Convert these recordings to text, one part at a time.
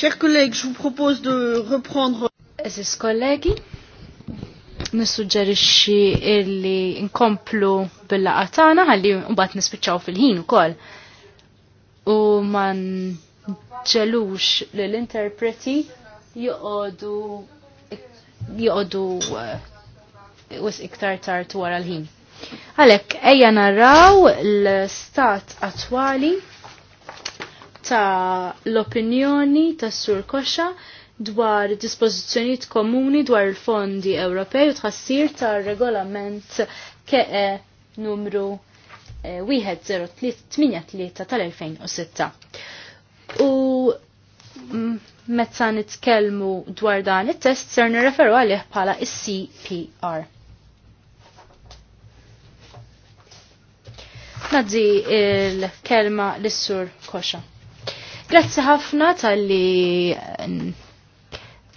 Chers collègues, je vous propose de reprendre. Eżis kollegi, nissuġġerixxi illi nkomplu bil-laqa tagħna ħalli mbagħad nispiċċaw fil-ħin ukoll. U ma nġelux lill interpreti joqogħdu joqogħdu eh, wis iktar tard wara l-ħin. Għalhekk ejja narraw l-stat attwali ta' l-opinjoni ta' Sur Koxa dwar dispożizzjonijiet komuni dwar il-fondi Ewropej u tħassir ta' regolament KE numru 1038 eh, tal-2006. U meta nitkellmu dwar dan it-test ser nirreferu għalih bħala is-CPR. Nadzi il-kelma l-sur koxa. Grazzi ħafna tal-li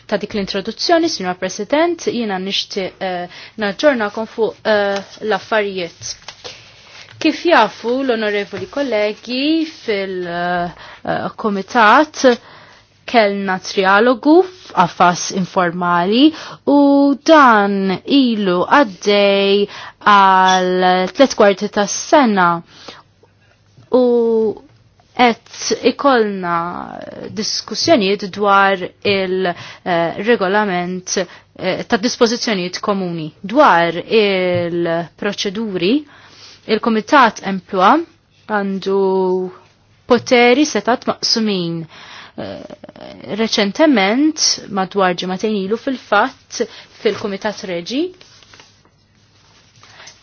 ta' dik l-introduzzjoni, signor President, jiena nishti uh, kon fuq uh, l-affarijiet. Kif jafu l-onorevoli kollegi fil-komitat eh, uh, kellna trialogu għafas informali u dan ilu għaddej għal tlet kwarti tas sena u qed ikollna diskussjonijiet dwar il-regolament eh, ta' dispożizzjonijiet komuni. Dwar il-proċeduri, il-Komitat Emploa għandu poteri setat maqsumin. Eh, reċentement, madwar ġematejn ilu fil-fatt fil-Komitat Reġi,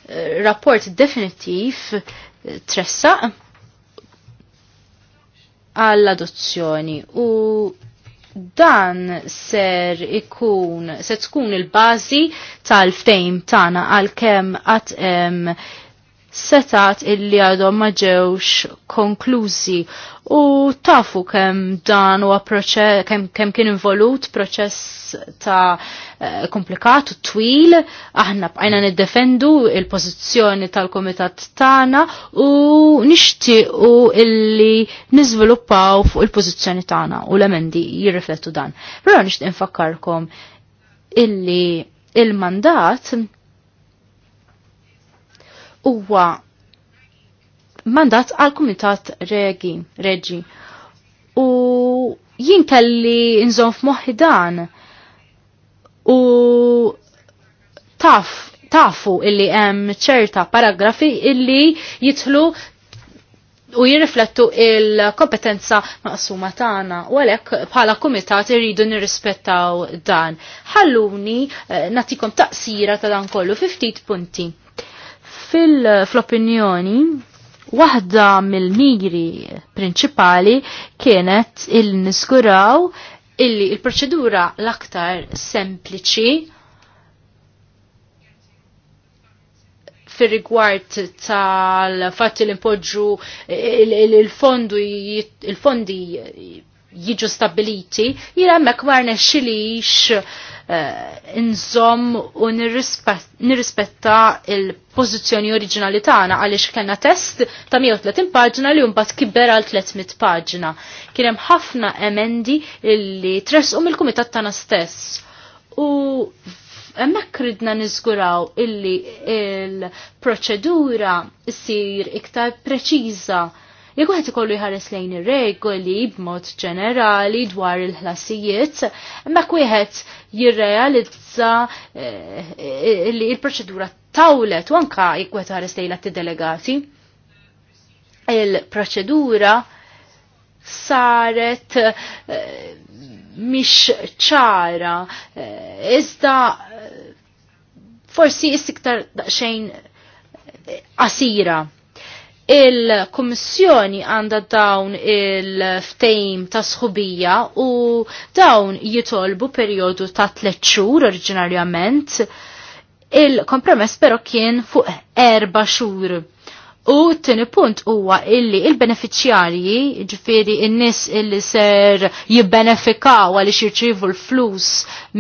eh, rapport definitiv tressaq għall-adozzjoni u dan ser ikun, se tkun il-bazi tal-ftejm tana għal-kem għat setat illi għadhom ma ġewx konklużi u tafu kemm dan huwa kemm kem kien involut proċess ta' eh, komplikat u twil, aħna bqajna niddefendu il-pożizzjoni tal-komitat tagħna u nixtiequ illi niżviluppaw fuq il-pożizzjoni tagħna u l-emendi jirriflettu dan. Però nixtieq infakkarkom illi il-mandat il mandat huwa mandat għal kumitat regi, regi. U jien kelli nżon f'moħħi dan u taf tafu illi hemm ċerta paragrafi illi jitlu u jirriflettu il-kompetenza maqsuma tagħna u għalhekk bħala kumitat irridu nirrispettaw dan. Ħalluni eh, natikom taqsira ta' dan kollu fi ftit punti. Fil-opinjoni, waħda mill-miri prinċipali kienet il-niskuraw illi il-proċedura l-aktar sempliċi fir rigward tal-fatti li npoġġu il-fondi jiġu stabiliti, jira mek marna xilix Eh, nżom u nirrispetta il-pożizzjoni oriġinali tagħna għaliex kellna test ta' 130 paġna li mbagħad kibber għal 300 paġna. Kien hemm ħafna emendi li tresqu mill-kumitat tagħna stess. U hemmhekk ridna niżguraw illi il-proċedura ssir iktar preċiża Jekk wieħed ikollu jħares lejn ir-regoli b'mod ġenerali dwar il-ħlasijiet, imma wieħed jirrealizza eh, li l-proċedura tawlet u anka jekk wieħed ħares lejn delegati il-proċedura saret mish eh, ċara, eh, iżda forsi istiktar daqsxejn asira il-Kommissjoni għanda dawn il-ftejm ta' sħubija u dawn jitolbu periodu ta' tliet xhur oriġinarjament. Il-kompromess però kien fuq erba' xhur. U t-tini punt huwa illi il-beneficjarji, ġifiri il nis illi ser jibbenefikaw għal jirċivu l-flus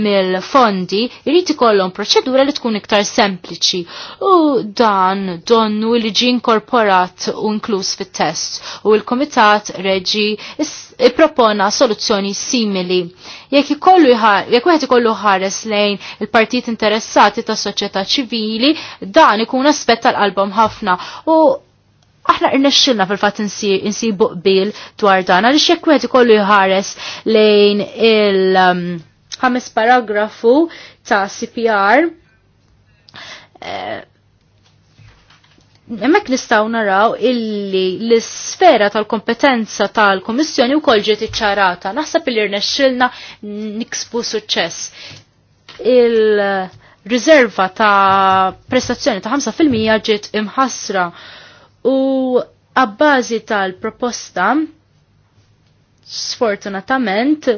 mill-fondi, jriti ikollhom proċedura li tkun iktar sempliċi. U dan donnu li ġi inkorporat u inkluż fit-test. U l-Komitat Reġi ippropona soluzzjoni simili. Jekk ikollu jekk wieħed ikollu ħares lejn il-partit interessati tas soċjetà ċivili, dan ikun aspett tal album ħafna u aħna rnexxilna fil-fatt insibu qbil dwar dan għaliex jekk wieħed ikollu jħares lejn il um, ħames paragrafu ta' CPR eh, Hemmhekk nistgħu naraw illi l-isfera tal-kompetenza tal-Kummissjoni wkoll ġiet iċċarata. Naħseb li rnexxilna niksbu suċċess. Il-riserva ta' prestazzjoni ta' 5% ġiet imħasra u għabbażi tal-proposta sfortunatament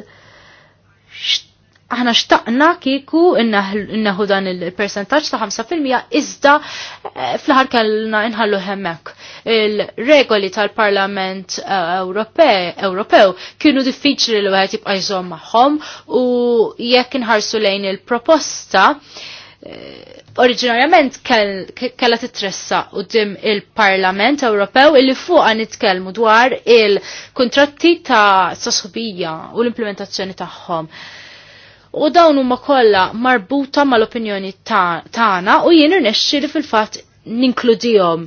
aħna xtaqna kieku innaħu dan il-percentaċ ta' 5% iżda eh, fl-ħar kellna inħallu hemmek. Il-regoli tal-Parlament eh, Ewropew kienu diffiċli li wieħed jibqa' jżomm magħhom u jekk inħarsu lejn il-proposta eh, oriġinarjament kella titressa u dim il-Parlament Ewropew illi fuqa nitkellmu dwar il-kontratti ta' sasħubija u l-implementazzjoni tagħhom u dawn huma kollha marbuta mal-opinjoni tagħna u jien irnexxieli fil-fatt ninkludihom.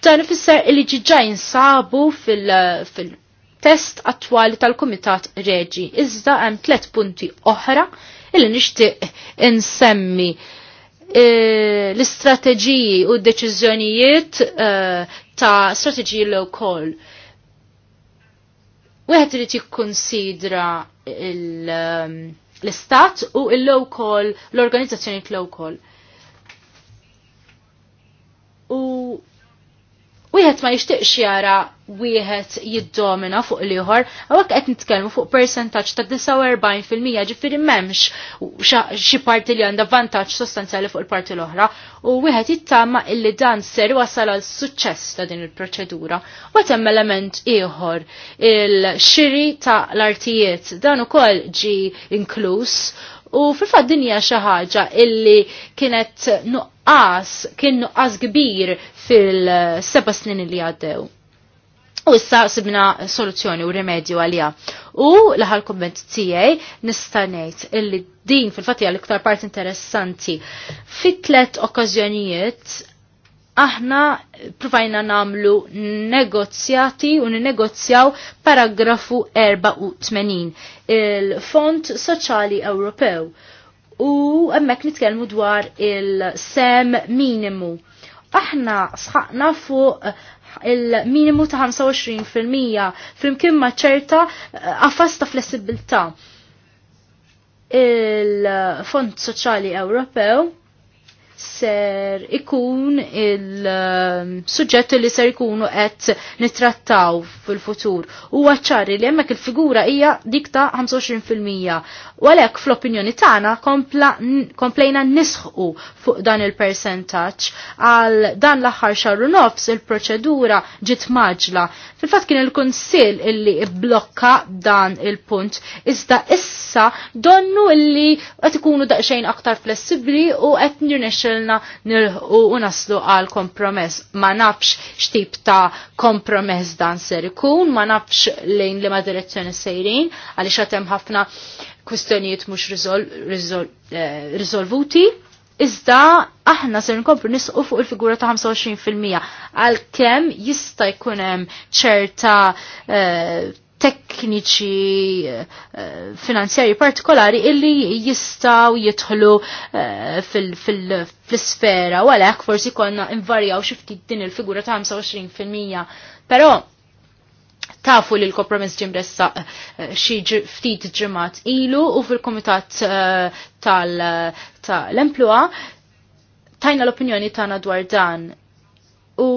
Dan ifisser li ġiġa jinsabu fil-test attwali tal-Kumitat Reġi. Iżda hemm tliet punti oħra illi nixtieq insemmi e, l-istrateġiji u d-deċiżjonijiet e, ta' strateġiji low call. Wieħed irid jikkunsidra il- l-istat u l-local, l-organizzazzjoni local. wieħed ma jixtieqx jara wieħed jiddomina fuq l-ieħor, għawek qed nitkellmu fuq percentaġġ ta' 49% ġifieri m'hemmx xi parti li għandha vantaġġ sostanzjali fuq il-parti l-oħra u wieħed jittama illi dan ser wasal għal suċċess ta' din il-proċedura. U hemm element ieħor il-xiri ta' l-artijiet dan ukoll ġi inkluż U fil-fat dinja xaħġa illi kienet nuqqas, kien nuqqas kbir fil-seba snin li għaddew. U issa sibna soluzzjoni u rimedju għalija. U l-ħal komment tijaj nistanejt illi din fil fatija l iktar part interessanti. Fit tlet okkazjonijiet aħna provajna namlu negozjati u negozjaw paragrafu 84 il-Fond Soċali Ewropew u emmek nitkellmu dwar il-sem minimu. Aħna sħaqna fuq il-minimu ta' 25% flimkien ma' ċerta għafas eh, ta' flessibilta. Il-Fond Soċjali Ewropew ser ikun il-sujġett um, li ser ikunu qed nitrattaw fil-futur. U għacċari li jemmek il-figura hija dik ta' 25%. U għalhekk fl-opinjoni tagħna komplejna nisħu fuq dan il-percentaċ għal dan l-aħħar xarru nofs il-proċedura ġiet maġla. Fil-fatt kien il-Kunsill illi blokka dan il-punt iżda issa donnu illi qed ikunu daqsxejn aktar flessibbli u qed nirnexxu irnexxilna nilħu u naslu għal kompromess. Ma nafx xtip ta' kompromess dan ser ikun, ma nafx lejn li ma direzzjoni sejrin, għaliex xatem ħafna kwistjonijiet mhux rizolvuti, eh, Iżda aħna se nkomplu nisqu fuq il-figura ta' 25% għal kem jista' jkun hemm ċerta eh, tekniċi eh, finanzjari partikolari illi jistaw jidħlu eh, fil-sfera u għalhekk forsi konna invarjaw xi ftit din il-figura ta' 25%. Però tafu li l-kompromess ġimressa eh, xi ftit ġimgħat ilu u fil komitat tal emplua tajna l-opinjoni tagħna dwar dan. U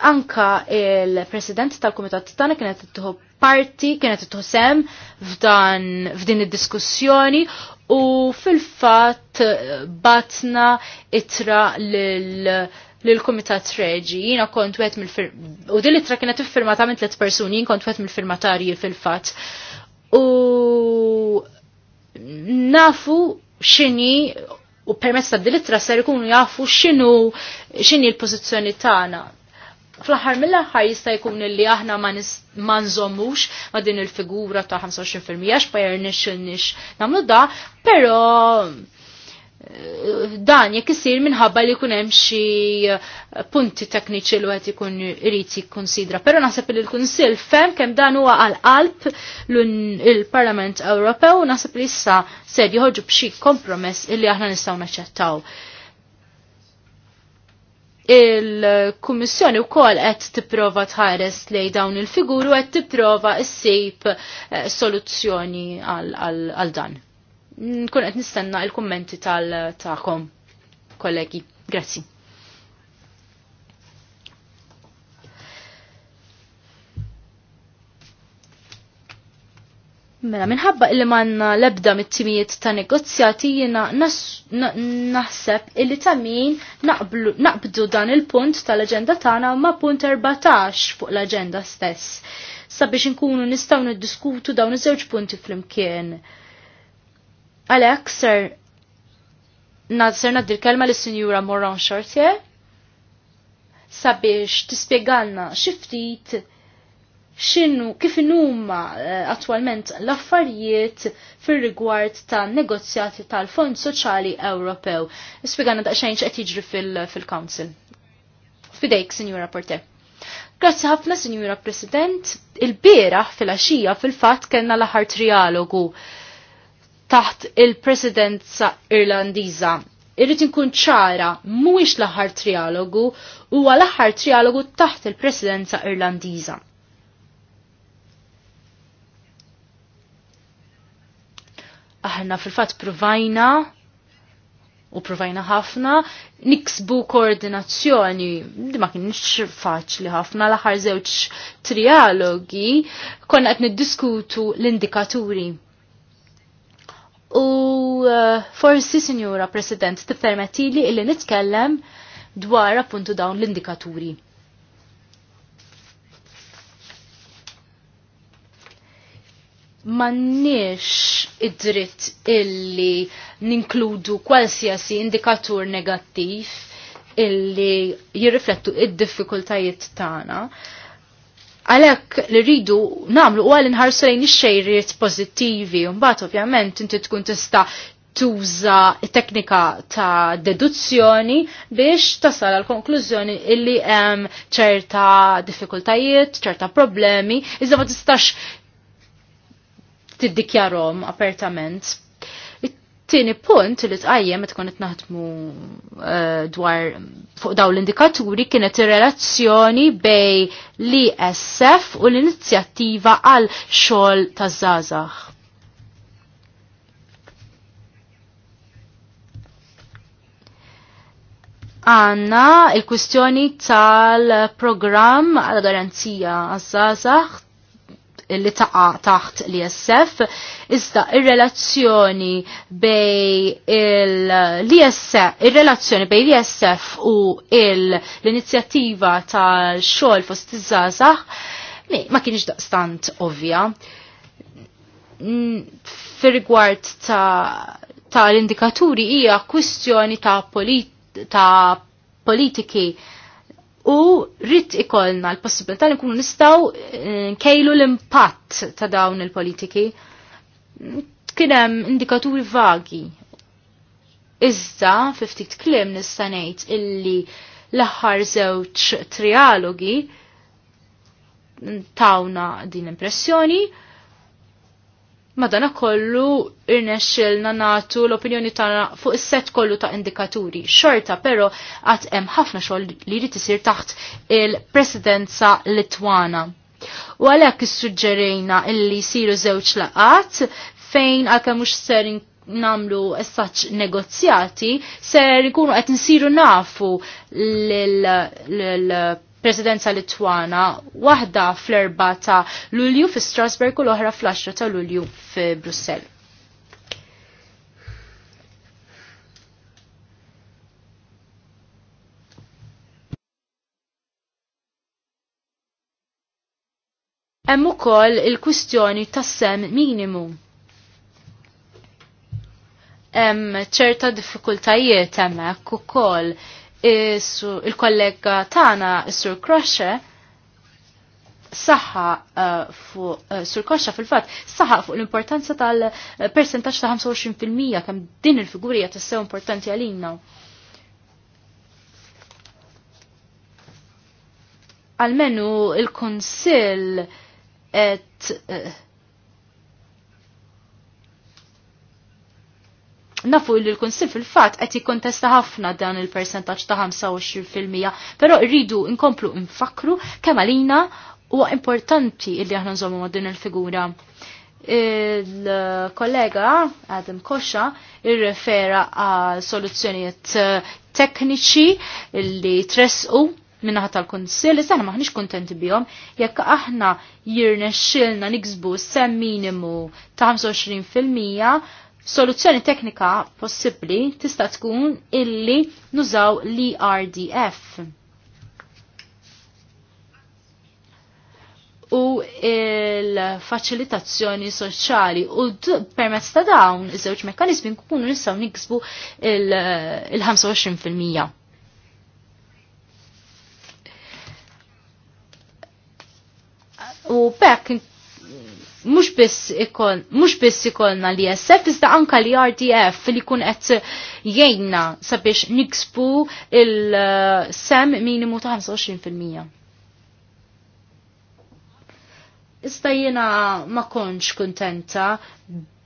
Anka il-president tal-komitat tana kienet tħu parti, kienet tħu sem f'din id-diskussjoni u fil-fat eh, batna itra lil l-Komitat Reġi, jina kont wet mill firmatari u din l kienet iffirmata minn tliet persuni, jina kont wet mill-firmatarji fil-fat. U nafu xini u permezz ta' dilittra ser ikun jafu xinu xini l-pozizjoni tagħna fl-aħħar mill-aħħar jista' jkun li aħna ma nżommux ma din il-figura ta' 25% x'pajer nix nix nagħmlu da, però eh, dan jekk isir minħabba li jkun hemm xi eh, punti tekniċi li qed ikun irid jikkonsidra, Però naħseb li l-Kunsill fem kemm dan huwa għal qalb il-Parlament Ewropew naħseb li issa ser joħorġu b'xi kompromess illi aħna nistgħu naċċettaw il-Kummissjoni wkoll qed tipprova tħares li dawn il-figuru qed tipprova ssib eh, soluzzjoni għal dan. Nkun qed nistenna il-kummenti tal taqom kollegi. Grazie. Mela, minħabba illi manna lebda mit-timijiet ta' negozjati jina naħseb illi ta' min naqbdu dan il-punt tal-agenda tagħna ma' punt 14 fuq l-agenda stess. Sabiex inkunu nistgħu niddiskutu dawn iż-żewġ punti flimkien. Għalhekk ser ser naddi l-kelma lis-Sinjura Moran Chartier sabiex tispjegalna xi ftit xinnu kif uh, attualment l-affarijiet fil-rigward ta' negozjati tal-Fond Soċjali Ewropew. Ispjegana daqsxejn qed jiġri fil-Council. Fidejk, Signora Porte. Grazzi ħafna, Sinjura President. Il-bieraħ fil-għaxija fil-fatt kellna l-aħħar trialogu taħt il-presidenza Irlandiża irrit nkun ċara mhuwiex l-aħħar trialogu huwa l-aħħar trialogu taħt il-Presidenza Irlandiża. aħna fil-fat provajna u provajna ħafna niksbu koordinazzjoni di ma kienx faċli ħafna l-aħħar żewġ trialogi konna qed niddiskutu l-indikaturi. U uh, forsi, Sinjura President, tippermettili illi nitkellem dwar appuntu dawn l-indikaturi. nix id-dritt illi ninkludu kwalsiasi indikatur negattiv illi jirriflettu id-diffikultajiet tagħna. Għalhekk li rridu namlu u li ħarsu lejn ix-xejriet un mbagħad ovvjament inti tkun tista' tuża teknika ta' deduzzjoni biex tasal għal konklużjoni illi hemm ċerta diffikultajiet, ċerta problemi, iżda ma tistax tiddikjarom apertament. Tieni punt li tqajjem tkun qed naħdmu eh, dwar fuq dawn l-indikaturi kienet ir-relazzjoni bej l-ISF u l-inizjattiva għal xogħol taż-żgħażagħ. Għanna il-kwistjoni tal-programm għal garanzija għazzazax li taqa taħt li jessef, iżda il-relazzjoni bej il-ISF, il-relazzjoni bej l-ISF u l-inizjattiva tal-xol fost iż-żazax ma kienx daqstant ovvja. Fir-rigward tal-indikaturi hija kwistjoni ta' politi politiki u rrit ikolna l-possibilità li nkunu nistaw eh, nkejlu l-impatt ta' dawn il-politiki. Kienem indikaturi vagi. Iżda, fiftit klim nistanejt illi l-aħħar żewġ trialogi tawna din impressjoni madana kollu irnexxilna natu l-opinjoni tagħna fuq is-set kollu ta' indikaturi. Xorta però għat hemm ħafna xogħol li jrid isir taħt il-Presidenza Litwana. U għalhekk issuġġerejna illi jsiru żewġ laqat fejn għalkemm mhux ser namlu essaċ negozjati, ser ikunu qed insiru nafu l presidenza Litwana, waħda fl-4 ta' Lulju fi Strasburg u l-oħra fl-10 ta' Lulju fi Brussel. Hemm ukoll il-kwistjoni tas-sem minimu. Hemm ċerta diffikultajiet hemmhekk ukoll. koll il-kollega tana, Sur Crusher saħħa uh, uh, sur koxxa fil-fatt saħħa fuq l-importanza tal percentax ta' 25% kemm din il-figurija tassew importanti għalina. Għalmenu il konsil et uh, nafu li l-Konsil fil-fat qed jikkontesta ħafna dan il-persentaġġ ta' 25%, però rridu nkomplu nfakru kemm għalina huwa importanti illi aħna nżommu ma' din il-figura. Il-kollega Adam Kosha irrefera għal soluzzjonijiet eh, tekniċi li tresqu minnaħa tal-konsil, issa aħna maħniex kontenti bihom, jekk aħna jirnexxilna niksbu sem minimu ta' 25 Soluzzjoni teknika possibbli tista' tkun illi nużaw l-RDF. E u il-facilitazzjoni soċjali u permezz ta' dawn iż-żewġ mekkanizmi nkunu nistgħu niksbu il-25%. Il u bekk mux biss ikon, mux biss li SF, iżda anka li RDF li kun qed jgħinna sabiex nikspu il-sem minimu ta' 25%. Iżda jiena ma konċ kontenta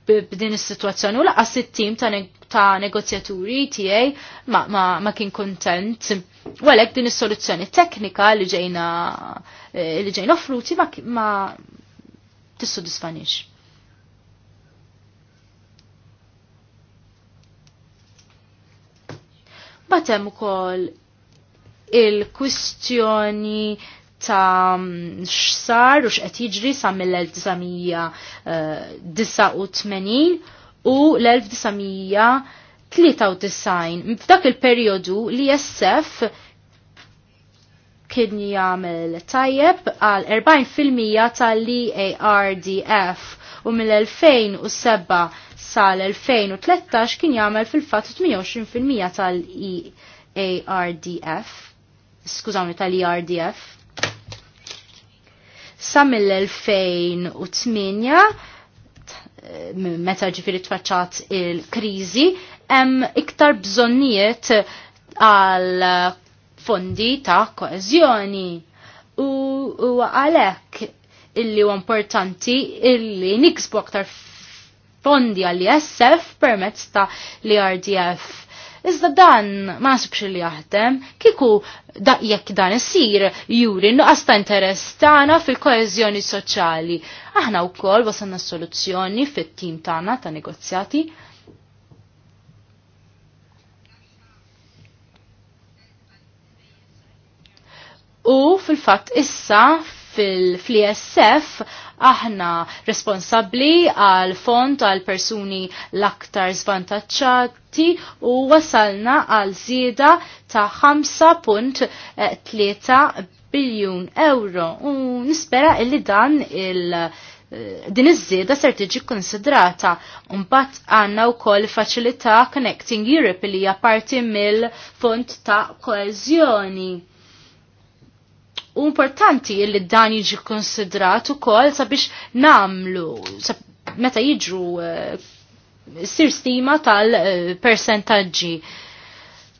b'din is-sitwazzjoni u laqas it-tim ta', neg ta negozjaturi tiegħi ma, ma, ma kien kontent. Walek din is-soluzzjoni teknika li ġejna eh, li ġejna offruti ma, ma Tissu disfanix. Batem ukoll il-kwistjoni ta' mm, x'sar u x'qed jiġri sa' mill-1989 eh, u l-1993. F'dak il periodu li jessef kien jagħmel tajjeb għal 40% tal-EARDF u mill-2007 sal-2013 kien jagħmel fil-fatt 28% tal-EARDF. Skużawni tal-ERDF. Sa mill-2008 meta ġifiri tfaċċat il-kriżi hemm iktar bżonnijiet għal fondi ta' koezjoni. U, għalek illi u importanti illi niksbu aktar fondi għall-ISF e permezz ta' l-RDF. Iżda dan ma nasibx li jaħdem, kiku da jekk dan isir juri nuqqas ta' interess tagħna fil-koeżjoni soċjali. Aħna wkoll wasalna soluzzjoni fit-tim tagħna ta' negozjati u fil-fatt issa fil-ISF aħna responsabli għal font għal persuni l-aktar zvantaċċati u wasalna għal zieda ta' 5.3 biljun euro u nispera illi dan il- din iż-żieda ser tiġi konsidrata. Mbagħad għandna wkoll faċilità Connecting Europe li hija parti mill-fond ta' koeżjoni U importanti illi dan jiġi konsidrat ukoll sabiex namlu sab meta jiġru uh, sir stima tal-percentagġi. Eh,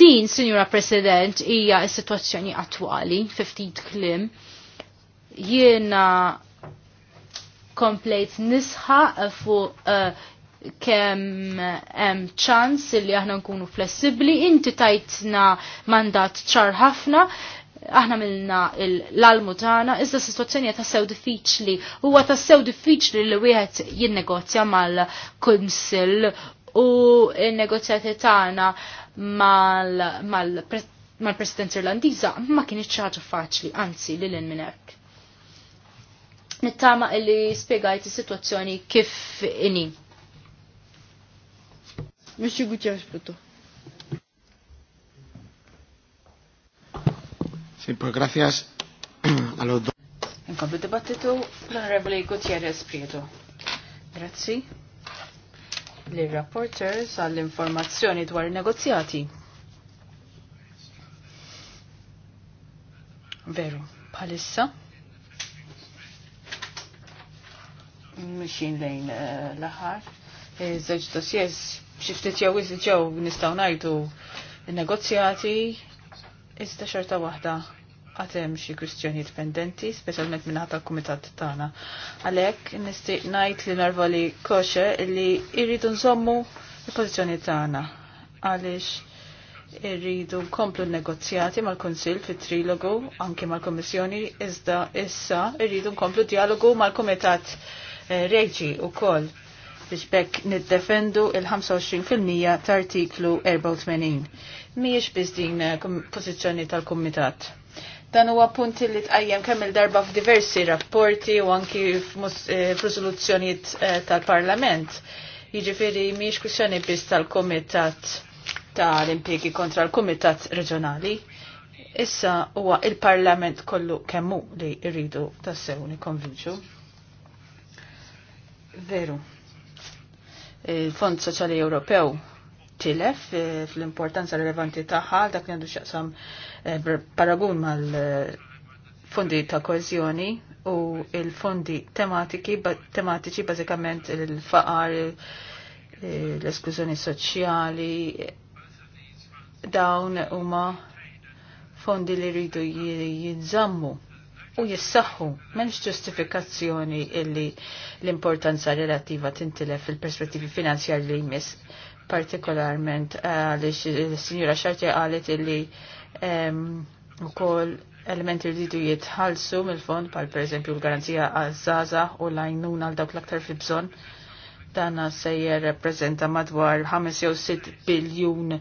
Din, Signora President, hija s-situazzjoni attwali, 50 klim. Jiena komplejt nisħa fuq uh, kem hemm ċans li aħna nkunu flessibli, inti tajtna mandat ċar ħafna, aħna milna l-almu tagħna, iżda situazzjoni ta' sew diffiċli. Huwa ta' sew diffiċli li wieħed jinnegozja mal-Kunsill u n-negozjati tagħna mal-Presidenza Irlandiża ma kienx ħaġa faċli, anzi lil minn hekk. Nittama illi spiegajt is-sitwazzjoni kif ini. Mr. Gutierrez, Pluto. Sí, a dibattitu l Gutierrez Prieto. Grazzi l-rapporters għall-informazzjoni dwar negozjati. Veru, palissa. Mxin lejn eh, l-ħar. dosjes, xiftit jawiz ġew nistaw najdu negozjati Iżda xorta waħda għatem xie kustjoni dipendenti, specialment minna ta' kumitat tana. Għalek, nistiq najt li narva li koxe li irridu nżommu il-pozizjoni tana. Għalix irridu komplu negozjati mal-Konsil fit trilogu anki mal-Komissjoni, iżda issa irridu nkomplu dialogu mal-Kumitat eh, Reġi u koll biex bekk niddefendu il-25% ta' artiklu 84. Miex biss din eh, pożizzjoni tal-Kumitat. Dan huwa punt li tqajjem kemm il-darba f'diversi rapporti u anki eh, f'risoluzzjonijiet eh, tal-Parlament. Jiġifieri miex kwistjoni biss tal-Kumitat tal-impjegi kontra l-Kumitat Reġjonali. Issa huwa il-Parlament kollu kemmu li rridu tassew nikonvinċu. Veru il-Fond Soċjali Ewropew tilef eh, fl-importanza rilevanti tagħha dak li għandu x'jaqsam eh, paragun mal-fondi ta' koezjoni u il-fondi tematiki tematiċi bażikament il-faqar eh, l-eskużjoni soċjali dawn huma fondi li rridu jinżammu u jissaħħu menx ġustifikazzjoni illi l-importanza relattiva tintilef fil-perspettivi finanzjarji li jmiss partikolarment eh, għaliex il-Sinjura Xarti għalet illi u kol elementi rridu jitħalsu mill-fond pal per eżempju l-garanzija għazzaza u lajnuna għal dawk l-aktar fi bżon dana se jirrepreżenta madwar 5 jew 6 biljun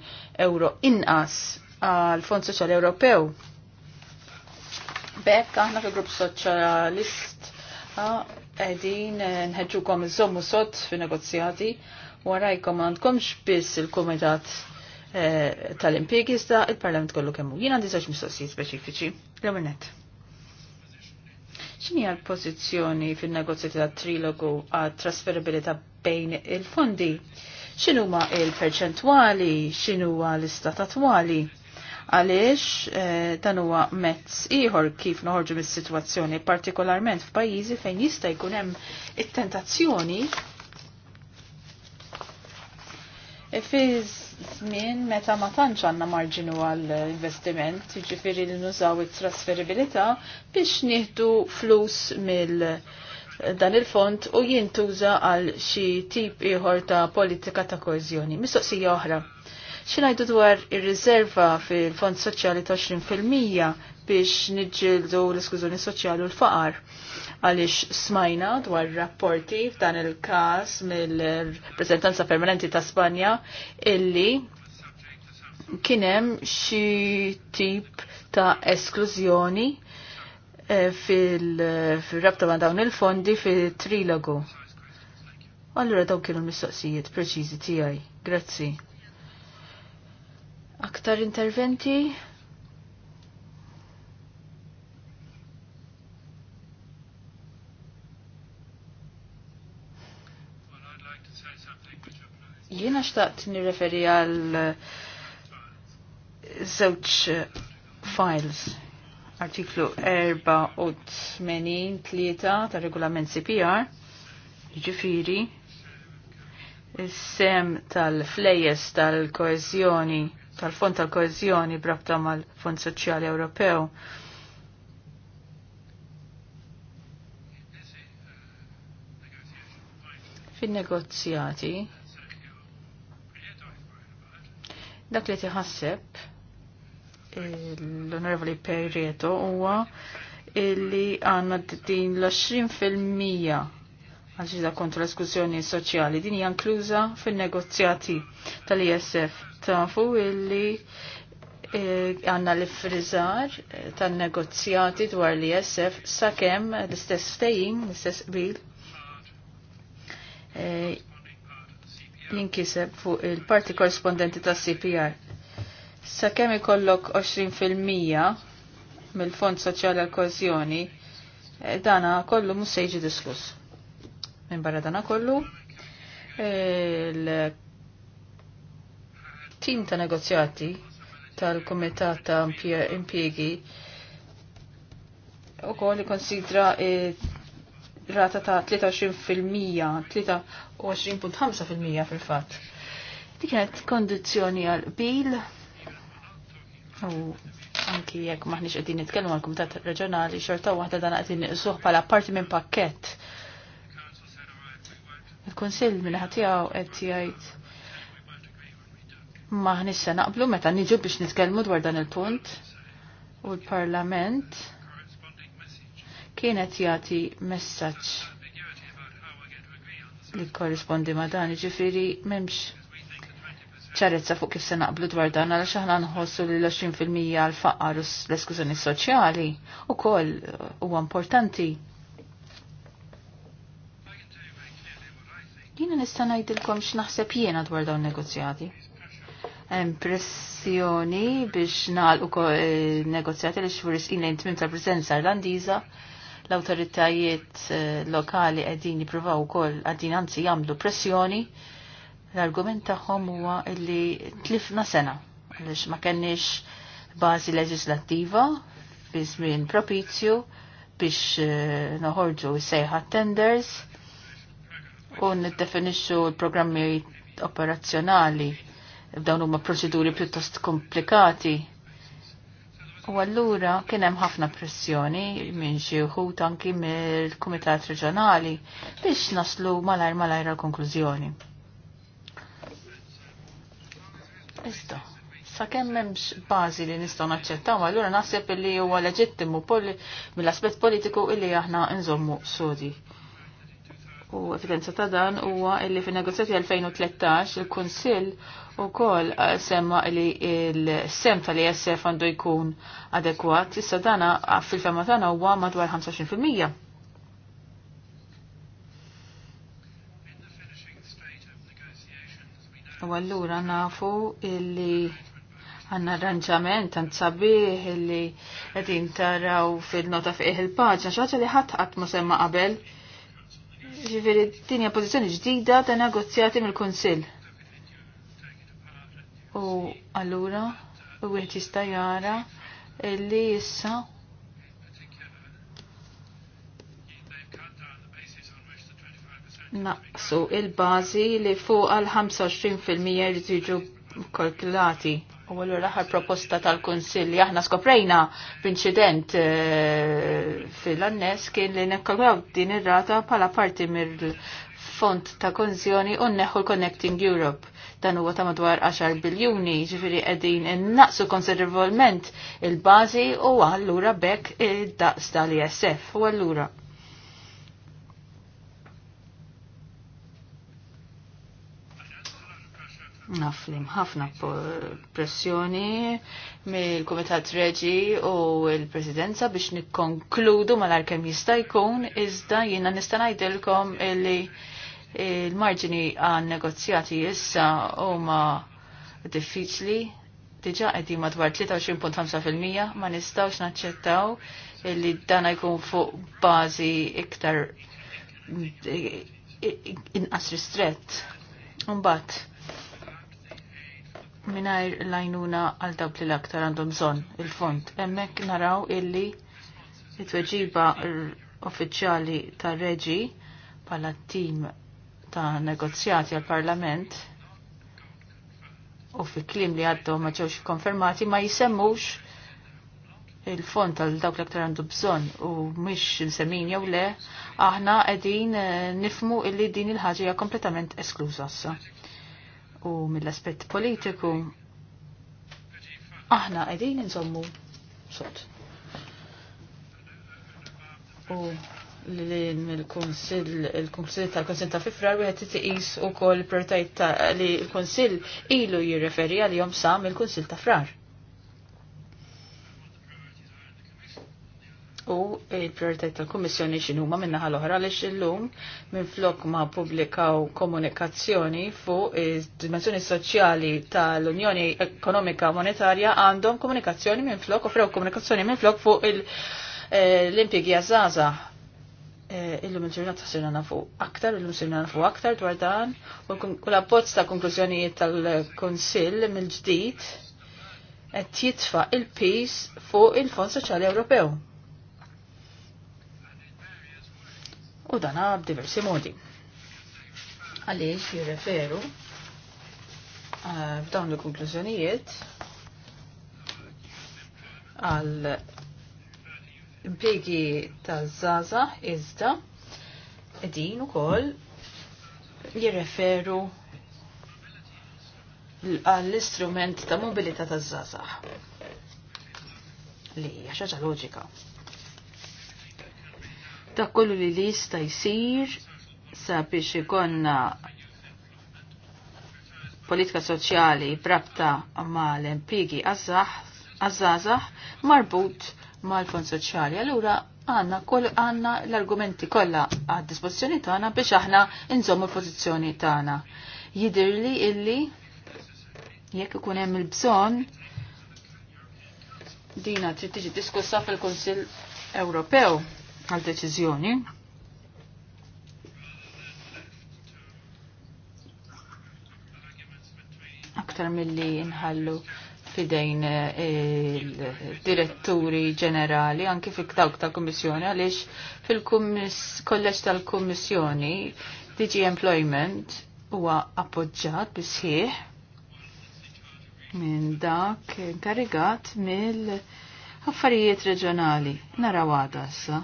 euro inqas għal Fond Soċjali Ewropew Bekk aħna fil-grupp soċjalist qegħdin ah, eh, nħeġġukom iżommu sod fin-negozjati warajkom għandkomx biss il-Kumitat eh, tal-impjegi il-Parlament kollu kemm hu. Jien għandi żewġ mistoqsijiet speċifiċi. L-ewwel ċini X'inhi l-pożizzjoni fin-negozjati tat-trilogu għat trasferibilità bejn il-fondi? X'inhuma il-perċentwali, x'inhuwa l-istat attwali? għaliex eh, dan huwa mezz ieħor kif noħorġu mis-sitwazzjoni, partikolarment f'pajjiżi fejn jista' jkun hemm it-tentazzjoni e fi żmien meta ma tantx għandna marġinu għal investiment, jiġifieri li nużaw it-trasferibilità biex nieħdu flus mill dan il-fond u jintuża għal xi tip ieħor ta' politika ta' koeżjoni. Mistoqsija oħra Xinajdu dwar ir rizerva fil-Fond Soċjali ta' 20% biex niġġieldu l-iskużjoni soċjali u l-faqar. Għaliex smajna dwar rapporti f'dan il-każ mill-Preżentanza Permanenti ta' Spanja illi kienem xi tip ta' esklużjoni eh, fil-rabta ma' dawn il-fondi fil-trilogu. Allura daw kienu mistoqsijiet preċiżi tiegħi. Grazzi. Aktar interventi? Jiena xtaqt nirreferi għal uh, zewċ uh, files artiklu 483 ta' regolament CPR, ġifiri, sem tal-flejes tal-koezjoni tal-Fond tal-Koezjoni brabta mal-Fond Soċjali Ewropew. Fin-negozjati dak li tiħasseb l-Onorevoli Perieto huwa illi għanna din l-20% għal ġida kontra l-eskużjoni soċjali. Din hija inkluża fin-negozjati tal-ISF. Tafu illi eh, għanna l frizar eh, tan-negozjati dwar l-ISF sakemm l-istess stejn, l-istess qbil E, eh, jinkiseb fuq il-parti korrispondenti ta' CPR. Sa' kemm ikollok 20% mill-Fond Soċjali għal Kozjoni, dana kollu mhux se jiġi diskuss. Minn barra dana kollu, il-tim ta' negozjati tal-Komitat ta' impiegi u koll konsidra rata ta' 23%, 23.5% fil-fat. Di kienet kondizjoni għal-bil u anki jekk maħniex qegħdin nitkellmu għal-Kumitat Reġjonali xorta waħda dan għedin suħ bħala parti minn pakkett Il-Konsil mill-ħatijaw qed jgħid maħnissa naqblu meta niġu biex nitkellmu dwar dan il-punt u l-Parlament kienet jagħti messaġġ li korrispondi ma' dan, ġifiri m'hemmx ċarezza fuq kif se naqblu dwar dan għal aħna nħossu li l-20% għal faqar u l-eskużjoni soċjali u koll huwa importanti Jiena nista' ngħidilkom x'naħseb jiena dwar dawn negozjati. Impressjoni biex nagħlqu eh, negozjati li xfuris lejn tmim tal-preżenza Irlandiża l-awtoritajiet eh, lokali qegħdin jippruvaw ukoll qegħdin anzi jagħmlu pressjoni l-argument tagħhom huwa li tlifna sena għaliex ma kenniex bażi leġislattiva fi żmien propizju biex eh, noħorġu sejħa tenders u niddefinixxu l-programmi operazzjonali f'dawn huma proċeduri pjuttost komplikati. U allura kien hemm ħafna pressjoni minn xi wħud anki mill-Kumitat Reġjonali biex naslu malajr malajr konklużjoni. Isto, sakemm m'hemmx bażi li nistgħu naċċettaw, allura naħseb illi huwa leġittimu mill-aspett politiku illi aħna nżommu sodi. U evidenza ta' dan huwa li fin negozjati 2013 il-Kunsill ukoll eh, semma li il-sem tal-ISF għandu jkun adekwat, issa dana ah, fil-fema tagħna huwa madwar 25%. U allura nafu illi għanna arranġament għand sabiħ illi qegħdin taraw fil-nota fiħ il-paġna xaġa li ħadd qatt ma semma qabel Ġifiri, tinja pozizjoni ġdida ta' negozjati mill-Konsil. U allura, u għet jista jara illi jissa naqsu il-bazi li fuq għal 25% jirġiġu kalkulati U għallu l-aħħar proposta tal-Konsilli, aħna skoprejna b'inċident eh, fil-annes kien li nekkograw din ir-rata pala parti mill-font ta' konzjoni u neħu l-Connecting Europe. Dan huwa ta' madwar 10 biljuni, ġifiri qegħdin innaqsu konsidervolment il-bażi u allura bekk id-daqs tal-ISF. U allura naflim ħafna pressjoni mill-Kumitat Reġi u l-Presidenza biex nikkonkludu mal-arkem jista' jkun iżda jiena nista' ngħidilkom li l-marġini għan negozjati issa huma diffiċli diġa qegħdin madwar 23.5% ma nistgħux naċċettaw li dan jkun fuq bażi iktar inqas ristrett. Mbagħad minnajr lajnuna għal dawk li l-aktar għandhom zon il-fond. Emmek naraw illi it-tweġiba uffiċjali ta' reġi pala tim ta' negozjati għal parlament u fi klim li għaddu ma ġewx konfermati ma jisemmux il-fond tal dawk l-aktar għandu bżon u mhix insemmin jew le, aħna qegħdin eh, nifmu illi din il-ħaġa hija kompletament eskluża u mill-aspett politiku aħna qegħdin insommu sot. U li mill-Kunsill il konsil tal konsil ta' Fifrar wieħed u ukoll ta' li l-Kunsill ilu jirreferi għal jom sa mill-Kunsill ta' Frar. u il-prioritajt tal-Kommissjoni x'inhuma minnaħa l-oħra għaliex illum minn flok ma pubblikaw komunikazzjoni fuq id-dimensjoni soċjali tal-Unjoni Ekonomika Monetarja għandhom komunikazzjoni minn flok u frew komunikazzjoni minn flok fu eh, l-impjegi għazaza eh, illum il-ġurnata sirna nafu aktar, illum sirna nafu aktar dwar dan, u l-abbozz ta' konklużjonijiet tal konsil mill-ġdid qed jitfa' il-pis fuq il-Fond Soċjali Ewropew u dana b'diversi modi. Għaliex jirreferu eh, f'dawn il-konklużjonijiet għal impiegi tal-żaza iżda din ukoll jirreferu għall-istrument ta' mobilità taż żaza li ħaġa loġika. Dak kollu li jista' jsir sabiex ikonna politika soċjali brabta mal għaż għazzazax marbut mal-fond soċjali. Allura għanna kol għanna l-argumenti kollha għad dispożizzjoni tagħna biex aħna nżommu l-pożizzjoni tagħna. Jidirli illi jekk ikun hemm il-bżonn dina trid tiġi diskussa fil-Kunsill Ewropew għal deċiżjoni. Aktar milli nħallu fidejn eh, il-diretturi ġenerali, anki fi dawk ta' kommissjoni, għalix fil-kolleġ tal-kommissjoni, DG Employment huwa appoġġat bisħiħ minn dak karigat mill-affarijiet reġjonali. Naraw għada sa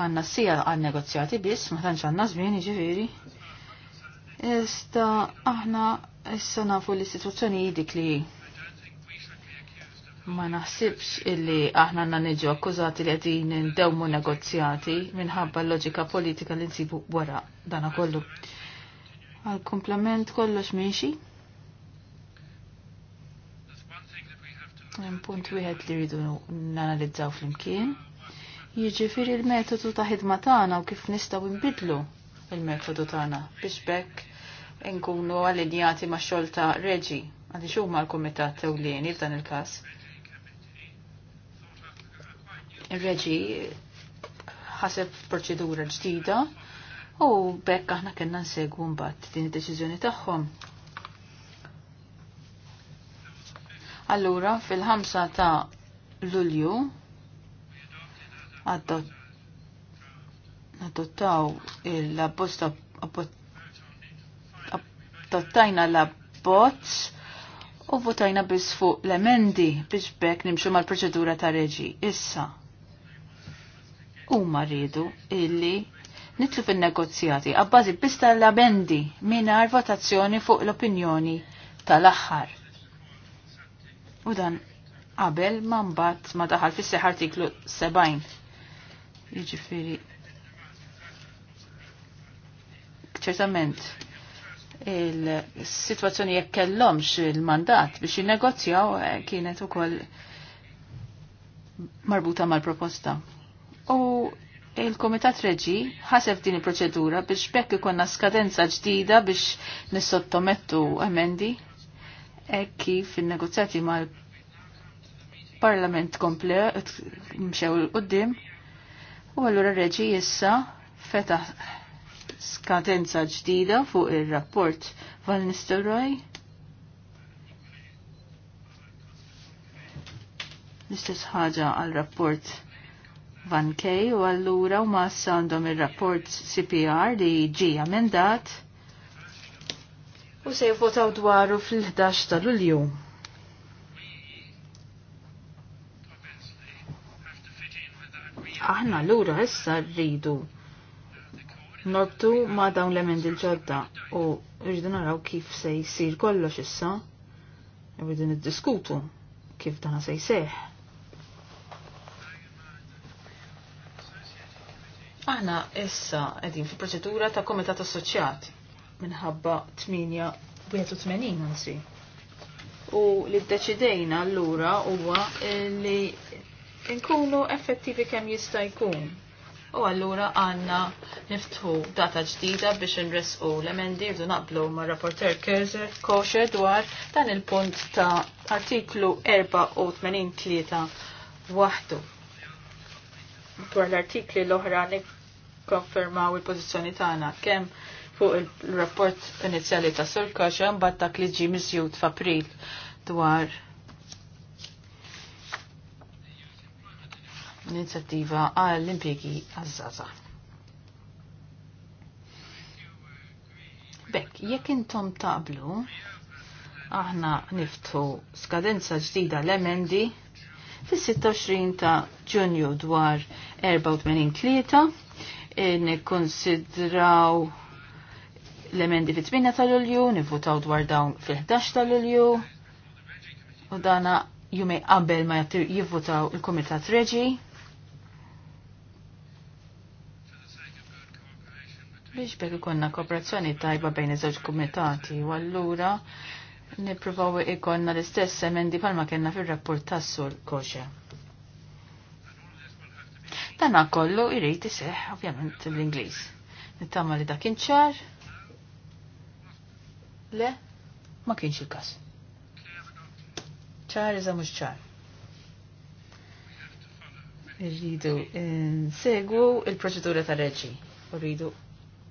għanna sija għan negozjati biss, ma tanċ għanna zmin iġiviri. Ista aħna issa nafu l-istituzzjoni jidik li ma naħsibx illi aħna għanna neġu akkużati li għedin ndewmu negozjati minħabba l-loġika politika li nsibu wara dana kollu. Għal-komplement kollox miexi? Punt wieħed li rridu nanalizzaw fl-imkien. Jiġifieri l-metodu ta' ħidma tagħna u kif nistgħu nbidlu il-metodu tagħna biex bekk nkunu allinjati ma' xogħol ta' reġi għaliex huma l-kumitat ewlieni f'dan il-każ. Ir-reġi ħaseb proċedura ġdida u bekk aħna kellna nsegwu mbagħad din id-deċiżjoni tagħhom. Allura fil ħamsa ta' Lulju adottaw il-abbozz adottajna l-abbozz u votajna biss fuq l-emendi biex bekk nimxu mal-proċedura ta' reġi. Issa, huma rridu illi nitlu fin-negozjati għabbażi biss tal-emendi mingħajr votazzjoni fuq l-opinjoni tal-aħħar. U dan qabel ma mbagħad ma daħal fis-seħ artiklu 70 Jiġifieri ċertament il-situazzjoni jekk kellhomx il-mandat biex jinnegozjaw eh, kienet ukoll marbuta mal-proposta. U il-Komitat Reġi ħaseb din il-proċedura biex bekk ikonna skadenza ġdida biex nissottomettu emendi e kif il-negozjati mal-Parlament komple mxew il qoddim U allura reġi issa feta skadenza ġdida fuq il-rapport Val Nistelrooy. l ħaġa għal-rapport Van Kej u allura u ma għandhom il-rapport CPR li ġi amendat u se jvotaw dwaru fil-11 tal-ulju. aħna l-ura issa rridu norbtu ma dawn l-emendi l-ġodda u rridu naraw kif se jisir kollox issa rridu niddiskutu kif dana se jseħ. Aħna issa qegħdin fi proċedura ta' komitat assoċjat minħabba 88 anzi. U li d-deċidejna allura huwa li inkunu effettivi kemm jista' jkun. U allura għanna niftħu data ġdida biex nresqu l-emendi rridu naqblu ma' rapporter Kerzer Kosher dwar dan il-punt ta' artiklu 84 waħdu. Dwar l-artikli l-oħra nikkonfermaw il-pozizjoni tagħna kemm fuq il-rapport inizjali ta' Sur Kosher mbagħad dak li ġi miżjud f'April dwar l-inizjattiva għall-impjegi għazzaza. Bekk, jekk intom taqblu, aħna niftu skadenza ġdida l-emendi fis-26 ta' ġunju dwar 84 tlieta e, nikkonsidraw l-emendi fit-8 ta' Lulju, nivvutaw dwar dawn fil-11 ta' Lulju u dana jume qabel ma jivvutaw il-Kumitat Reġi biex bekk ikonna kooperazzjoni tajba bejn iż-żewġ kumitati u allura nippruvaw ikonna l-istess emendi palma kena fir-rapport tas-sur koxa. Dan kollu irrid iseħħ ovvjament l-Ingliż. Nittama li dak ċar. Le, ma kienx il-każ. ċar iżam mhux ċar Irridu eh, nsegwu il-proċedura tal-reġi u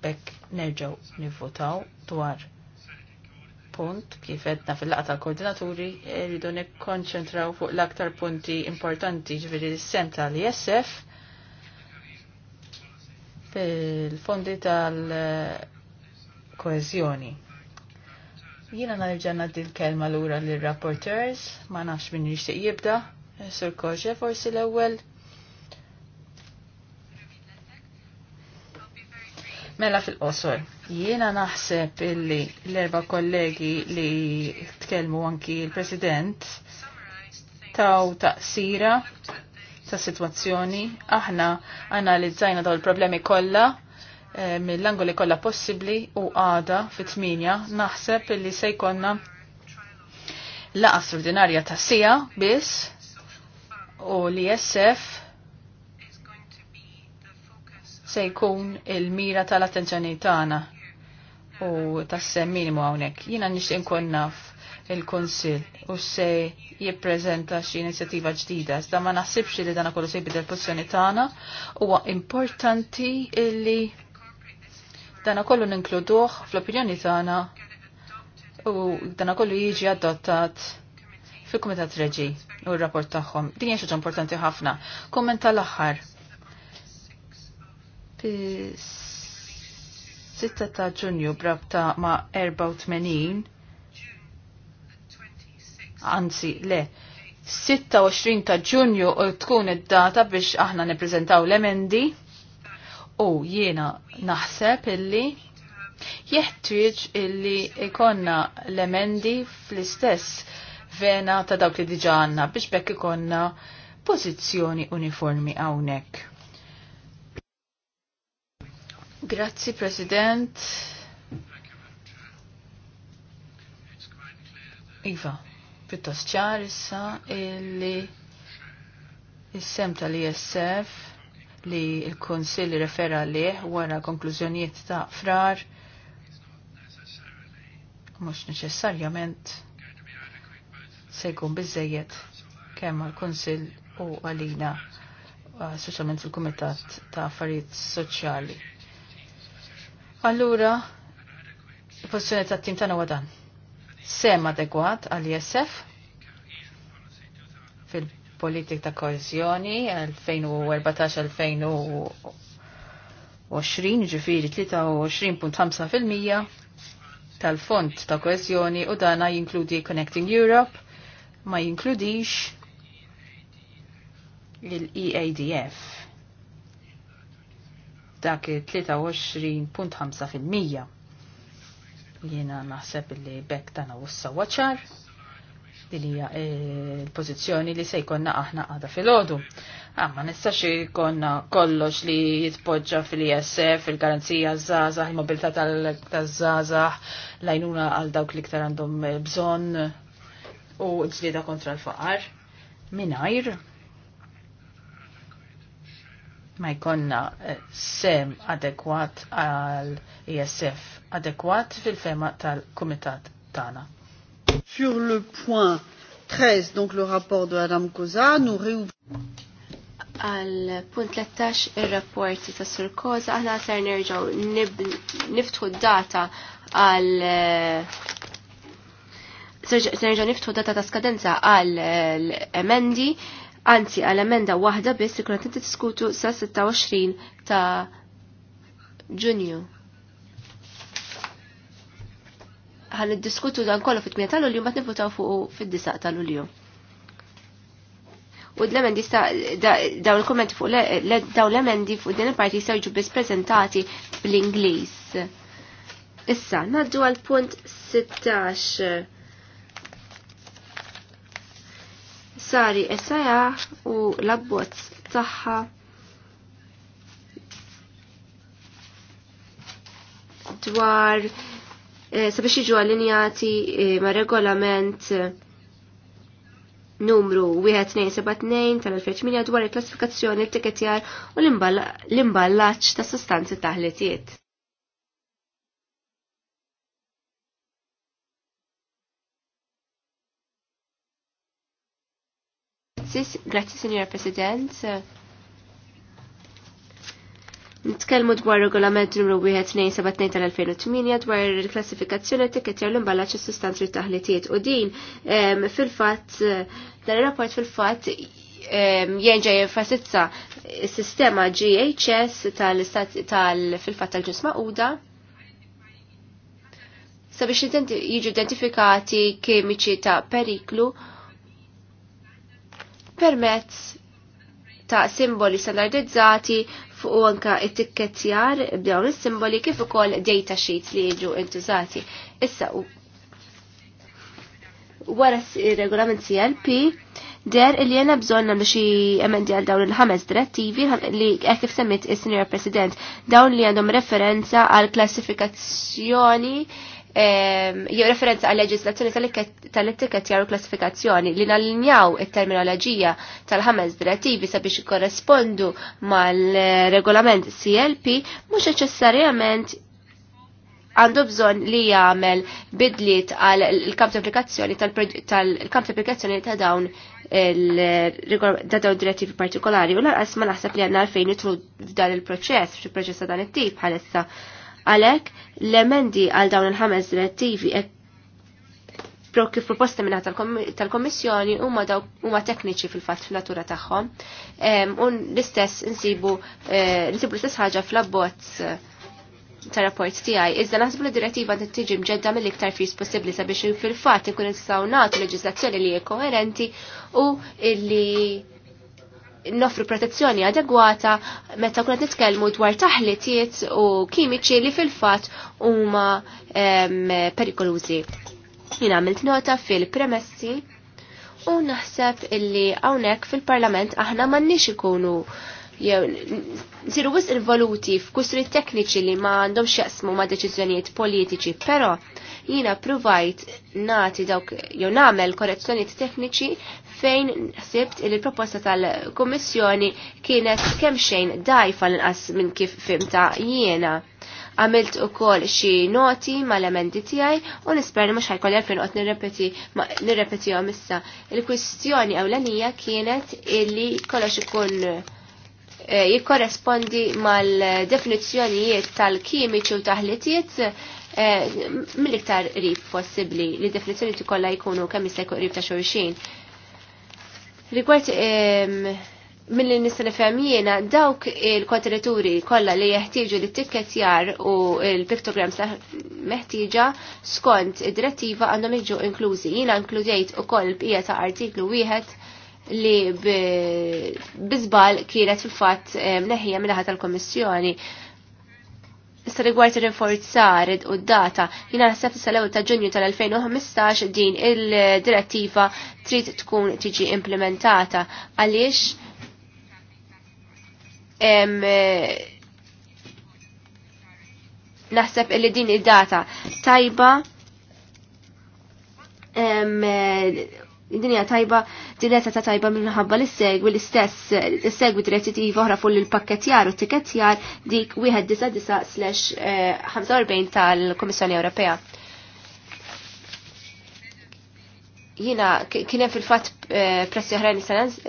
bekk nerġaw nivvotaw dwar punt kif edna fil-laqa tal-koordinaturi rridu nikkonċentraw fuq l-aktar punti importanti ġifiri e s sem tal-ISF fil-fondi tal-koezjoni. Jina nerġa' nagħti l-kelma lura lir-rapporteurs, ma nafx min nixtieq jibda, Sur Koġe forsi l-ewwel Mela fil-qosor, jiena naħseb illi l-erba kollegi li tkellmu anki l-President taw taqsira ta' situazzjoni. Aħna analizzajna daw il-problemi kollha eh, mill-angoli kollha possibbli u għada fit-tminja naħseb illi se jkollna laqa straordinarja ta' sija biss u li jessef se jkun il-mira tal-attenzjoni tagħna u tas-sem minimu hawnhekk. Jiena nixtieq nkun naf il kunsill u se jippreżenta xi inizjattiva ġdida. Iżda ma naħsibx li dana kollu se jbidel pozzjoni tagħna huwa importanti illi dana kollu ninkluduh fl-opinjoni tagħna u dana kollu jiġi adottat fil-Kumitat Reġi u r-rapport tagħhom. Din hija xi importanti ħafna. Komment tal-aħħar 6 ta' ġunju brabta ma' 84 anzi le 26 ta' ġunju u tkun id-data biex aħna neprezentaw l-emendi u jiena naħseb illi jeħtieġ illi ikonna l-emendi fl-istess vena ta' dawk li diġa għanna biex bekk ikonna pożizzjoni uniformi hawnhekk. Grazzi, President. Iva, pittos ċar issa illi il semta tal-ISF li il-Konsil referra liħ wara konklużjonijiet ta' frar mux neċessarjament se jkun bizzejiet kemm għal-Konsil u għalina, uh, specialment fil-Kumitat ta' Affarijiet Soċjali Allura, il-pozizjoni ta' tim tana wadan. Sem adegwat għal ISF fil-politik ta' koezjoni 2014-2020 ġifiri 23.5% tal-fond ta' koezjoni u dana jinkludi Connecting Europe ma jinkludix il-EADF dak 23.5%. Jiena naħseb li bekk tana wussa waċar li hija eh, l-pożizzjoni li se jkollna aħna għada fil-ħodu. Għamma nistax jkollna kollox li jitpoġġa fil-ISF, il-garanzija żgħażagħ, il-mobilità tal-żgħażagħ, għajnuna għal dawk li ktar għandhom bżonn u ġlieda kontra l-faqar. Minajr, ma jkonna eh, sem adekwat għal ISF e adekwat fil-fema tal-Kumitat tana. Sur le point 13, donc le rapport de Adam Koza, nous réouvrons għal punt 13 il-rapporti ta' sur koza aħna ser nerġaw niftħu data għal eh, ser nerġaw niftħu data ta' skadenza għal eh, emendi anzi għal emenda waħda biss ikun qed diskutu sa 26 ta' Ġunju. Ħan diskutu dan kollu fit-8 ta' Lulju ma nifutaw fuq fid-9 ta' Lulju. U l-emendi daw il-kommenti fuq daw l-emendi fuq din il-parti jistgħu biss prezentati bl-Ingliż. Issa, naddu għal punt 16 Sari esaja u labbozz abbozz tagħha dwar eh, sabiex jiġu allinjati eh, ma' regolament eh, numru 1272 tal-2008 dwar il-klassifikazzjoni, il-tiketjar u l-imballaċ ta' sostanzi taħletiet. Grazzi, grazie Signora President. Nitkellmu dwar regolament numru 1272 tal-2008 dwar il-klassifikazzjoni tikketjar l-imballaċ sustanzi taħlitiet u din fil-fatt dan il rapport fil-fatt jenġa jenfasizza sistema GHS tal-fil-fatt tal-ġus maquda sabiex jiġu identifikati kemiċi ta' periklu permezz ta' simboli standardizzati fuq anka it-tikketjar b'dawn is-simboli kif ukoll data sheets li jiġu intużati. Issa wara regolament CLP der li jena bżonn nagħmlu xi emendi għal dawn il-ħames direttivi li kif semmit is-Senior President dawn li għandhom referenza għal klassifikazzjoni jew referenza għal leġislazzjoni tal-etiket jaru klassifikazzjoni li nallinjaw it-terminoloġija tal-ħames direttivi sabiex korrespondu mal-regolament CLP mhux neċessarjament għandu bżon li jagħmel bidliet għal il-kamp applikazzjoni tal-kamp applikazzjoni ta' dawn il dawn direttivi partikolari u lanqas ma naħseb li għandna għalfejn nitlu f'dan il-proċess f'xi proċess ta' dan it-tip bħalissa. Għalek, l-emendi għal dawn il-ħames direttivi e- pro kif proposta minna tal-Kommissjoni huma daw huma tekniċi fil-fatt fl-natura tagħhom. Un l-istess insibu e, nsibu l-istess ħaġa fl-abbozz e, ta' rapport tiegħi. Iżda naħsbu li direttiva tiġi mġedda mill-iktar fis possibbli sabiex fil-fatt ikun nistgħu nagħtu leġiżlazzjoni li hija u li noffru protezzjoni adegwata meta kuna nitkellmu dwar taħlitiet u kimiċi li fil-fatt huma perikolużi. Jina għamilt nota fil-premessi u naħseb illi hawnhekk fil-Parlament aħna m'għandniex ikunu jew nsiru wisq involuti f'kustri tekniċi li ma għandhomx jaqsmu ma' deċiżjonijiet politiċi, però jina provajt nati dawk jew namel korrezzjonijiet tekniċi fejn sibt il proposta tal-Kommissjoni kienet kemm xejn dajfa l-inqas minn kif fimta jiena. Għamilt u kol xie noti ma l-emendi tijaj u nisperni mux ħajkolli għalfin għot nirrepeti għom issa. Il-kwistjoni għawlanija kienet illi kollox ikun Eh, jikkorrespondi mal-definizzjonijiet tal-kimiċi u taħlitiet eh, mill-iktar rib possibbli li definizjoni kollha jkunu kemm jista' jkun rib ta' xulxin. Rigward ehm, mill-li nista' nifhem jiena dawk il-kwadraturi kollha li jeħtieġu l-tikketjar u l-piktogram meħtieġa skont id-direttiva għandhom jiġu inklużi. Jiena inkludejt ukoll il-bqija ta' artiklu wieħed li bizbal kienet fil-fat neħija minnaħat tal-Komissjoni. Issa rigward il rinforzar u d-data, jina naħseb s ta' ġunju tal-2015 din il-direttiva trid tkun tiġi implementata għaliex naħseb illi din id-data tajba id-dinja tajba, diretta ta' tajba minħabba li segwi l-istess, segwi direttiva oħra fuq il jar u t jar dik 199/45 eh, tal-Komissjoni Ewropea. Jina kien hemm fil-fatt eh, pressi oħrajn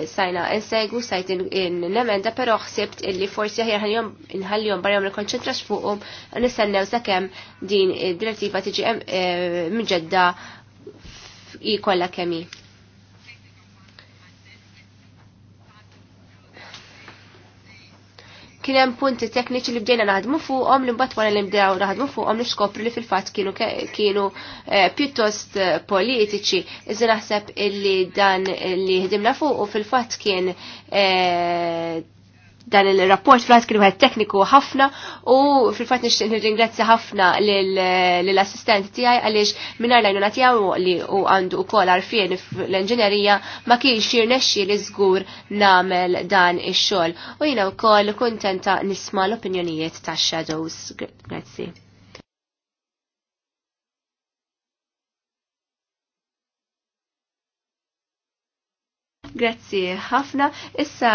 sajna segw sajt in-nemenda però ħsibt illi forsi aħjar nħal-jom barjom nikkonċentrax fuqhom nistennew sakemm din id-direttiva tiġi eh, mġedda ikolla kemi. kien hemm punti tekniċi li bdejna naħdmu fuqhom li mbagħad wara li bdew naħdmu fuqhom li xkopri li fil-fatt kienu kienu eh, pjuttost eh, politiċi. Iżda naħseb illi dan li ħdimna fuq u fil-fatt kien eh, dan il-rapport fl kien wieħed tekniku ħafna u fil-fatt nixtieq nirringrazzja ħafna lill-assistent tiegħi għaliex mingħajr lajnuna għajnuna tiegħu li u għandu wkoll għarfien l-inġinerija ma kienx jirnexxi li żgur nagħmel dan ix-xogħol. U jiena wkoll kuntenta nisma' l-opinjonijiet tax-shadows. Grazzi. Grazzi ħafna. Issa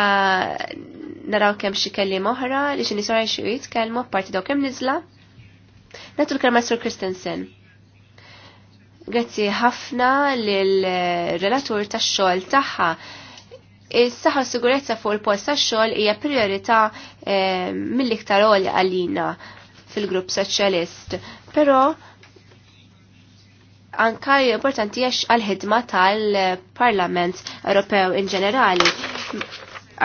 naraw kemm xi kelli moħra li xi nisor xi jitkellmu parti dawk kemm niżla. Natul l-kelma Sur Christensen. Grazzi ħafna lill-relatur tax-xogħol tagħha. Is-saħħa sigurezza fuq il-post tax-xogħol hija priorità eh, mill-iktar għalina fil-grupp soċjalist. Però anka importanti għax għal-ħidma tal-Parlament Ewropew in ġenerali.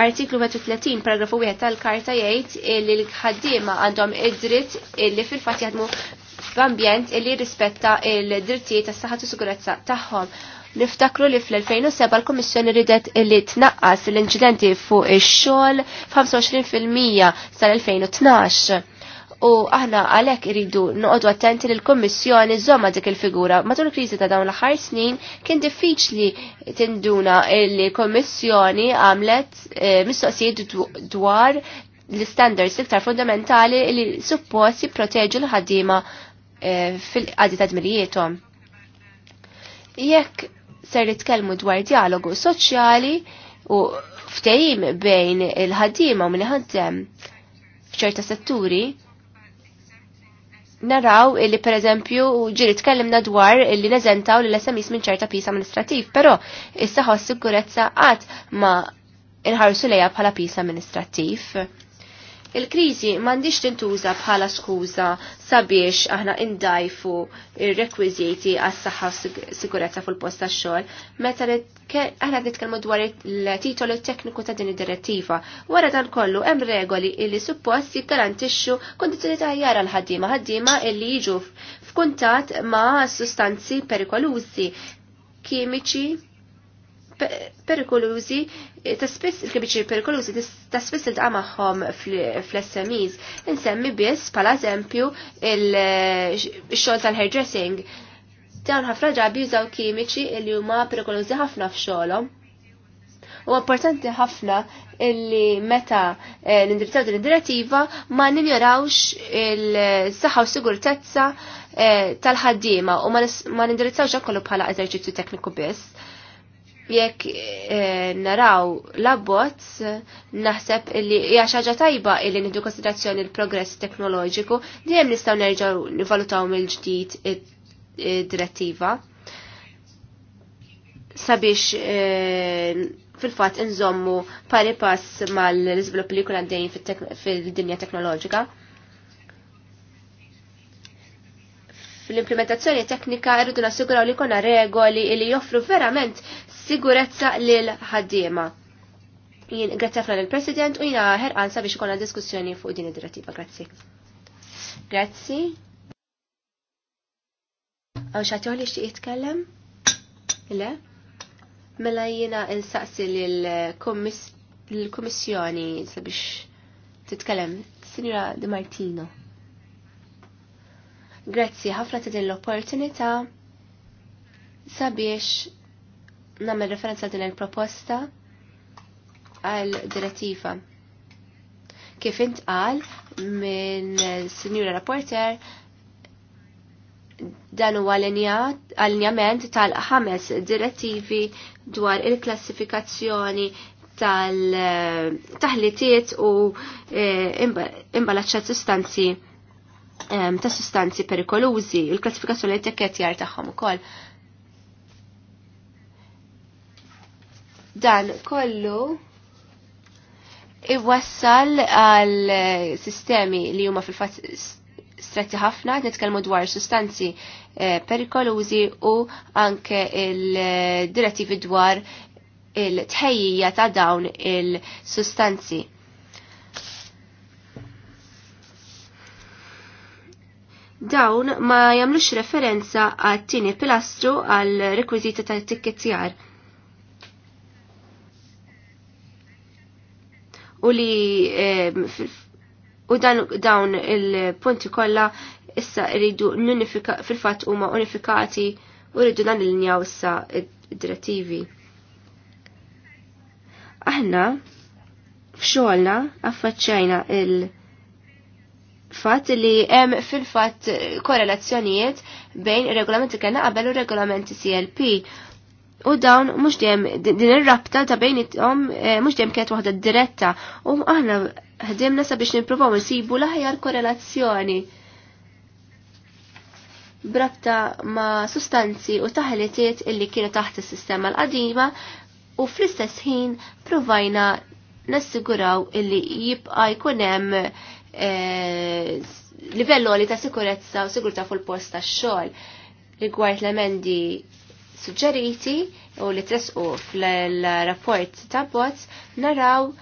Artiklu 30, paragrafu 1 tal-karta jgħid li l-ħaddiema għandhom id-dritt li fil-fatt jaħdmu f'ambjent li rispetta l drittijiet tas-saħħa u sigurezza tagħhom. Niftakru li fl-2007 l-Komissjoni ridet li tnaqqas l-inċidenti fuq ix-xogħol f'25% sal-2012 u aħna għalhekk iridu noqogħdu attenti li l-Kummissjoni żomma dik il-figura. Matul kriżi ta' dawn l-aħħar snin kien diffiċli tinduna li l-Kummissjoni għamlet eh, mistoqsijiet dwar l-standards iktar fundamentali li suppost jipproteġu l-ħaddiema eh, fil-qadi ta' dmirijietom. Jekk ser nitkellmu dwar dialogu soċjali u ftehim bejn il ħaddima u ħaddem f'ċerta setturi, naraw illi per eżempju ġiri tkellimna dwar illi neżentaw li l-SMIs minn ċerta pisa amministrativ, però issa ħoss sigurezza għad ma inħarsu lejha bħala pisa amministrativ. Il-kriżi m'għandix tintuża bħala skuża sabiex aħna indajfu il rekwiżiti għas-saħħa sigurezza fil-post tax-xogħol. Meta aħna nitkellmu dwar il-titolu tekniku ta' din id-direttiva. Wara dan kollu hemm regoli li suppost jiggarantixxu kondizzjoni ta' ħjara l-ħaddiema, ħaddiema illi jiġu f'kuntat ma' sustanzi perikolużi kimiċi perikolużi, ta' spiss il-kibiċi perikolużi ta' il magħhom fl-SMEs. Insemmi biss pal eżempju il-xogħol tal-hairdressing. Dawn ħafna ġabi jużaw kimiċi li huma perikolużi ħafna f'xogħolhom. U importanti ħafna illi meta l-indirizzaw eh, din id-direttiva ma ninjorawx il-saħħa u sigurtezza eh, tal-ħaddiema u ma nindirizzawx ġakollu bħala eżerċizzju tekniku biss jekk eh, naraw l-abbozz, naħseb li hija xaġa tajba illi nidu konsiderazzjoni l-progress teknoloġiku, dejjem nistgħu nerġgħu nivalutaw mill-ġdid id-direttiva sabiex eh, fil-fatt inżommu pari pass mal-iżvilupp li jkun għaddejn fid-dinja teknoloġika. fil-implementazzjoni teknika rridu nassiguraw li konna regoli li joffru verament sigurezza lil ħaddiema. Jien ħafna l-President u jina ħerqan sabiex ikollna diskussjoni fuq din id-direttiva. Grazzi. Grazzi. Għaw xatjoħ li xtiq jitkellem? Le? Mela jina il-saqsi l-Kommissjoni sabiex titkellem. Signora Di Martino. Grazzi ħafna ta' din l-opportunità sabiex nagħmel referenza din il-proposta għal direttiva. Kif intqal minn Sinjura Rapporter, dan huwa għalinjament tal-ħames direttivi dwar il-klassifikazzjoni tal-taħlitiet u eh, imbalaċċat sustanzi ta' sustanzi perikolużi, il-klassifikazzjoni l-etikettjar tagħhom ukoll. Dan kollu iwassal għal sistemi li huma fil fat stretti ħafna, nitkellmu dwar sustanzi eh, perikolużi u anke il-direttivi dwar il-tħejjija ta' dawn il-sustanzi. dawn ma jamlux referenza għat tieni pilastru għal rekwizita ta' tikkezzjar. U li u dan dawn il-punti kollha issa rridu fil-fatt huma unifikati u rridu dan il-linjaw issa id-direttivi. Aħna f'xogħolna affaċċajna il- fatt li hemm fil-fatt korrelazzjonijiet bejn ir-regolamenti kellna qabel u regolamenti CLP. U dawn mhux dejjem din ir-rabta ta' bejn ithom eh, mhux dejjem kienet waħda diretta u aħna ħdimna sabiex nippruvaw insibu l-aħjar korrelazzjoni brabta ma' sustanzi u taħlitiet illi kienu taħt is-sistema l-qadima u fl-istess ħin provajna nassiguraw illi jibqa' jkun hemm Eh, livello li ta' sikurezza u sigurta fuq il-post ta' xogħol rigward l-emendi suġġeriti u li tresqu fl-rapport ta' bots naraw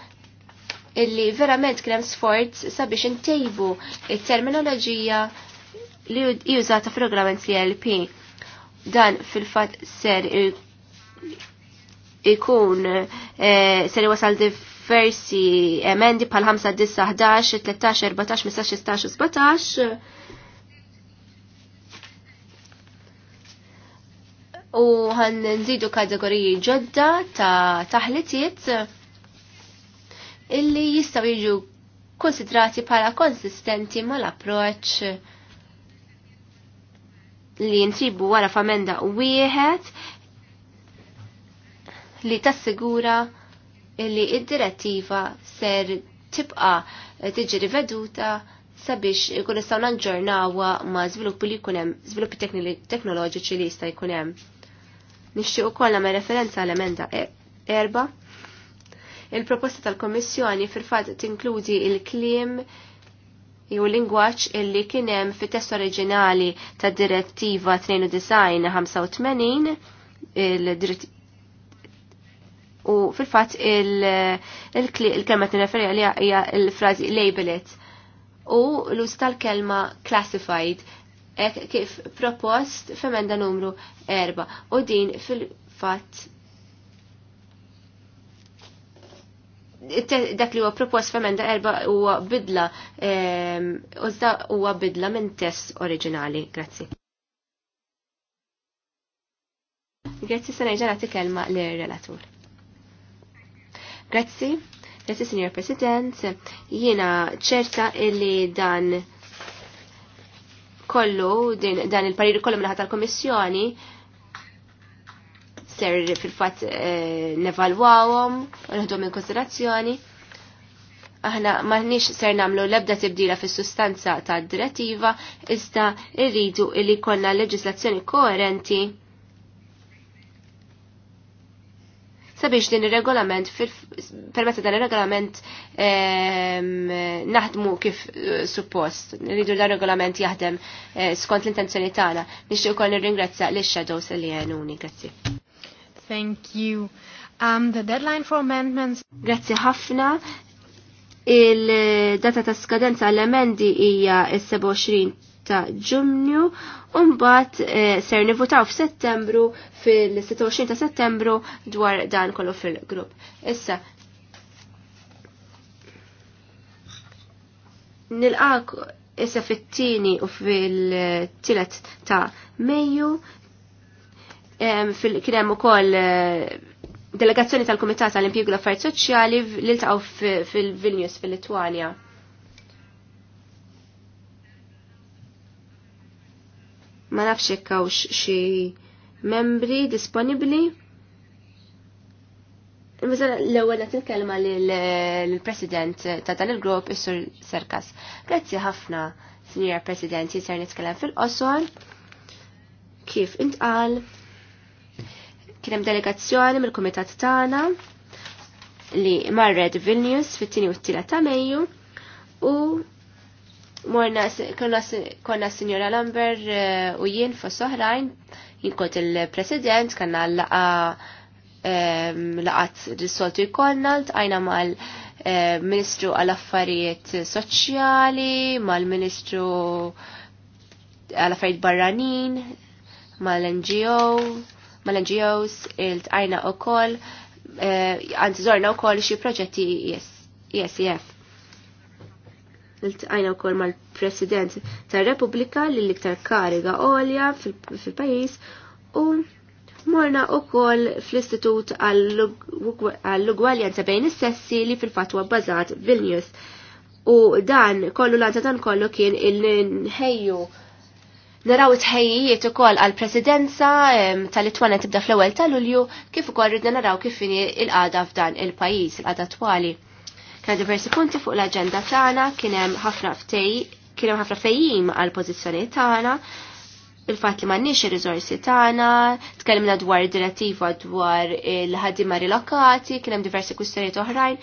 illi verament kien hemm sforz sabiex intejbu it-terminoloġija li jużata fil-regolament CLP. Dan fil-fatt ser ikun eh, ser wasal diversi emendi pal 5, 10, 11, 13, 14, 15, 16, 17. U għan nżidu kategoriji ġodda ta' taħlitiet illi jistaw jiġu konsidrati pala konsistenti mal-approċ li jintribu wara famenda u wieħed li tassigura sigura illi id-direttiva ser tibqa tiġi riveduta sabiex ikun nistgħu naġġornawha ma' żviluppi li jkun hemm, żviluppi teknoloġiċi li jista' jkun hemm. Nixtieq ukoll nagħmel referenza għal emenda e- erba. Il-proposta tal-Kommissjoni fil-fatt tinkludi il-kliem jew lingwaġġ illi kien hemm fit-test oriġinali tad-direttiva 92-85 il-direttiva u fil-fatt il-kelma il t-neferi għalija hija il-frazi label it u l us tal-kelma classified kif propost f'emenda numru 4 u din fil-fatt dak li huwa propost f'emenda erba' huwa bidla użda huwa bidla minn test oriġinali. Grazzi. Grazzi se nerġa' nagħti kelma l relatur Grazzi, grazzi Signor President, jiena ċerta illi dan kollu, din, dan il-parir kollu minnaħat tal-Komissjoni, ser fil-fat eh, nevalwawom, nħdu minn konsiderazzjoni. Aħna maħniex ser namlu lebda tibdila fis sustanza ta' direttiva, iżda irridu illi konna leġislazzjoni koerenti sabiex din ir-regolament permezz dan ir-regolament ehm, naħdmu kif eh, suppost. Rridu dan regolament jaħdem eh, skont l-intenzjoni tagħna. Nixtieq ukoll nirringrazzja lix-shadows li għenuni. Grazzi. Thank you. Um, the deadline for amendments. Grazzi ħafna il-data ta' skadenza l-emendi hija s-27 ta' ġunju Umbat e, ser nivutaw f'Settembru fil-26 ta' Settembru dwar dan kollu fil-grupp. Issa, nil-għak issa fit-tini u fil-tilet ta' Mejju kien hemm ukoll eh, delegazzjoni tal-Kumitat tal-Impjiegu l-Affarijiet Soċjali l-iltaqgħu ltaqgħu fil-Vilnius fil-Litwanja. fil vilnius fil litwania fil ma nafx jekk xi membri disponibbli. Mizan l-ewwel qed nitkellma lill-President ta' dan il-grupp is-Sur Serkas. Grazzi ħafna, Sinjor President, jisser nitkellem fil-qosor. Kif intqal? Kien hemm delegazzjoni mill-kumitat tagħna li marret Vilnius fit-tieni u t-tielet ta' Mejju u Morna, konna Signora Lambert u jien fost soħrajn, jien kont il-president, kanna laqa laqat risoltu jkollna, tqajna mal-Ministru għal-Affarijiet Soċjali, mal-Ministru għal-Affarijiet Barranin, mal-NGO, mal-NGOs, il-tqajna u koll, għanti zorna u koll xie proġetti ISF. Iltqajna wkoll mal-President tar-Repubblika li l-iktar kariga għolja fil-pajjiż u morna wkoll fl-Istitut għall-Ugwaljanza bejn is-sessi li fil-fatwa bbażat Vilnius. U dan kollu l dan kollu kien il-nħejju Naraw it-ħejjiet ukoll għal presidenza tal itwana tibda fl-ewwel ta' Lulju kif ukoll ridna naraw kif inhi l-qagħda f'dan il-pajjiż, il-qagħda twali ta' diversi punti fuq l-agenda tagħna kien hemm ħafna ftej kien hemm ħafna fejjim għal pożizzjoni tagħna il-fat li mannix il-rizorsi tagħna, tkellimna dwar direttiva dwar il-ħadima rilokati, kien hemm diversi kwistjonijiet oħrajn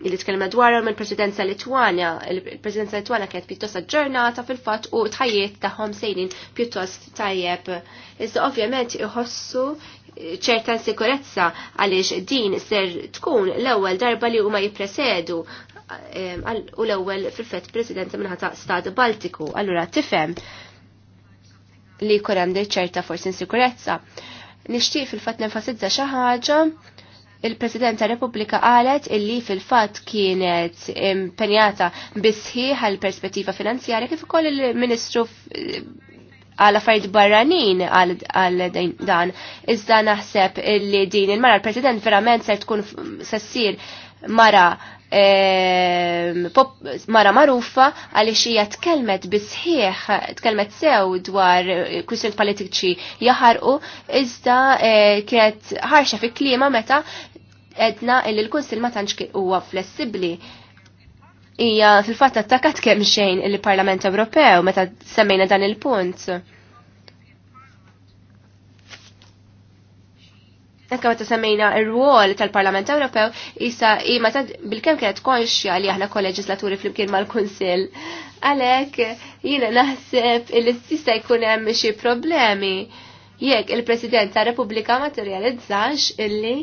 li tkellimna dwarhom il-Presidenza Litwana. Il-Presidenza Litwana kienet pjuttost aġġornata fil-fatt u tħajjiet tagħhom sejnin pjuttost tajjeb. Iżda ovvjament iħossu ċerta sikurezza għaliex din ser tkun l-ewwel darba li huma jippresedu eh, u l-ewwel fil-fett President minħata Stad Baltiku. Allura tifhem li jkun għandi ċerta forsi sikurezza. Nixtieq fil-fatt nenfasizza xi ħaġa il-President ta' Repubblika qalet illi fil-fatt kienet impenjata bisħiħ għal perspettiva finanzjarja kif ukoll il-Ministru għal affarijiet barranin għal dan. Iżda naħseb li din il-mara l-President verament se tkun sessir mara ehm, mara marufa għalli xija tkelmet bisħieħ, tkelmet sew dwar kwistjoni politiċi jaħarqu, iżda e, kienet ħarxa fi klima meta edna illi l-kunsil ma tantx huwa flessibbli hija fil-fatt attakat kemm xejn il-Parlament Ewropew meta semmejna dan il-punt. Ekka meta semmejna r-rwol tal-Parlament Ewropew, issa ima bil-kem kienet konxja li aħna kolleġislaturi flimkien mal-Kunsill. Għalhekk jiena naħseb li sista jkun hemm xi problemi jekk il-President ta' Repubblika ma illi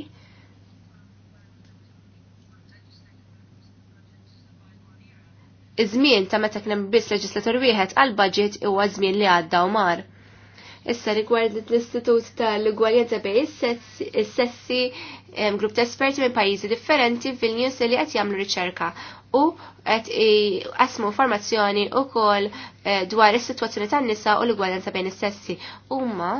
iż-żmien ta' meta kien biss leġislatur wieħed għal budget huwa żmien li għadda u mar. Issa rigward l-Istitut tal igwaljenza bej is-sessi grupp ta' esperti minn pajjiżi differenti fil-news li qed jagħmlu riċerka u qed qasmu informazzjoni wkoll eh, dwar is-sitwazzjoni tan-nisa u l-gwaljanza bejn is-sessi. Huma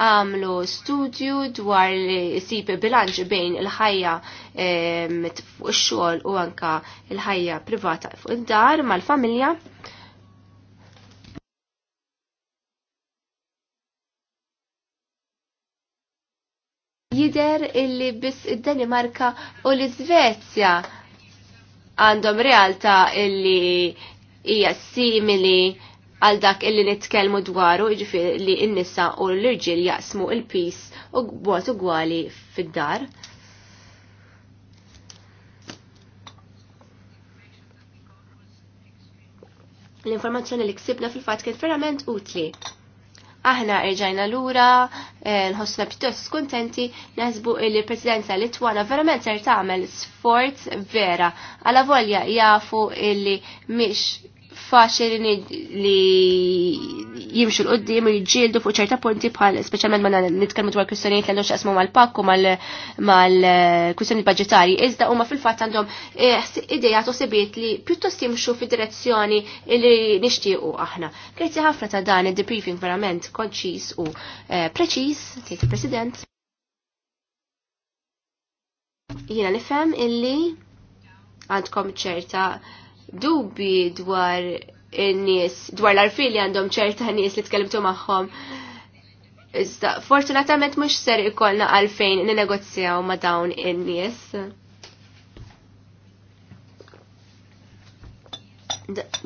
għamlu studju dwar li sib bilanċ bejn il-ħajja fuq ix-xogħol u anka il-ħajja privata fuq id-dar mal-familja. Jider illi biss id-Danimarka u l-Svezja għandhom realtà illi hija simili għal dak illi nitkellmu dwaru jiġifieri li n-nisa u l-irġiel jaqsmu il-pis u u ugwali fid-dar. L-informazzjoni li ksibna fil-fatt kien verament utli. Aħna irġajna lura, eh, nħossna pjuttost skontenti, naħsbu li l-Presidenza Litwana verament ser tagħmel sforz vera. għal volja jafu illi miex faċli li jimxu l-qoddim u jġildu fuq ċerta punti bħal, specialment ma nitkellmu dwar kwistjonijiet li għandhom xaqsmu mal pakku mal-kwistjonijiet budġetarji, iżda huma fil-fatt għandhom eh, ideja tosibiet sibiet li pjuttost jimxu fid-direzzjoni li nixtiequ aħna. Grazzi ħafna ta' dan id-debriefing verament konċis u eh, preċis, tgħid il-President. Jiena nifhem illi għandkom ċerta dubi dwar in-nies, dwar l-arfil li għandhom ċerta nies li tkellimtu magħhom. Iżda, fortunatament mhux ser ikollna għalfejn n-negozzjaw ma' dawn in-nies.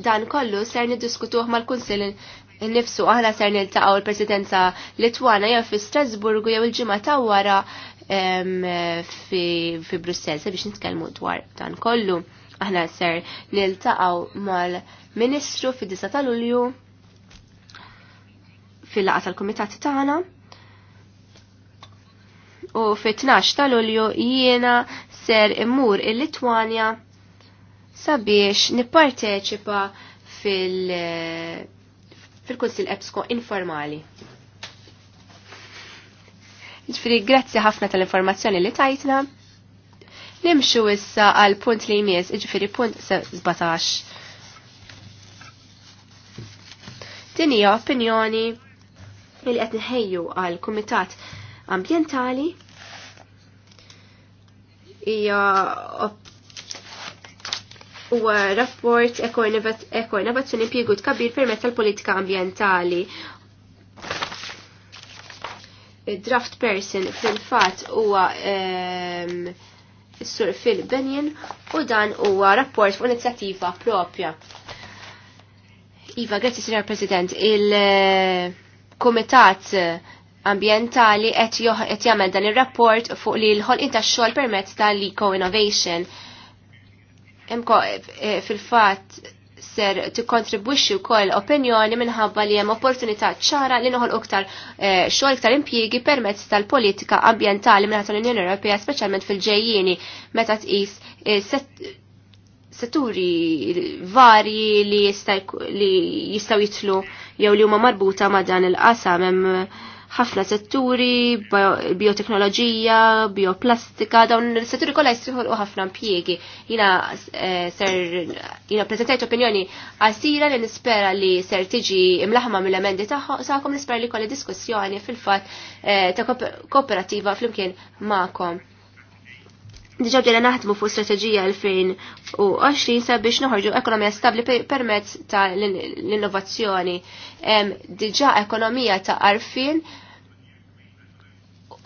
Dan kollu ser niddiskutuh mal-Kunsill nifsu aħna ser niltaqgħu l-Presidenza Litwana jew fi Strasburgu jew il-ġimgħa ta' wara fi, fi Brussels biex nitkellmu dwar dan kollu. Aħna ser niltaqaw mal-Ministru fid-9 ta' Lulju fil-laqa tal-Kumitat tagħna. U fit-12 ta' Lulju jiena ser immur il-Litwanja sabiex nipparteċipa fil- fil-Kunsil Epsko informali. Ġifri, grazzi ħafna tal-informazzjoni li tajtna. Nimxu issa għal punt li jmiss, iġifiri punt 17. Din hija opinjoni li qed nħejju għal Kumitat Ambjentali hija huwa rapport eko-innovazzjoni pjegu tkabbir permezz tal-politika ambientali. Draft person fil-fat huwa um, is-Sur fil-Benin u dan huwa rapport fuq inizjattiva propja. Iva, grazzi signor President, il-Komitat Ambientali qed jagħmel dan ir-rapport fuq li l-ħolqien tax-xogħol permezz tal-Eco Innovation. Imko eh, fil-fatt ser tikkontribwixxi wkoll opinjoni minħabba li hemm opportunità ċara li noħol iktar eh, xogħol iktar impjiegi permezz tal-politika ambjentali mingħata l-Unjoni Ewropea speċjalment fil-ġejjieni meta tqis eh, setturi varji li jistgħu jitlu jew li huma marbuta ma' dan il-qasam hemm ħafna setturi, bioteknoloġija, bioplastika, dawn il-setturi kollha jistriħu ħafna impjiegi. Jina eh, ser jina preżentajt opinjoni għasira li nispera li ser tiġi imlaħma mill-emendi tagħkom nispera li kolli diskussjoni fil-fatt eh, ta' kooperativa flimkien magħkom. Diġa bdejna naħdmu fuq strateġija 2020 sabiex noħorġu ekonomija stabli permezz ta' l-innovazzjoni. Diġa ekonomija ta' arfin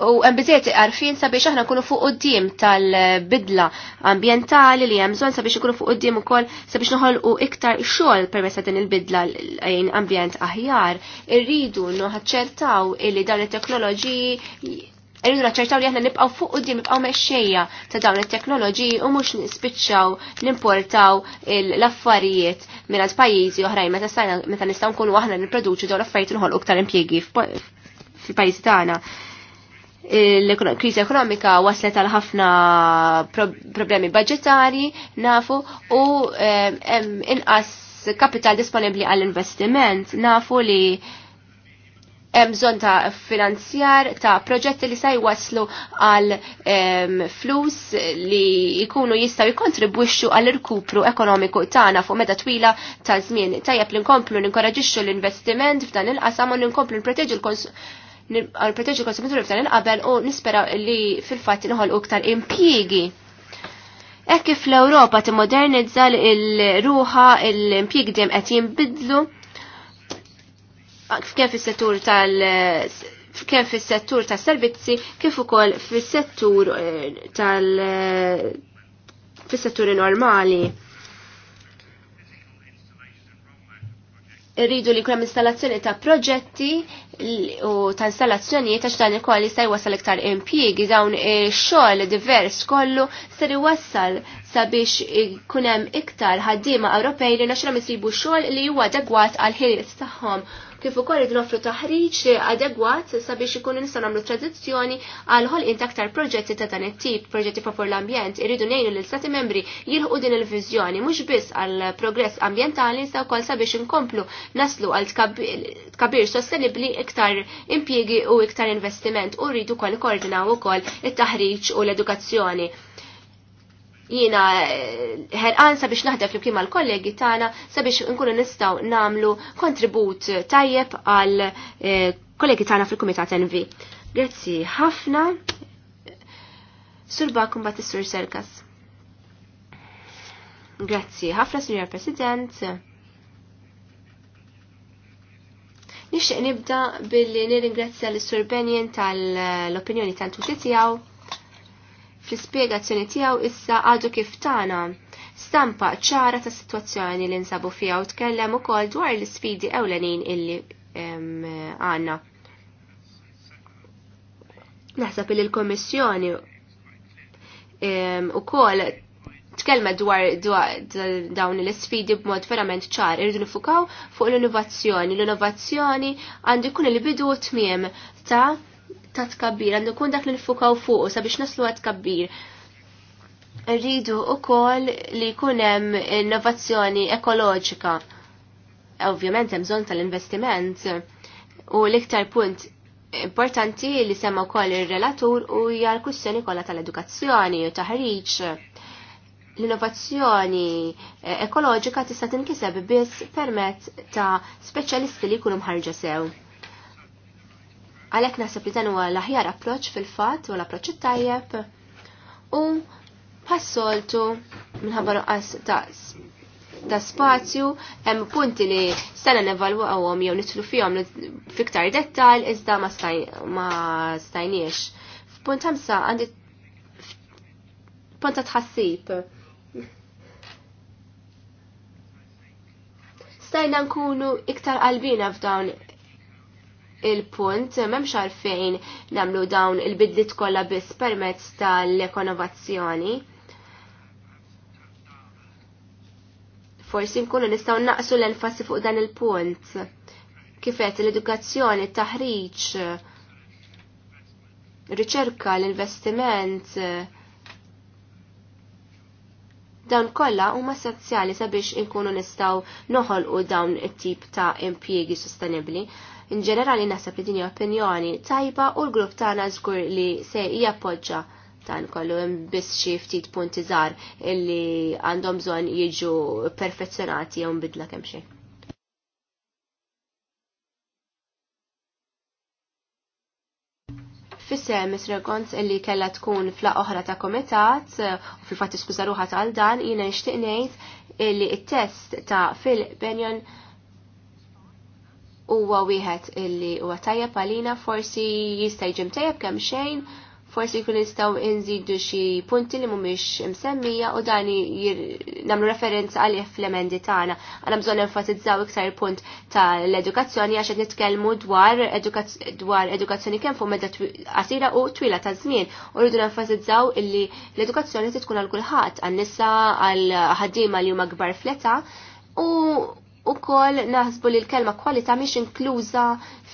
U għembiziet għarfin sabiex aħna kunu fuq uddim tal-bidla ambientali li jemżon sabiex ikunu fuq uddim u koll sabiex u iktar xol permessa din il-bidla għajn ambjent aħjar. Irridu noħadċertaw illi dawn il-teknoloġiji Irridu naċċertaw li aħna nibqgħu fuq uddim nibqaw mexxejja ta' dawn it-teknoloġiji u mhux nispiċċaw nimportaw l-affarijiet mingħand pajjiżi oħrajn meta meta nistgħu nkunu aħna nipproduċu dawn l-affarijiet inħolqu iktar impjiegi fil pajjiż tagħna l krizi ekonomika waslet għal ħafna problemi budgetari, nafu, u eh, inqas kapital disponibli għall-investiment, nafu li hemm bżonn ta' finanzjar ta' proġetti li saj waslu għal flus li jkunu jistaw jikontribwixxu għal irkupru ekonomiku tagħna fuq meta twila ta' żmien. Tajjeb li nkomplu ninkoraġixxu l-investiment f'dan il-qasam u l nproteġu għal-proteġi konsumaturi f'dan qabel u nisperaw li fil-fatt u uktar impjiegi. Hekk kif l-Ewropa timmodernizza il-ruħa l-impjieg dem qed jinbidlu kien fis-settur tal- kemm fis-settur tas-servizzi kif ukoll fis-settur eh, tal- fis-setturi normali. rridu li kunem installazzjoni ta' proġetti u ta' installazzjoni ta' xdan il-koll jista' jwassal iktar impjiegi dawn xogħol divers kollu ser iwassal sabiex kunem iktar ħaddiema Ewropej li naxra misibu xogħol li huwa adegwat għal ħiliet tagħhom kif ukoll irid noffru taħriġ adegwat sabiex ikunu nistgħu nagħmlu t-tradizzjoni għal ħolqien aktar proġetti ta' dan it-tip, proġetti fa' l-ambjent, irridu ngħinu lill stati membri jilħu din il-viżjoni mhux biss għal progress ambjentali sa wkoll sabiex inkomplu naslu għal tkabbir sostenibbli iktar impjiegi u iktar investiment u rridu wkoll ikkoordinaw ukoll it-taħriġ u l-edukazzjoni. Jiena herqan eh, sabiex naħdem flimkien mal-kollegi tagħna sabiex nkunu nistgħu nagħmlu kontribut tajjeb għal eh, kollegi tagħna fil-Kumitat NV. Grazzi ħafna. Sur Bakum bat is-Sur Serkas. Grazzi ħafna, Sinjor President. Nixtieq nibda billi nirringrazzja l-Sur Benjen tal-opinjoni tal-tuti tiegħu fl-ispiegazzjoni tiegħu issa għadu kif tagħna. Stampa ċara ta' situazzjoni li nsabu fija u tkellem ukoll dwar l-isfidi ewlenin illi għandna. Naħseb li l-Kommissjoni ukoll tkellmet dwar dawn l-sfidi b'mod verament ċar, irridu nifukaw fuq l-innovazzjoni. L-innovazzjoni għandu jkun il-bidu tmiem ta' ta' tkabbir, għandu kun dak li nfukaw fuq sabiex naslu għat tkabbir. Rridu u kol li kunem innovazzjoni ekoloġika. Ovvjament, hemm tal-investiment. U l-iktar punt importanti li semma kol il-relatur u jgħal l-kwistjoni kollha tal-edukazzjoni u taħriġ. L-innovazzjoni eh, ekoloġika tista' tinkiseb biss permezz ta' speċjalisti li jkunu mħarġa sew. Għalhekk nasib li dan huwa l-aħjar approċċ fil-fatt u l-approċċ tajjeb u passoltu minħabba nuqqas ta' spazju hemm punti li sena nevalwawhom jew nitlu fihom fiktar dettal iżda ma stajniex. F'punt ħamsa għandi punt tħassib. Stajna nkunu iktar qalbina f'dawn il-punt memx għalfejn namlu dawn il-bidlit kollha biss permezz tal-ekonovazzjoni. Forsi nkunu nistgħu naqsu l-enfasi fuq dan il-punt. Kifet l-edukazzjoni, taħriġ, riċerka, l-investiment, dawn kollha huma essenzjali sabiex inkunu nistgħu noħolqu dawn it-tip ta' impjiegi sostenibbli. In ġenerali naħseb li din opinjoni tajba u l-grupp tagħna żgur li se jappoġġa dan kollu hemm biss xi ftit punti żgħar illi għandhom bżonn jiġu perfezzjonati jew bidla kemm xejn. Fisse Ms. Regons, illi kella tkun fla oħra ta' komitat u fil-fatt iskuża għal dan jina nixtieq ngħid illi il test ta' Phil Benjon huwa wieħed illi huwa tajjeb għalina forsi jista' jġim tajjeb kemm xejn, forsi kun nistgħu inżidu xi punti li mhumiex msemmija u dan nagħmlu referenza għalih fl-emendi tagħna. Għandna bżonn enfatizzaw iktar punt tal-edukazzjoni għax qed nitkellmu dwar dwar edukazzjoni kemm fuq meta qasira u twila ta' żmien u rridu nenfasizzaw illi l-edukazzjoni tkun għal kulħadd għan-nisa għal ħaddiema li huma kbar fleta u U kol naħsbu li l-kelma kwalità miex inkluża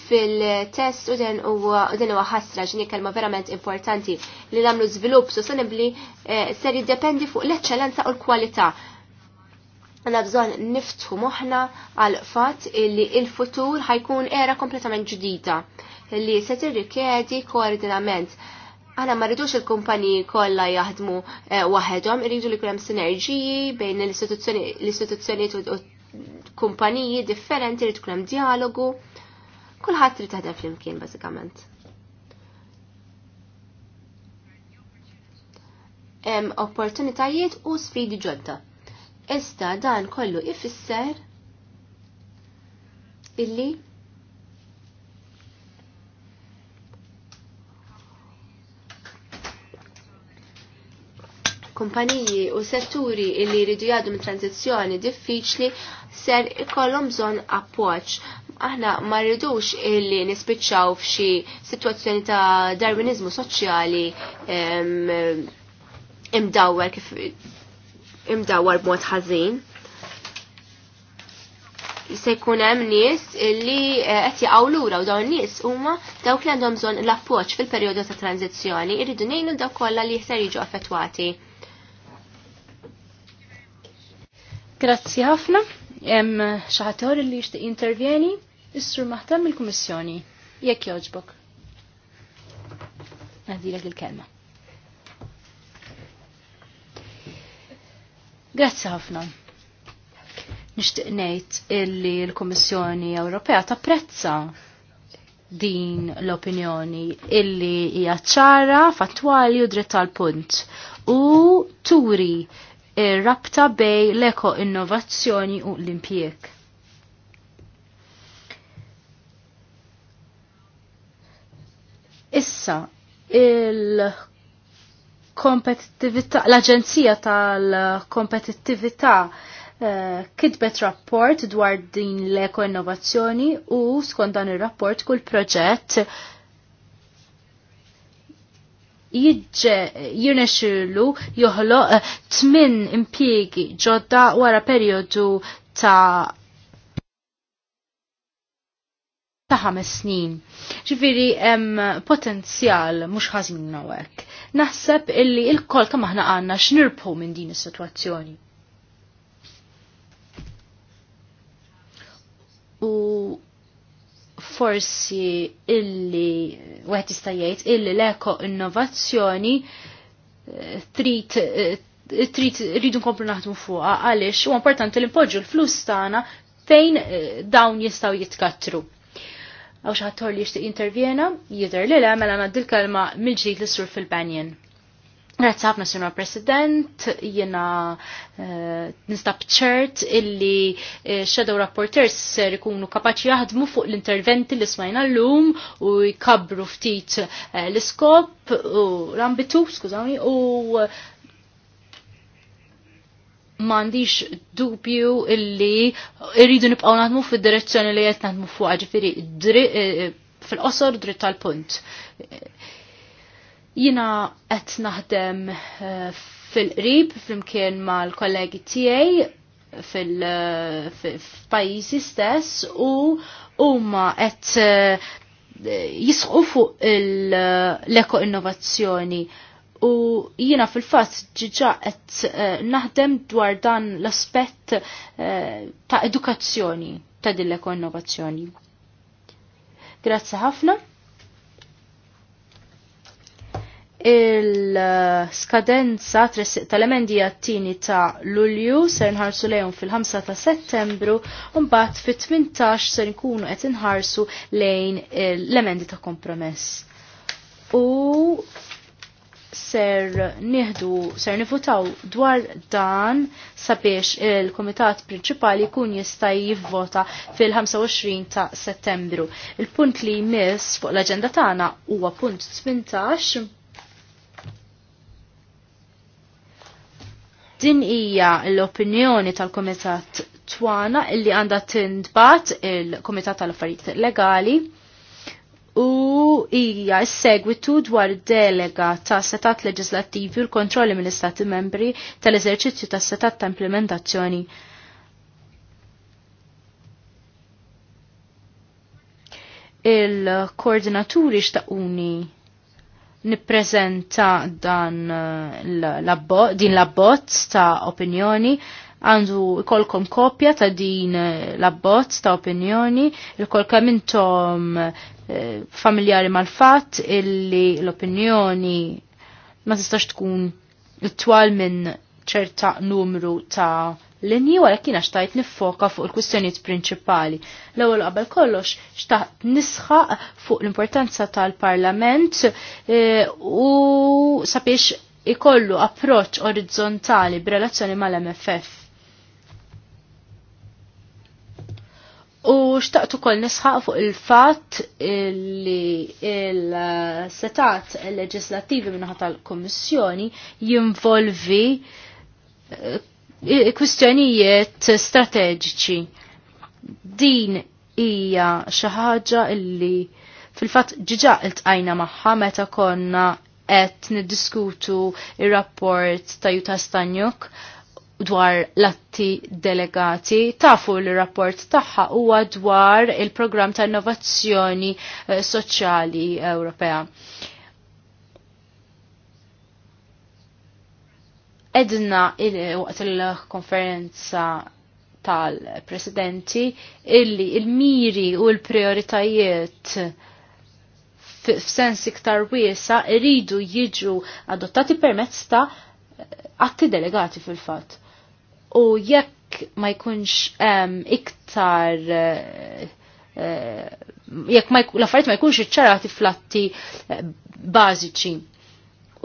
fil-test u den huwa ħasra ġini kelma verament importanti li namlu żvilupp sostenibbli eh, ser jiddependi fuq l-eċċellenza u l-kwalità. Għanna bżon niftħu moħna għal fatt li il-futur ħajkun era kompletament ġdida li se tirrikjedi koordinament. Għana ma rridux il-kumpaniji kollha jaħdmu eh, waħedhom, irridu li kulhemm sinerġiji bejn l-istituzzjonijiet u kumpaniji differenti li tkun hemm dialogu, kulħadd trid taħdem flimkien bażikament. Hemm opportunitajiet u sfidi ġodda. Issa dan kollu ifisser illi kumpaniji u setturi illi jridu jgħaddu minn tranzizzjoni diffiċli ser ikollhom bżonn appoġġ. Aħna ma rridux illi nispiċċaw f'xi sitwazzjoni ta' darwinizmu soċjali imdawwar kif imdawwar b'mod ħażin se jkun hemm nies illi eh, qed jaqgħu lura u dawn nies huma dawk li għandhom bżonn l-appoġġ fil-perjodu ta' tranzizzjoni irridu ngħinu dawk kollha li jista' jiġu affettwati. Grazzi ħafna jem xi ħadd li jixtieq intervjeni? jissur sur maħtam il kummissjoni Jekk jogħġbok. Nadilek il-kelma. Grazzi ħafna. Nixtieq ngħid illi l komissjoni Ewropea tapprezza din l-opinjoni illi hija ċara, fattwali u dritt tal punt u turi rabta bej l-eko innovazzjoni u l-impjek. Issa, il-kompetittività, l-Aġenzija tal-Kompetittività eh, kitbet rapport dwar din l-eko innovazzjoni u skont dan ir rapport kull proġett jirnexxilu joħloq eh, tmin impjiegi ġodda wara perjodu ta' ta' ħames snin. Ġifiri, hemm potenzjal mhux ħażin hawnhekk. Naħseb illi l-kol kemm aħna għandna x'nirbħu minn din is-sitwazzjoni. U forsi illi wieħed jista' jgħid illi l-eko innovazzjoni eh, trid eh, trid rridu nkomplu naħdmu fuqha għaliex huwa importanti li npoġġu l-flus tagħna fejn eh, dawn jistgħu jitkattru. Għaw xaħtor li jishtiq intervjena, jidher li le mela naddil kelma mill-ġdid l-sur fil-banjen. Grazie ħafna, Sinor President, jena uh, eh, nistab ċert illi uh, Shadow Rapporters ser ikunu kapaċi jaħdmu fuq l-interventi li smajna l-lum u jkabru ftit uh, l-iskop u l-ambitu, skużawni, u uh, mandiċ dubju illi irridu nibqaw naħdmu fid direzzjoni li jett naħdmu fuq ġifiri fil-qosor dritt tal-punt. Uh, Jina qed naħdem eh, fil-qrib flimkien mal-kollegi tiegħi fil-pajjiżi eh, stess u huma qed eh, jisqu fuq l-eko innovazzjoni u jina fil-fatt ġiġa qed naħdem dwar dan l-aspett ta' edukazzjoni ta' din l-eko innovazzjoni. Grazzi ħafna. il-skadenza tal-emendi għattini ta' Lulju ser nħarsu lejhom fil-5 ta' Settembru mbagħad fit-18 ser nkunu qed inħarsu lejn l-emendi ta' kompromess. U ser nieħdu ser nifutaw dwar dan sabiex il-Komitat Prinċipali kun jista' jivvota fil-25 ta' Settembru. Il-punt li jmiss fuq l-aġenda tagħna huwa punt 18 Din hija l-opinjoni tal-Komitat Twana illi għandha tindbat il-Komitat tal-Affarijiet Legali u hija s-segwitu dwar delega ta' setat leġislattivi u l-kontrolli mill-Istati membri tal-eżerċizzju ta' setat ta' implementazzjoni. Il-koordinaturi xtaquni nipprezenta dan eh, din l-abbozz ta' opinjoni għandu kolkom kopja ta' din eh, l-abbozz ta' opinjoni il kolkom intom eh, familjari mal-fatt illi l-opinjoni ma tistax tkun it-twal minn ċerta numru ta' l-inni għal kiena xtajt niffoka fuq il-kwistjonijiet prinċipali. L-ewwel qabel kollox xtaqt nisħaq fuq l-importanza tal-Parlament e, u sabiex ikollu approċċ orizzontali b'relazzjoni mal-MFF. U xtaqt ukoll nisħaq fuq il-fatt li il-setat leġislattivi minnaħa tal-Kummissjoni jinvolvi kwistjonijiet strateġiċi. Din hija xi ħaġa illi fil-fatt ġiġa iltqajna magħha meta konna qed niddiskutu ir-rapport ta' Juta Stanjuk dwar l-atti delegati, tafu l-rapport tagħha huwa dwar il-programm ta' innovazzjoni eh, soċjali Ewropea. edna waqt il-konferenza tal-presidenti illi il-miri u l-prioritajiet f'sens iktar wiesa iridu jiġu adottati permezz ta' atti delegati fil-fatt. U jekk ma jkunx ehm, iktar eh, jekk l-affarijiet ma jkunx iċċarati flatti atti eh, bażiċi.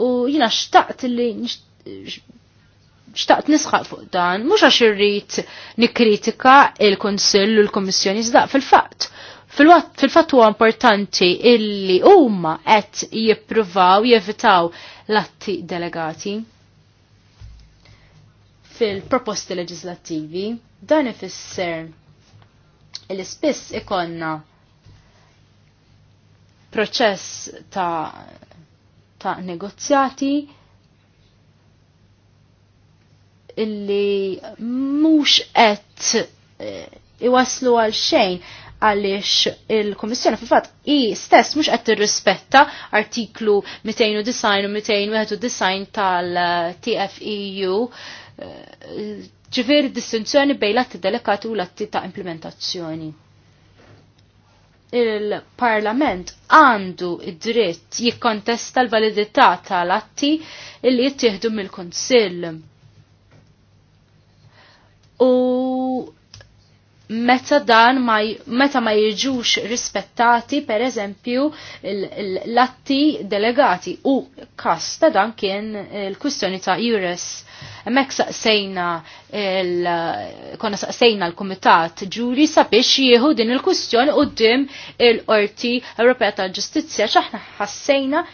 U jina xtaqt li xtaqt nisħaq fuq dan, mhux għax irrid nikkritika il-Kunsill u l-Kummissjoni iżda fil-fatt. Fil-fatt huwa importanti illi huma qed jippruvaw jevitaw l-atti delegati fil-proposti leġislattivi dan ifisser l spiss ikonna proċess ta' ta' negozjati illi mhux qed eh, iwaslu għal xejn għaliex il-Komissjoni fil-fatt i stess mhux qed tirrispetta artiklu 209 u 209 tal-TFEU eh, ġifieri distinzjoni bejn l-atti delegati u l-atti ta' implementazzjoni. Il-Parlament għandu id-dritt jikkontesta l-validità tal-atti illi jittieħdu mill-Konsill u meta dan ma, meta ma jiġux rispettati per eżempju l-atti delegati u kas ta' dan kien il-kwistjoni ta' Jures. Mek saqsejna konna saqsejna l-Komitat ġuri sabiex jieħu din il-kwistjoni u dim il-Qorti Ewropea ta' Ġustizzja xaħna ħassejna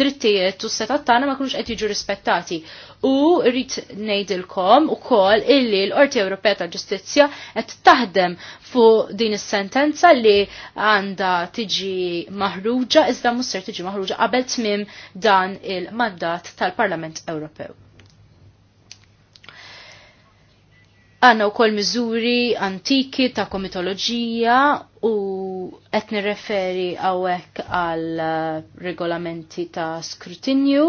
drittijiet u s-setat tagħna ma kienux qed jiġu rispettati. U rrit nejdilkom u kol illi l-Orti Ewropea ta' Ġustizzja qed taħdem fuq din is-sentenza li għandha tiġi maħruġa iżda mhux ser tiġi maħruġa qabel tmiem dan il-mandat tal-Parlament Ewropew. Għanna u kol miżuri antiki ta' komitoloġija u qed nirreferi għawek għal regolamenti ta' skrutinju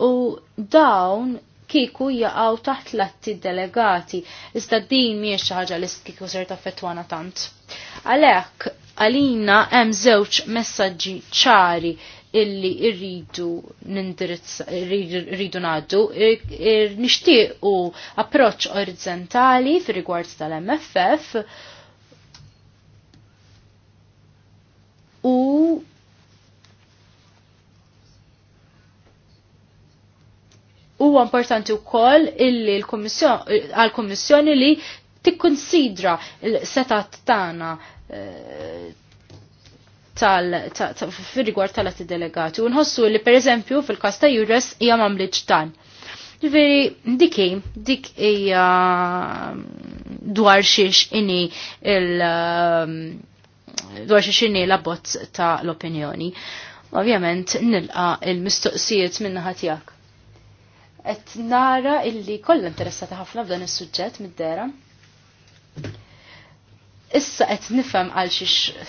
u dawn kiku jaqaw taħt l-atti delegati, iżda din miex ħaġa li kiku ser taffetwana tant. Għalek, għalina hemm żewġ messaġġi ċari illi irridu nindirizza, irridu naddu, nishtiqu approċ orizzontali fir rigward tal-MFF u Huwa importanti wkoll illi għal-Kummissjoni li tikkonsidra l-setat tagħna fil-rigward eh, tal delegati. U nħossu li per eżempju fil-kas ta' Jures hija mamliġ dan. Ġifieri diki dik hija mm, dwar xiex inni il mm, dwar xiex inni l bozz ta' l-opinjoni. Ovvjament nilqa il-mistoqsijiet minna ħatijak qed nara illi kollha interessata ħafna f'dan is-suġġett mid-dera. Issa qed nifhem għal xi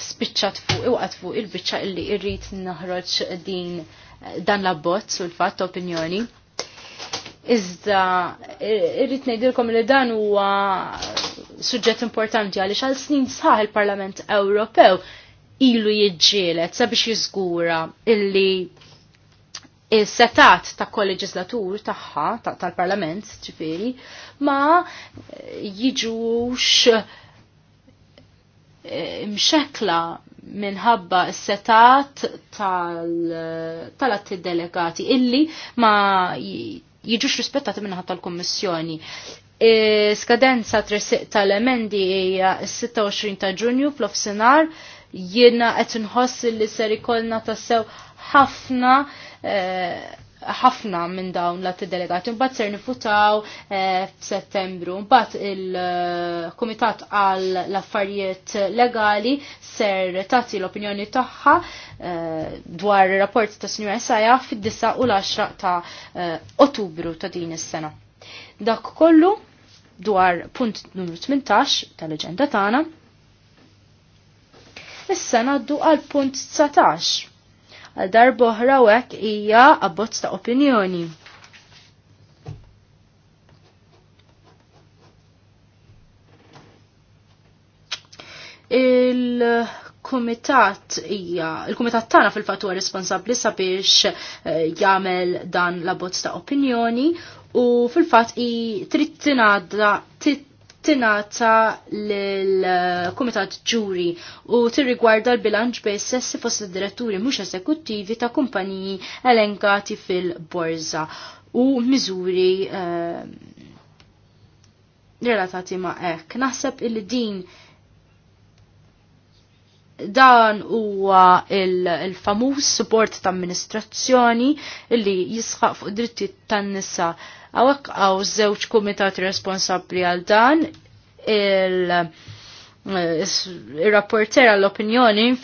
spiċċat fuq iwqat fuq il-biċċa illi rrid naħroġ din dan l-abbozz u l-fatt opinjoni. Iżda irrid ngħidilkom li dan huwa suġġett importanti għaliex għal snin sħaħ il-Parlament Ewropew ilu jiġġielet sabiex jiżgura illi il-setat ta' kol-leġislatur taħħa, tal-parlament, ċifiri, ma eh, jiġux eh, mxekla minħabba s-setat tal-atti delegati illi ma jiġux rispettati minħabba tal-kommissjoni. Eh, skadenza tal-emendi hija 26 ta' ġunju fl-ofsinar jiena qed nħoss li ser ikollna tassew ħafna Eh, ħafna minn dawn l delegati mbagħad ser nifutaw eh, f'Settembru. Mbagħad il-Kumitat għal l-affarijiet legali ser tagħti l-opinjoni tagħha eh, dwar ir-rapport ta' Sinjura Saja fid-9 u l-10 ta' Ottubru ta' din is-sena. Dak kollu dwar punt numru 18 tal-leġenda tagħna. Issa naddu għal punt 19 għal darboħra u hekk hija abbozz ta' opinjoni. il-kumitat hija il-kumitat tagħna fil-fatt huwa responsabbli sabiex eh, jagħmel dan l-abbozz ta' opinjoni u fil-fatt i trid tingħadda tinata l-Kumitat Ġuri u tirrigwarda l-bilanċ bej sessi fost diretturi mhux esekuttivi ta' kumpaniji elenkati fil-borza u miżuri uh, relatati ma' ek. Naħseb il din dan huwa il-famuż il support ta' amministrazzjoni li jisħaq fuq dritti tan-nisa. Għawak għaw zewċ kumitat responsabli għal dan eh, il-rapporter il rapporter għall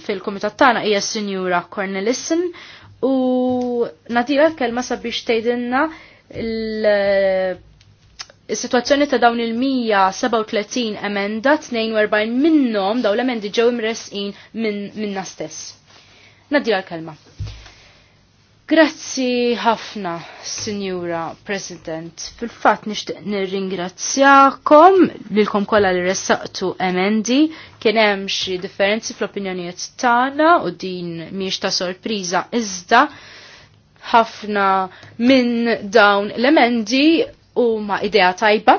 fil-komitat tana hija Sinjura Cornelissen u natira kelma sabiex tgħidilna eh, Is-sitwazzjoni ta' dawn il-137 emenda 42 minnhom daw l-emendi ġew imresqin minna stess. Nadira l-kelma. Grazzi ħafna, Sinjura President. Fil-fat nishtiq nirringrazzjakom lilkom kollha li ressaqtu emendi kien hemm xi differenzi fl-opinjonijiet tagħna u din mhijiex ta' sorpriża iżda ħafna minn dawn l-emendi huma idea tajba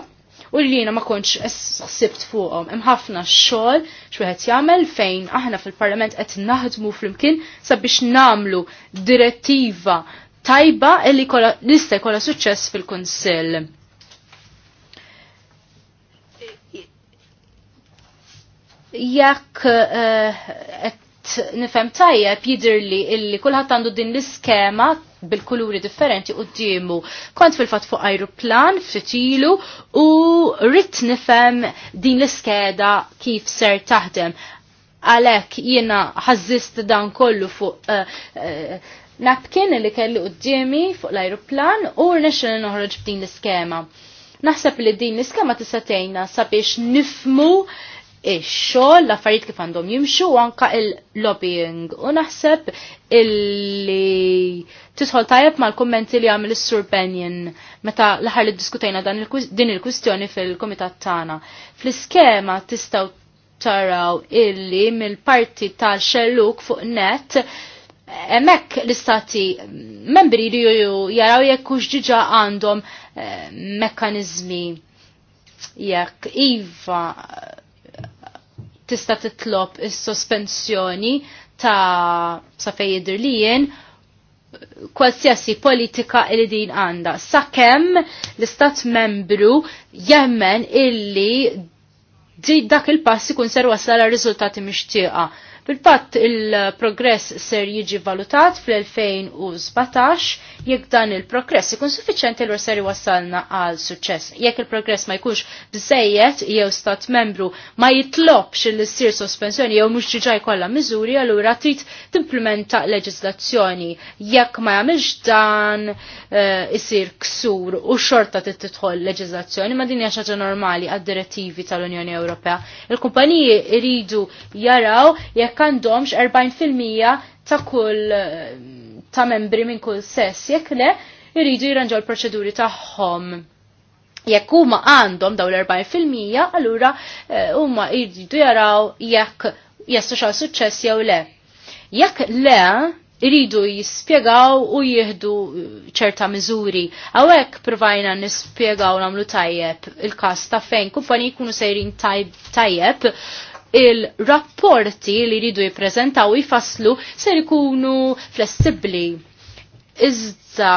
u li jina ma kontx ħsibt fuqhom. Hemm ħafna xogħol x'wieħed jagħmel fejn aħna fil-Parlament qed naħdmu flimkien sabiex namlu direttiva tajba li lista jkollha suċċess fil-Kunsill. jekk uh, nifem tajjeb jidir li illi kullħat għandu din l-iskema bil-kuluri differenti u d-dimu. Kont fil-fat fuq aeroplan f'Sitilu u rrit nifem din l-iskeda kif ser taħdem. Għalek jiena ħazzist dan kollu fuq eh, eh, napkin li kelli d-dimi fuq l-aeroplan u rnexxel noħroġ b'din l-iskema. Naħseb li din l-iskema tista' tgħinna sabiex nifmu ix-xogħol, l-affarijiet kif għandhom jimxu anka il-lobbying. U naħseb illi tisħol tajjeb mal-kummenti li għamil is-Sur Benjen meta l-aħħar li diskutejna din il-kwistjoni fil-kumitat tagħna. Fl-iskema tistgħu taraw illi mill-parti tal-xelluk fuq net emmek l-istati membri li jaraw jekk hux diġà għandhom eh, mekkanizmi jekk iva tista' titlob is-sospensjoni ta' safej fej jidhirlijien politika li din għanda. Sakemm l-istat membru jemmen illi dak il-pass ikun ser la' riżultati mixtieqa Bil-patt il-progress ser jiġi valutat fl-2017 jekk dan il-progress ikun suffiċenti l ser wasalna għal suċċess. Jekk il-progress ma jkunx bżejjed jew stat membru ma jitlobx il sir sospensjoni jew mhux diġà kollha miżuri allura trid timplementa leġislazzjoni. Jekk ma jagħmilx dan eh, isir ksur u xorta tidħol leġislazzjoni ma din hija xaġa normali għad-direttivi tal-Unjoni Ewropea. Il-kumpaniji jridu jaraw jekk jekk għandhomx 40% ta' kull ta' membri minn kull sess, jekk le, jridu jirranġaw l-proċeduri tagħhom. Jekk huma għandhom daw l-40%, allura eh, huma jridu jaraw jekk jestu xa suċċess jew le. Jekk le, iridu jispiegaw u jihdu ċerta miżuri. Għawek provajna nispiegaw namlu tajjeb il-kas ta' fejn kumfani jkunu sejrin tajjeb il-rapporti li jridu jippreżentaw jfasslu ser ikunu flessibbli. Iżda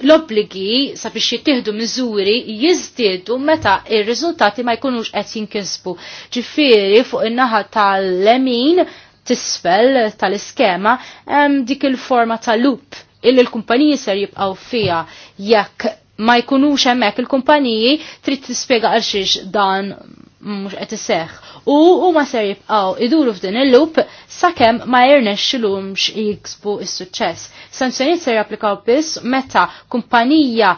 l-obbligi sabiex jittieħdu miżuri jiżdiedu meta ir-riżultati ma jkunux qed jinkisbu. Ġifieri fuq in-naħa tal-lemin tisfel tal-iskema hemm dik il-forma tal-lup illi l-kumpaniji ser jibqaw fija jekk ma jkunux hemmhekk il-kumpaniji trid tispjega għal dan mhux qed iseħħ. U huma ser jibqgħu iduru f'din il-lup sakemm ma jirnexxilhomx jiksbu s-suċċess. Sanzjonijiet ser japplikaw biss meta kumpanija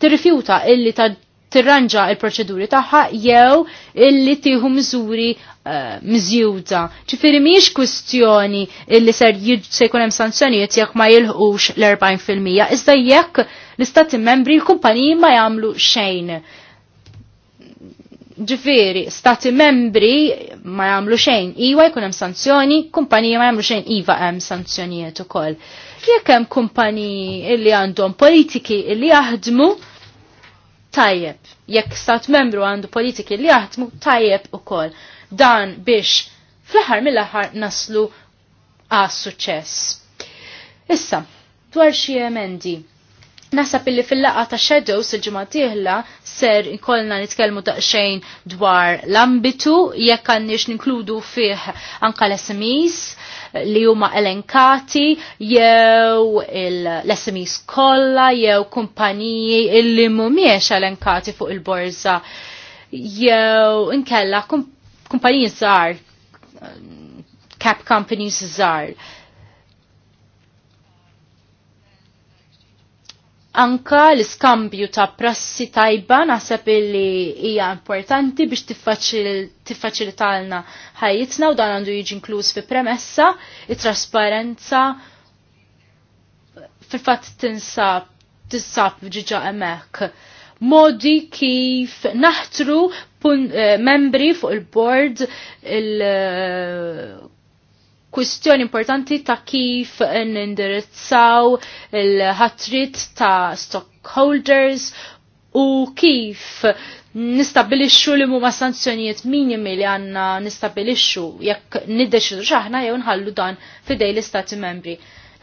tirrifjuta illi ta' tirranġa il-proċeduri tagħha jew illi tieħu miżuri eh, mżjuda. Ġifieri mhijiex kwistjoni illi ser se jkun hemm sanzjonijiet jekk ma jilħux l-40 fil-mija, iżda jekk l-istati membri l-kumpaniji ma jagħmlu xejn ġifiri, stati membri ma jagħmlu xejn iwa jkun hemm sanzjoni, kumpaniji ma jagħmlu xejn iva hemm sanzjonijiet ukoll. Jekk hemm kumpaniji li għandhom politiki li jaħdmu tajjeb. Jekk stat membru għandu politiki li jaħdmu tajjeb ukoll. Dan biex fl-aħħar mill-aħħar naslu għas suċċess. Issa, dwar xi emendi Nasab illi fil-laqa ta' Shadows il-ġimgħa tieħla ser ikollna nitkellmu daqsxejn dwar l-ambitu jekk għandniex ninkludu fih anka l-SMEs li huma elenkati jew l-SMEs kollha jew kumpaniji illi mhumiex elenkati fuq il-borża jew inkella kumpaniji żgħar cap companies żgħar Anka l-iskambju ta' prassi tajba naħseb illi hija importanti biex tiffaċilitalna ħajjitna u dan għandu jiġi inkluż fi premessa, it-trasparenza fil-fatt tinsab tinsab ġiġa emek. Modi kif naħtru eh, membri fuq il-board il kwistjoni importanti ta' kif nindirizzaw il-ħatrit ta' stockholders u kif nistabilixxu li huma sanzjonijiet minimi li għandna nistabilixxu jekk niddeċidu x'aħna jew nħallu dan fidej l-istati membri.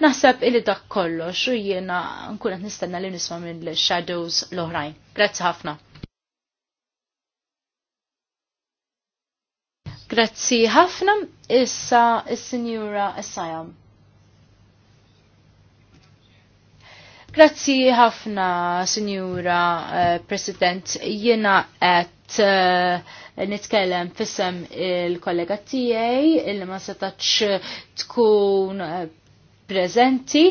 Naħseb illi dak kollox u jiena nkun qed nistenna li nisma' mill-shadows l-oħrajn. Grazzi ħafna. Grazzi ħafna, issa is-Sinjura Essayam. Grazzi ħafna, Sinjura uh, President, jiena qed eh, nitkellem fissem il-kollega tiegħi illi ma setax tkun eh, prezenti.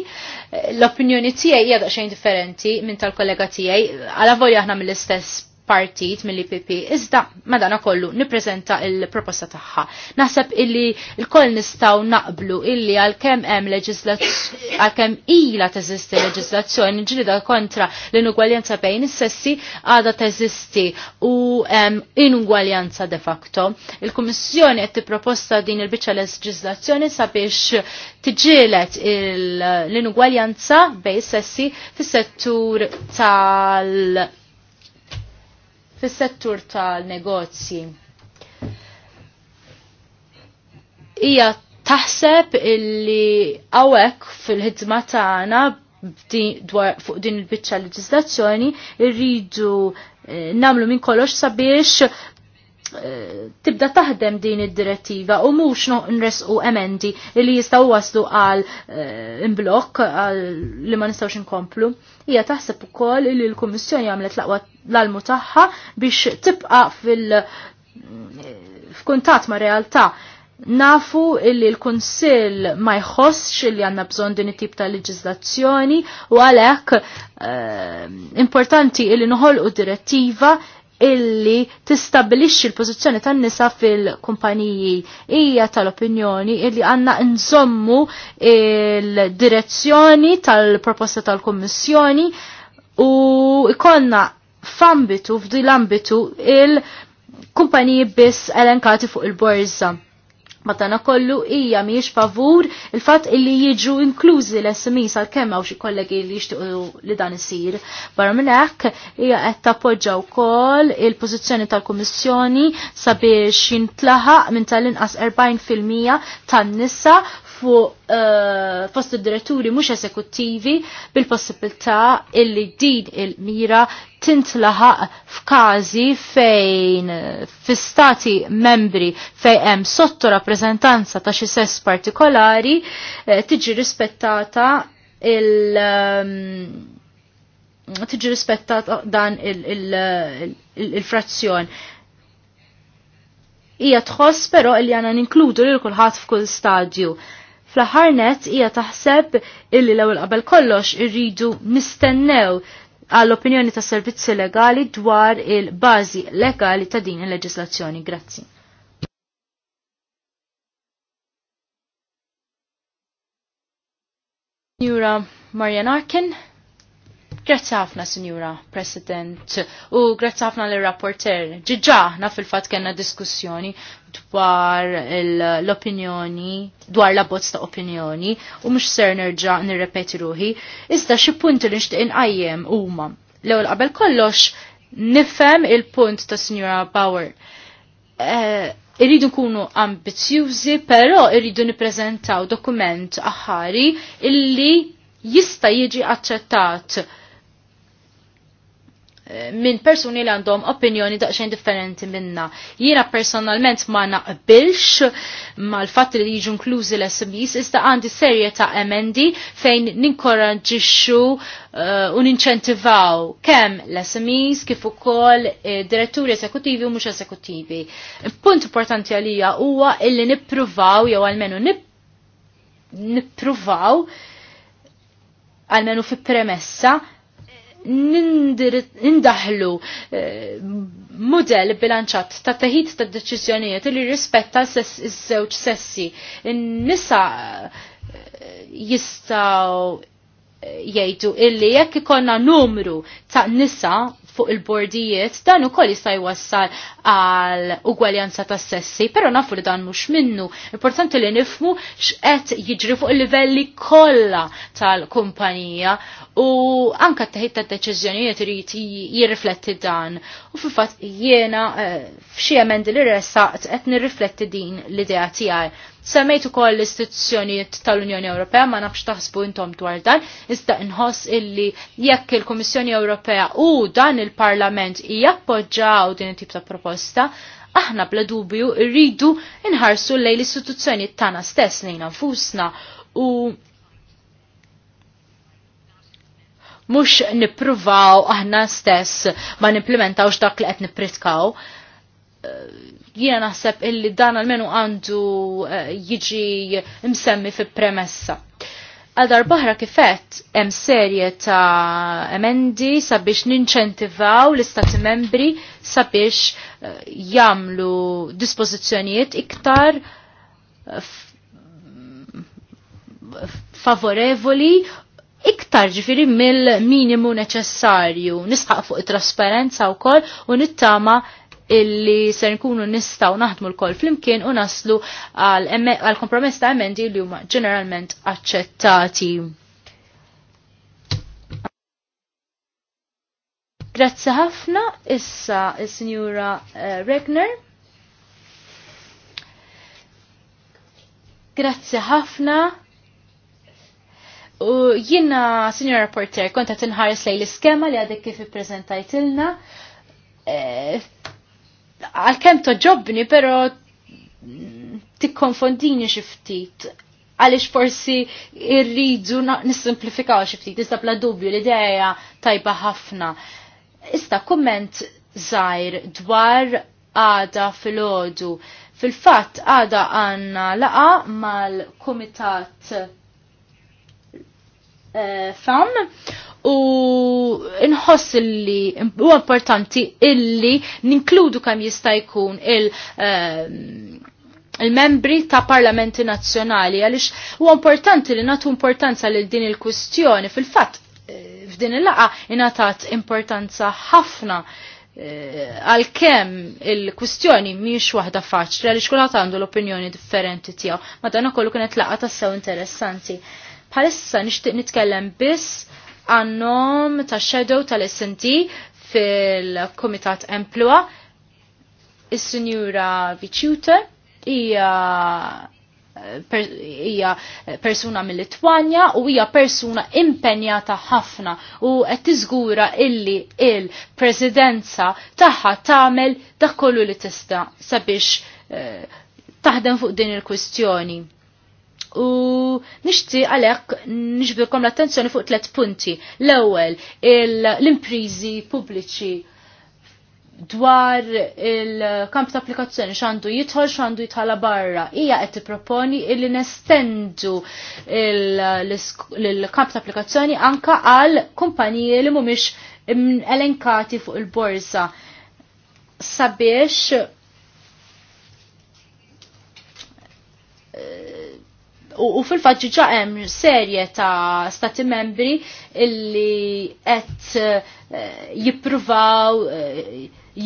L-opinjoni tiegħi hija daqsxejn differenti minn tal-kollega tiegħi, għala voja aħna mill-istess partit mill-IPP, iżda madana kollu niprezenta il-proposta tagħha. Naħseb illi l-koll nistaw nistgħu naqblu illi għalkemm hemm għalkemm ila teżisti leġislazzjoni ġilida kontra l-inugwaljanza bejn is-sessi għadha teżisti u inugwaljanza de facto. Il-Kummissjoni qed tipproposta din il-biċċa leġislazzjoni sabiex tiġielet l-inugwaljanza bejn is-sessi fis-settur tal- fis-settur tal-negozji. Hija taħseb illi għawek fil-ħidma tagħna fuq din il-biċċa leġislazzjoni rridu eh, namlu minn kollox sabiex eh, tibda taħdem din id-direttiva u mux nresqu emendi li jistaw waslu għal eh, imblok li ma nistawx inkomplu. Ija taħseb ukoll li l-Kummissjoni għamlet laqwa l-almu tagħha biex tibqa' fil f'kuntat ma' realtà. Nafu illi l-Kunsill ma jħossx illi għanna bżon din it-tip ta' leġislazzjoni u għalhekk uh, importanti illi noħolqu direttiva illi tistabilixxi l-pożizzjoni tan-nisa fil-kumpaniji hija tal-opinjoni illi għandna nżommu il-direzzjoni tal-proposta tal-Kummissjoni u ikonna f'ambitu, f'dil l-ambitu il-kumpaniji biss elenkati fuq il-borza. Matana kollu ija miex favur il-fat illi jiġu inklużi l-SMI sal kemma u xie kollegi li jishtiqu li dan isir. Barra minnek ija qed tappoġġa wkoll il-pożizzjoni tal-Kummissjoni sabiex jintlaħaq minn tal-inqas 40% tan-nisa fuq uh, fost id-diretturi mhux esekuttivi bil-possibilità illi din il-mira tintlaħaq f'każi fejn fi-stati membri fejn hemm sotto rappreżentanza ta' xi sess partikolari eh, tiġi rispettata il um, tiġi rispettata dan il-frazzjon. Il, il, il, hija tħoss però li għana ninkludu lil kulħadd f'kull stadju. Fl-aħħar hija taħseb illi l-ewwel qabel kollox irridu mistennew għall-opinjoni ta' servizzi legali dwar il-bażi legali ta' din il-leġislazzjoni. Grazzi. Njura Marjan Arkin. Grazzi ħafna, Sinjura President, u grazzi ħafna l-rapporter. Ġiġa, ħna fil-fat kena diskussjoni dwar l-opinjoni, dwar la bozz ta' opinjoni, u mux ser nerġa nirrepeti ruħi, iżda xi punti li nixtieq inqajjem huma. L-ewwel qabel kollox nifhem il-punt ta' Sinjura Bauer. Eh, irridu nkunu ambizjużi, però irridu nippreżentaw dokument aħari illi jista' jiġi aċċettat minn persuni li għandhom opinjoni daqsxejn differenti minna. Jiena personalment ma naqbilx mal-fatt li jiġu inklużi l-SMEs, iżda għandi serje ta' emendi fejn ninkoraġixxu uh, u ninċentivaw kemm l-SMEs kif ukoll eh, diretturi esekutivi u mhux esekutivi. Punt importanti għalija huwa illi nippruvaw jew għalmenu nippruvaw għalmenu fi premessa nindaħlu eh, model bilanċat ta' teħid ta' deċiżjonijiet li rispetta s-żewġ sessi. Nisa eh, jistaw eh, jgħidu illi jekk ikonna numru ta' nisa fuq il-bordijiet, dan ukoll jista' jwassal għal ugwaljanza tas sessi, però nafu li dan mhux minnu. Importanti li nifmu x'qed jiġri fuq il-livelli kollha tal-kumpanija u anka t-teħid ta' deċiżjonijiet irid jirrifletti dan. U fil-fatt jiena eh, f'xi emendi li ressaqt qed nirrifletti din l-idea tiegħi Semmejt ukoll l-istituzzjonijiet tal-Unjoni Ewropea ma nafx taħsbu intom dwar dan, iżda inħoss illi jekk il-Kummissjoni Ewropea u dan il-Parlament jappoġġaw din it-tip ta' proposta, aħna bla dubju rridu inħarsu lejn l-istituzzjonijiet tagħna stess lejn nfusna u mux nipruvaw aħna stess ma nimplementawx dak li qed nipritkaw. Jiena naħseb illi dan almenu għandu eh, jiġi msemmi fi premessa. Għadar boħra kifet hemm serje ta' emendi sabiex ninċentivaw l-istati membri sabiex eh, jamlu dispożizzjonijiet iktar eh, favorevoli iktar ġifiri mill-minimu neċessarju. Nisħaq fuq it trasparenza u koll u nittama illi ser nkunu nistaw naħdmu l-koll flimkien u naslu għal kompromess ta' emendi li huma ġeneralment accettati. Grazzi ħafna issa il sinjura eh, Regner. Grazzi ħafna. U jina, Sinjora Reporter, konta tinħares lej l-iskema li għadek kif i prezentajtilna. Eh, għal-kem toġobni, pero tikkonfondini xiftit għalix forsi irridu nissimplifikaw xiftit, iżda bla dubju l-ideja tajba ħafna. Ista komment zaħir dwar għada fil-ħodu. Fil-fat għada għanna laqa mal-komitat eh, FAM u inħoss illi u importanti illi ninkludu kemm jista' jkun il- eh, il-membri ta' parlamenti nazzjonali għaliex huwa importanti li nagħtu importanza lil din il-kwistjoni fil-fatt eh, f'din il-laqa ingħatat importanza ħafna eh, għal kem il-kwistjoni miex waħda faċli għaliex kulħadd għandu l-opinjoni differenti tiegħu. Madonna kollu kienet laqa tassew interessanti. Bħalissa nixtieq nitkellem biss għannom ta' shadow tal-SNT fil-Komitat Emplua. il sinjura Viċjuta hija hija persuna mill-Litwanja u hija persuna impenjata ħafna u qed tiżgura illi il-presidenza tagħha tagħmel dak kollu li tista' sabiex eh, taħdem fuq din il-kwistjoni. U nixti għalek nġbirkom l-attenzjoni fuq tlet punti. L-ewel, l-imprizi pubbliċi dwar il-kamp ta' applikazzjoni xandu jitħol xandu jitħala barra. Ija qed proponi illi nestendu il-kamp ta' applikazzjoni anka għal kumpaniji li mhumiex elenkati fuq il-borsa sabiex U, u fil-fatt ġiġa hemm serje ta' stati membri illi qed eh, jippruvaw eh,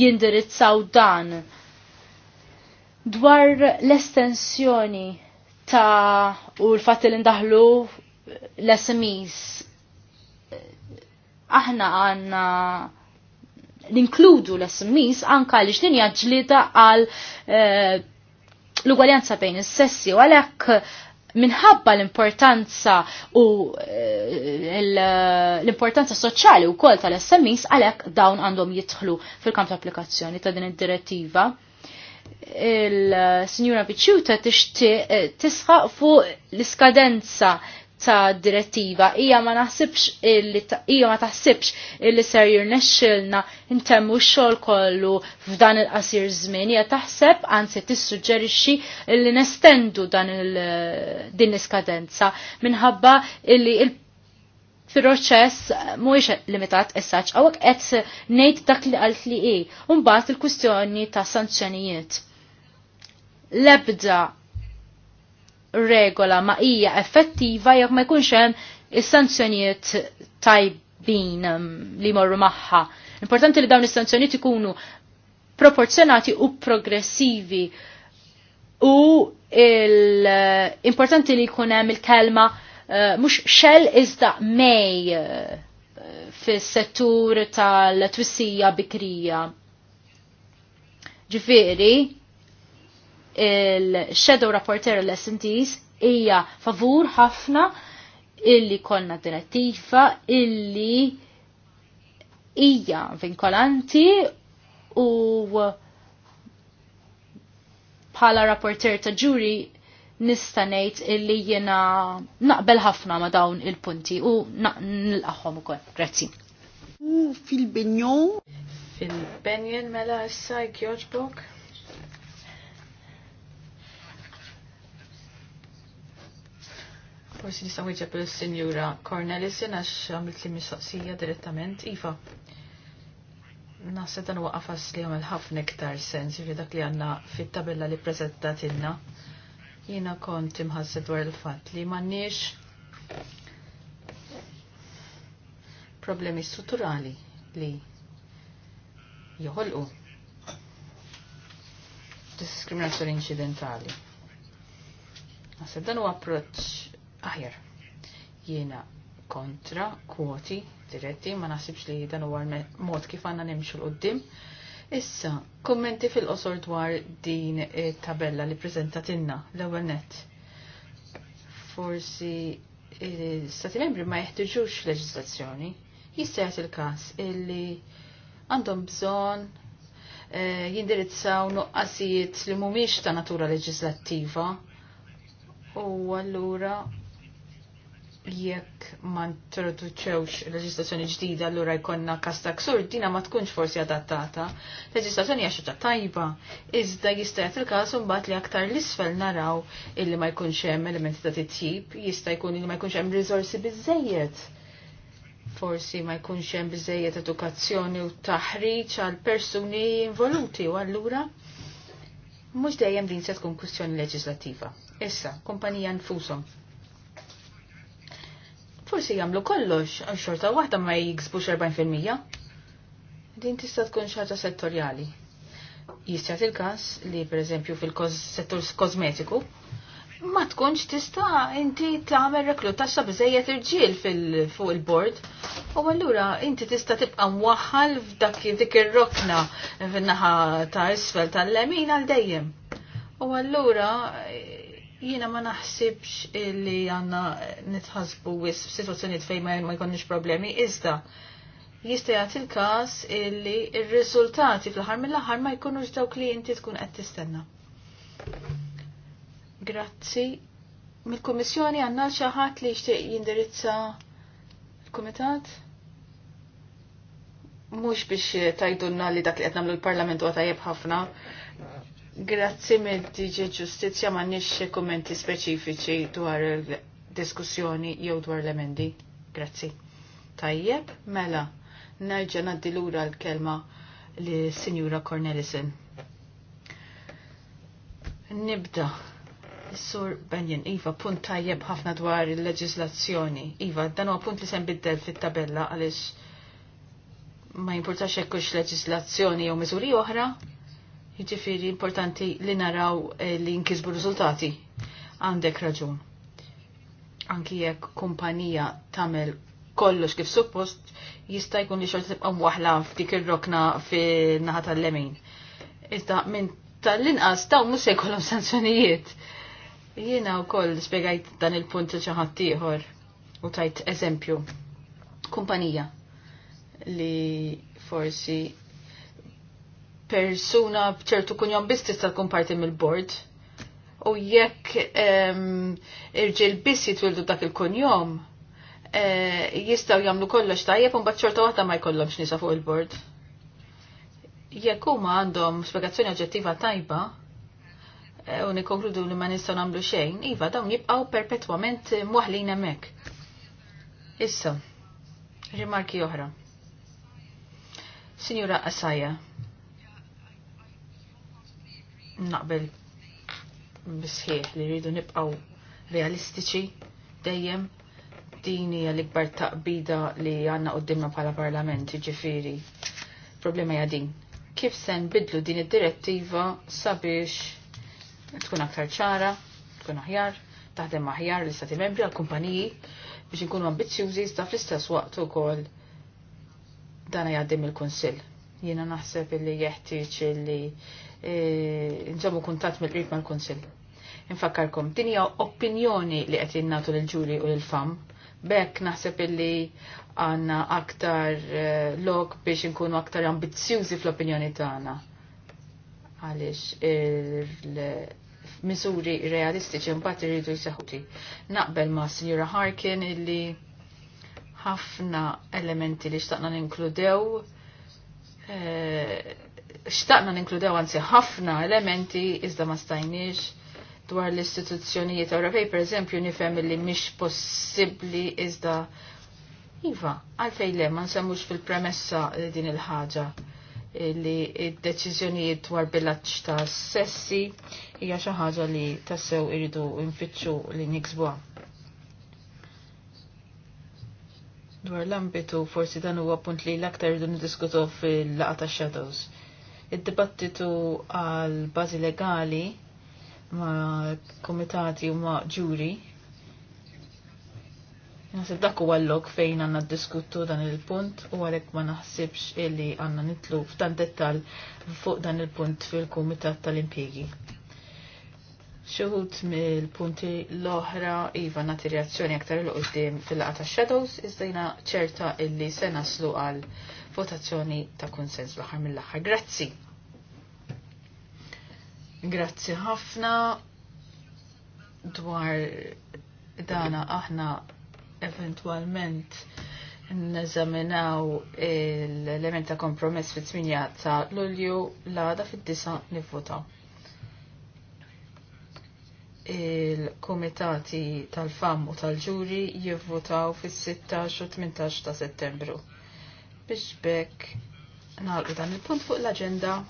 jindirizzaw dan. Dwar l-estensjoni ta' u l-fatt li ndaħlu l-SMEs, aħna għanna l-inkludu l-SMEs anka li x'dinja ġlida għal eh, l-ugwaljanza bejn is-sessi u għalhekk minħabba l-importanza u eh, l-importanza soċjali u kol tal-SMEs għalek dawn għandhom jitħlu fil-kamp ta' applikazzjoni ta' din id-direttiva. Il-Sinjura Biċuta tixtieq eh, tisħaq fuq l-iskadenza ta' direttiva hija ma naħsibx hija ma taħsibx illi ser jirnexxilna intemmu x-xogħol kollu f'dan il-qasir żmien hija taħseb anzi tissuġġerixxi illi nestendu dan il din l-iskadenza minħabba illi il fil-proċess mhuwiex limitat essaċ għawek qed ngħid dak li qalt li hi, u mbagħad il-kwistjoni ta' sanzjonijiet. L-ebda regola ma hija effettiva jekk ma jkunx hemm is-sanzjonijiet tajbin um, li morru magħha. Importanti li dawn is-sanzjonijiet ikunu proporzjonati u progressivi u l eh, importanti li jkun hemm il-kelma uh, mhux xell iżda mej eh, fis-settur tal-twissija bikrija. Ġifieri, il-shadow rapporter l-SNTs hija favur ħafna illi konna direttiva illi hija vinkolanti u bħala rapporter ta' ġuri nista' ngħid illi jiena naqbel ħafna ma' dawn il-punti u nilqahom ukoll. Grazzi. U fil binjon fil binjon mela issa jogħġbok? Forsi nista' wieġeb il-Sinjura Cornelison għax għamilt li mistoqsija direttament. Iva, nasa dan u għafas li għamil ħafna iktar sens fi dak li għandna fit-tabella li preżentatilna. Jiena kont imħasseb dwar il-fatt li m'għandniex problemi strutturali li joħolqu diskriminazzjoni incidentali. Għasib dan u approċ aħjar. Jiena kontra kwoti diretti, ma naħsibx li dan huwa mod kif għandna nimxu l-qoddim. Issa, kommenti fil-qosor dwar din tabella li prezentatinna l-ewwel net. Forsi eh, stati membri ma jeħtiġux leġislazzjoni. Jista' il-każ illi għandhom bżonn eh, jindirizzaw nuqqasijiet li mhumiex ta' natura leġislattiva u allura jekk ma introduċewx leġislazzjoni ġdida allura jkollna kasta ksur, dina ma tkunx forsi adattata. Leġislazzjoni hija ta' tajba, iżda jista' jagħti il-każ imbagħad li aktar l-isfel naraw illi ma jkunx hemm elementi ta' titjib, jista' jkun li ma jkunx hemm riżorsi biżejjed. Forsi ma jkunx hemm biżejjed edukazzjoni u taħriġ għal persuni involuti u allura mhux dejjem din se tkun kwistjoni leġislattiva. Issa, kumpanija nfushom forsi jagħmlu kollox xorta waħda ma jiksbux 40%. Din tista' tkun xaġa ħaġa settorjali. Jistgħat il-każ li pereżempju fil-settur kosmetiku ma tkunx tista' inti tagħmel reklutaxxa biżejjed irġiel fuq il-bord. U allura inti tista' tibqa' mwaħħal f'dak dik ir-rokna fin-naħa ta' isfel tal-lemin għal dejjem. U allura Jiena ma naħsibx li għanna nitħasbu wis situazzjoniet fejn ma jkunniex problemi, iżda jista' jagħti l-każ illi r-riżultati fl-aħħar mill-aħħar ma jkunux dawk li inti tkun qed tistenna. Grazzi. mil kummissjoni għandna xi ħadd li jixtieq jindirizza l-Kumitat? Mhux biex tajdunna li dak li qed nagħmlu l parlamentu huwa tajjeb ħafna, Grazzi mill diġi Ġustizzja ma nix kommenti speċifiċi dwar il-diskussjoni jew dwar l-emendi. Grazzi. Tajjeb, mela, nerġa' naddilura l-kelma li Sinjura Cornelison. Nibda. Sur Benjen, Iva, punt tajjeb ħafna dwar il-leġislazzjoni. Iva, dan huwa punt li sem biddel fit-tabella għaliex ma jimportax hekk leġislazzjoni jew miżuri oħra, Jiġifieri importanti li naraw eh, li nkisbu riżultati. Għandek raġun. Anki jekk kumpanija tagħmel kollox kif suppost jista' jkun li xorta tibqa' waħla f'dik ir-rokna fin-naħa tal-lemin. Iżda minn tal-inqas dawn mhux se jkollhom sanzjonijiet. Jiena wkoll spjegajt dan il-punt li xi ħadd ieħor u tajt eżempju kumpanija li forsi persuna bċertu kunjon biss tista' tkun parti mill-bord. U jekk ehm, irġiel biss jitwildu dak il-kunjom, eh, jistaw jagħmlu kollox tajjeb u mbagħad ċerta ma jkollhomx nisa fuq il-bord. Jekk huma għandhom spjegazzjoni oġġettiva tajba, eh, u nikonkludu li ma nistgħu nagħmlu xejn, iva dawn jibqgħu perpetwament muħlin hemmhekk. Issa, rimarki oħra. Sinjura Asaja, naqbel bisħieħ li rridu nibqaw realistiċi dejjem din hija l-ikbar taqbida li għandna qoddimna bħala parlament, ġifiri. Problema hija din. Kif se nbidlu din id-direttiva sabiex tkun aktar ċara, tkun aħjar, taħdem aħjar l-istati membri għal-kumpaniji biex nkunu ambizjużi sta fl-istess waqt ukoll dan jgħaddim il-Kunsill. Jiena naħseb li jeħtieġ li Eh, nżommu kuntat mill-qrib mal-Kunsill. Infakkarkom, din hija opinjoni li qed jinnatu lill-ġuri u lill-fam. Bekk naħseb illi għanna aktar eh, lok biex nkunu aktar ambizzjużi fl-opinjoni tagħna. Għaliex il-miżuri realistiċi mbagħad iridu jseħuti. Naqbel ma' Sinjura Harkin illi ħafna elementi li xtaqna ninkludew eh, xtaqna ninkludew għanzi ħafna elementi iżda ma stajniex dwar l-istituzzjonijiet Ewropej, per eżempju, nifhem li mhix possibbli iżda Iva, għalfej le, ma nsemmux fil-premessa din il-ħaġa li id-deċiżjonijiet dwar bilanċ ta' sessi hija xi ħaġa li tassew iridu nfittxu li niksbuha. Dwar l-ambitu forsi dan huwa punt li l-aktar irridu niddiskutu fil-laqa ta' shadows Id-dibattitu għal bażi legali ma' komitati u ma' ġuri Nasib dak huwa lok fejn għanna diskuttu dan il-punt u għalek ma naħsibx illi għanna nitlu f'dan dettal fuq dan il-punt fil-Kumitat tal impiegi Xuħut mill-punti l-oħra iva nati reazzjoni aktar l qoddim fil-laqa ta' Shadows iżdejna ċerta illi se naslu għal votazzjoni ta' konsens l-aħħar mill-aħħar. Grazzi. Grazzi ħafna dwar dana aħna eventualment neżaminaw l-element ta' kompromess fit-8 ta' Lulju l-għada fit disa nivvotaw il-komitati tal-fam u tal-ġuri jivvotaw fis-16 u 18 ta' settembru biex bekk nagħlqu dan il-punt fuq l agenda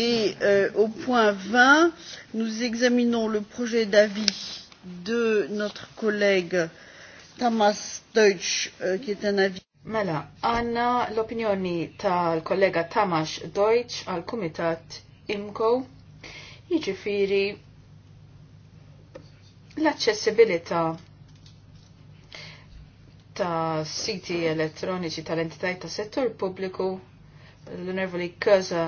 Et euh, au point 20, nous examinons le projet d'avis de notre collègue Thomas Deutsch, euh, qui est un avis. Mela, għanna l-opinjoni tal-kollega Tamas Deutsch għal-Kumitat IMCO Jiġifieri l-aċċessibilità ta' siti elettroniċi tal entitajiet ta' settur pubbliku l-onorevoli Kaza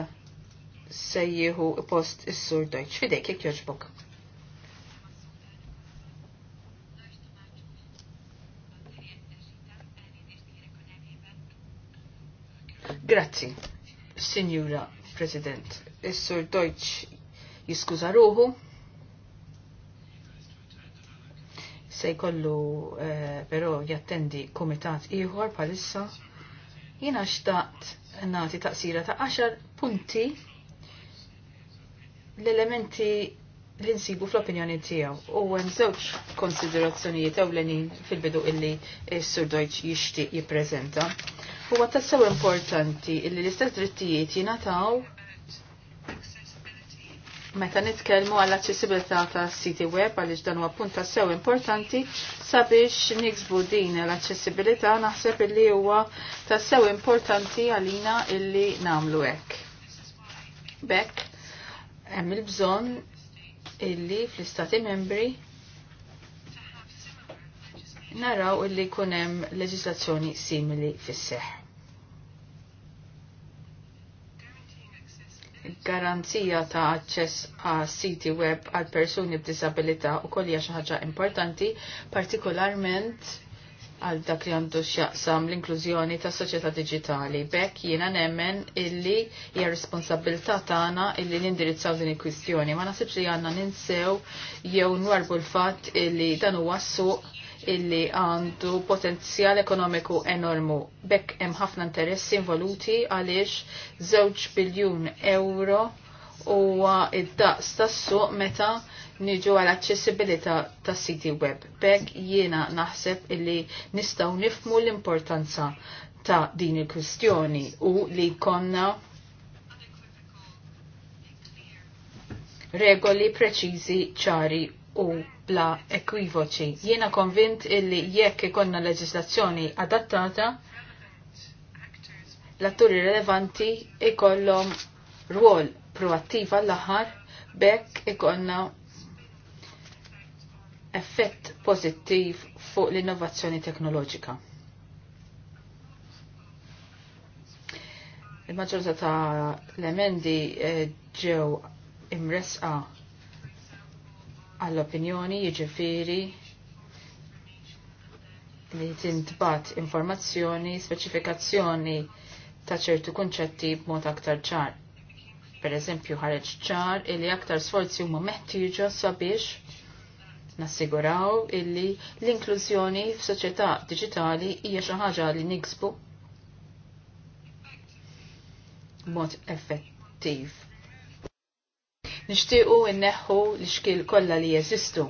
jieħu post is-sur Deutsch. Fidejk, jek joġbok. Grazzi, Signora President. Is-Sur Deutsch jiskuża ruħu. Se jkollu eh, però jattendi kumitat ieħor bħalissa. Jiena xtaqt nagħti taqsira ta' 10 punti l-elementi li nsibu fl-opinjoni tiegħu u hemm żewġ konsiderazzjonijiet ewlenin fil-bidu illi s-Sur Deutsch jixtieq jippreżenta. Huwa tassew importanti illi l-istess drittijiet jingħataw Meta nitkellmu għall aċċessibilità ta' siti web għaliex dan huwa punta sew importanti sabiex niksbu din l-aċċessibilità naħseb illi huwa ta' sew importanti għalina illi nagħmlu hekk. Bekk hemm il-bżonn illi fl-Istati membri naraw illi jkun hemm leġislazzjoni simili fis-seħħ. garanzija ta' aċċess a siti web għal persuni b'disabilita u kolli xi ħaġa importanti, partikolarment għal dak li għandu xjaqsam l-inklużjoni ta' soċjetà digitali. Bekk jiena nemmen illi hija responsabilità tagħna illi nindirizzaw din il-kwistjoni. Ma nasibx li għandna ninsew jew nwarbu l-fatt illi dan huwa suq illi għandu potenzjal ekonomiku enormu. Bekk hemm ħafna interessi involuti għaliex żewġ biljun euro huwa id-daqs tas-suq meta niġu għal aċċessibilità tas siti web. Bekk jiena naħseb illi nistgħu nifmu l-importanza ta' din il-kwistjoni u li konna regoli preċiżi ċari u bla ekwivoċi. Jiena konvint illi jekk ikonna leġislazzjoni adattata, l-atturi relevanti ikollom rwol proattiva l-aħħar bekk ikonna effett pozittiv fuq l-innovazzjoni teknoloġika. il maġġorza ta' l-emendi eh, ġew imresqa għall-opinjoni jiġifieri li tintbat informazzjoni, speċifikazzjoni ta' ċertu kunċetti b'mod aktar ċar. Per eżempju, ħareġ ċar illi aktar sforzi huma meħtieġa sabiex nassiguraw illi l-inklużjoni f'soċjetà diġitali hija xi ħaġa li niksbu b'mod effettiv nixtiequ inneħħu l-xkil kollha li jeżistu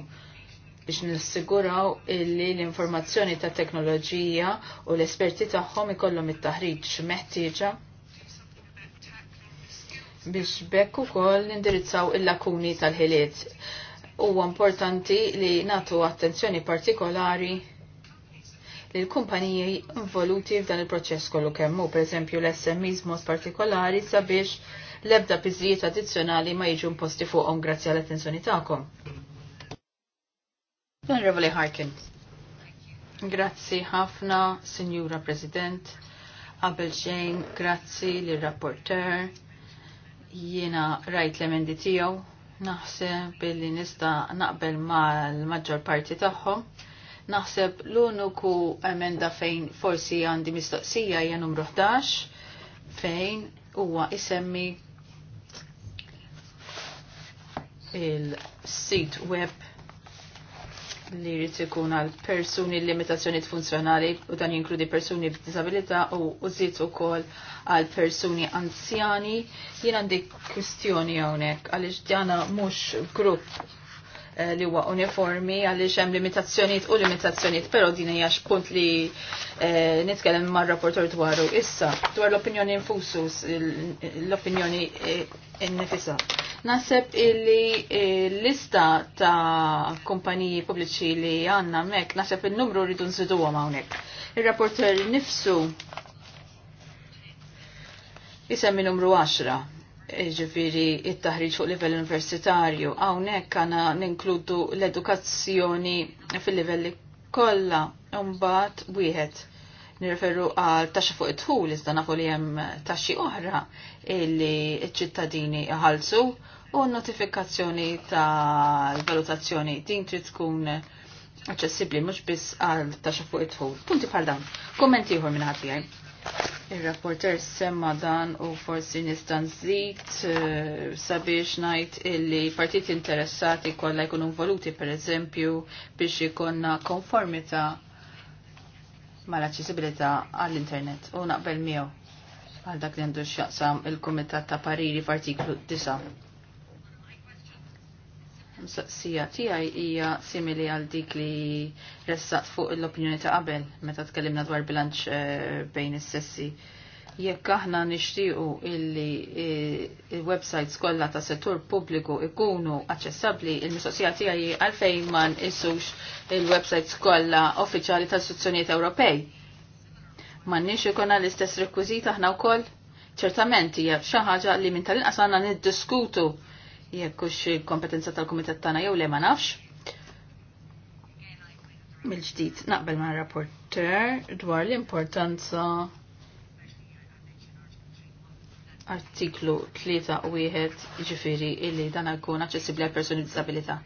biex nissiguraw illi l-informazzjoni ta' teknoloġija u l-esperti tagħhom ikollhom it-taħriġ meħtieġa biex bekk ukoll nindirizzaw il-lakuni tal-ħiliet. Huwa importanti li natu attenzjoni partikolari li l-kumpaniji involuti f'dan il-proċess kollu kemmu, per esempio l smis mod partikolari sabiex l-ebda biżijiet addizzjonali ma jiġu imposti fuqhom grazzi għall attenzjoni tagħkom. Onorevoli Harkin. Grazzi ħafna, Sinjura President. Abel Jane, grazzi l-rapporter. Jiena rajt l-emendi tiegħu naħseb billi nista naqbel ma l-maġġor parti tagħhom. Naħseb l-uniku emenda fejn forsi għandi mistoqsija hija numru 11 fejn huwa isemmi il-sit web li jrid ikun għal persuni limitazzjoni funzjonali u dan jinkludi persuni b'disabilità u użiet ukoll għal persuni anzjani. Jien għandi kwistjoni hawnhekk għaliex dana mhux grupp eh, li huwa uniformi għaliex hemm limitazzjonijiet u limitazzjonijiet, però din hija punt li eh, nitkellem mar-rapportor dwaru issa dwar l-opinjoni infusus l-opinjoni eh, Nifisa. Naseb illi eh, l-lista ta' kumpaniji pubbliċi li għanna mek, naseb il-numru rridu nżidu għam hawnhekk. Il-rapporter nifsu jisemmi numru 10 eh, ġifiri il taħriġ fuq livell universitarju. Hawnhekk għana ninkludu l-edukazzjoni fil-livelli kollha mbagħad wieħed nirreferu għal taxxa fuq it l iżda nafu li hemm taxxi oħra illi ċ-ċittadini iħallsu u notifikazzjoni tal-valutazzjoni din trid tkun aċċessibbli mhux biss għal taxxa fuq it-tħul. Punti bħal dan, Kummenti ieħor minn ħadd Ir-rapporter semma dan u forsi nista' nżid eh, sabiex ngħid illi partit interessati kollha jkunu involuti pereżempju biex ikonna konformità mal-aċċessibilità għall-internet u naqbel miegħu għal dak li għandu xaqsam il-Komitat ta' Pariri f'artiklu 9. Msaqsija tiegħi hija simili għal dik li ressaqt fuq l-opinjoni ta' qabel meta tkellimna dwar bilanċ eh, bejn is-sessi. Jekk aħna nixtiequ illi eh, il-websites kollha ta' settur pubbliku ikunu aċċessabbli, il-mistoqsija tiegħi għalfejn ma nqissux il-websites kollha uffiċjali tal-istituzzjonijiet Ewropej m'għandniex ikonna l-istess rekwizit aħna wkoll. Ċertament hija xi ħaġa li minn tal-inqas għandna niddiskutu jekk hux kompetenza tal komitet tagħna jew le ma nafx. mil ġdid naqbel ma' rapporter dwar l-importanza artiklu 3 u 1 ġifiri illi dan jkun aċċessibbli għal persuni b'disabilità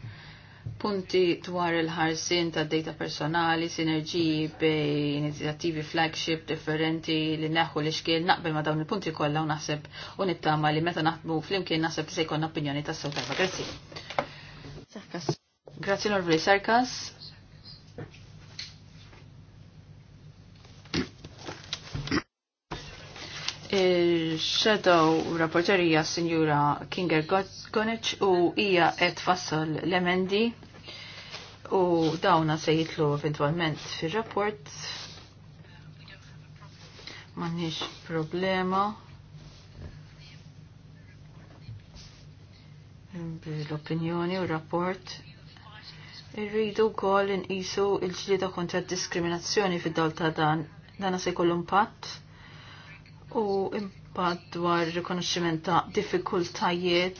punti dwar il-ħarsin ta' data personali, sinerġiji bej inizjattivi flagship differenti li neħu li xkien naqbel ma' dawn il-punti kollha u naħseb u nittama li meta naħdmu flimkien naħseb li se jkollna opinjoni tas s tajba. Grazie. Sarkas. Grazzi l Sarkas. Il-shadow rapporterija Sinjura Kinger Gonec u hija qed fassal l-emendi u dawna se jitlu eventualment fil-rapport. M'għandniex problema. L-opinjoni u rapport Irridu wkoll inqisu l ġlieda kontra d diskriminazzjoni fid-dawl ta' dan. Dana se jkollu impatt u impad dwar rikonoxximent ta' diffikultajiet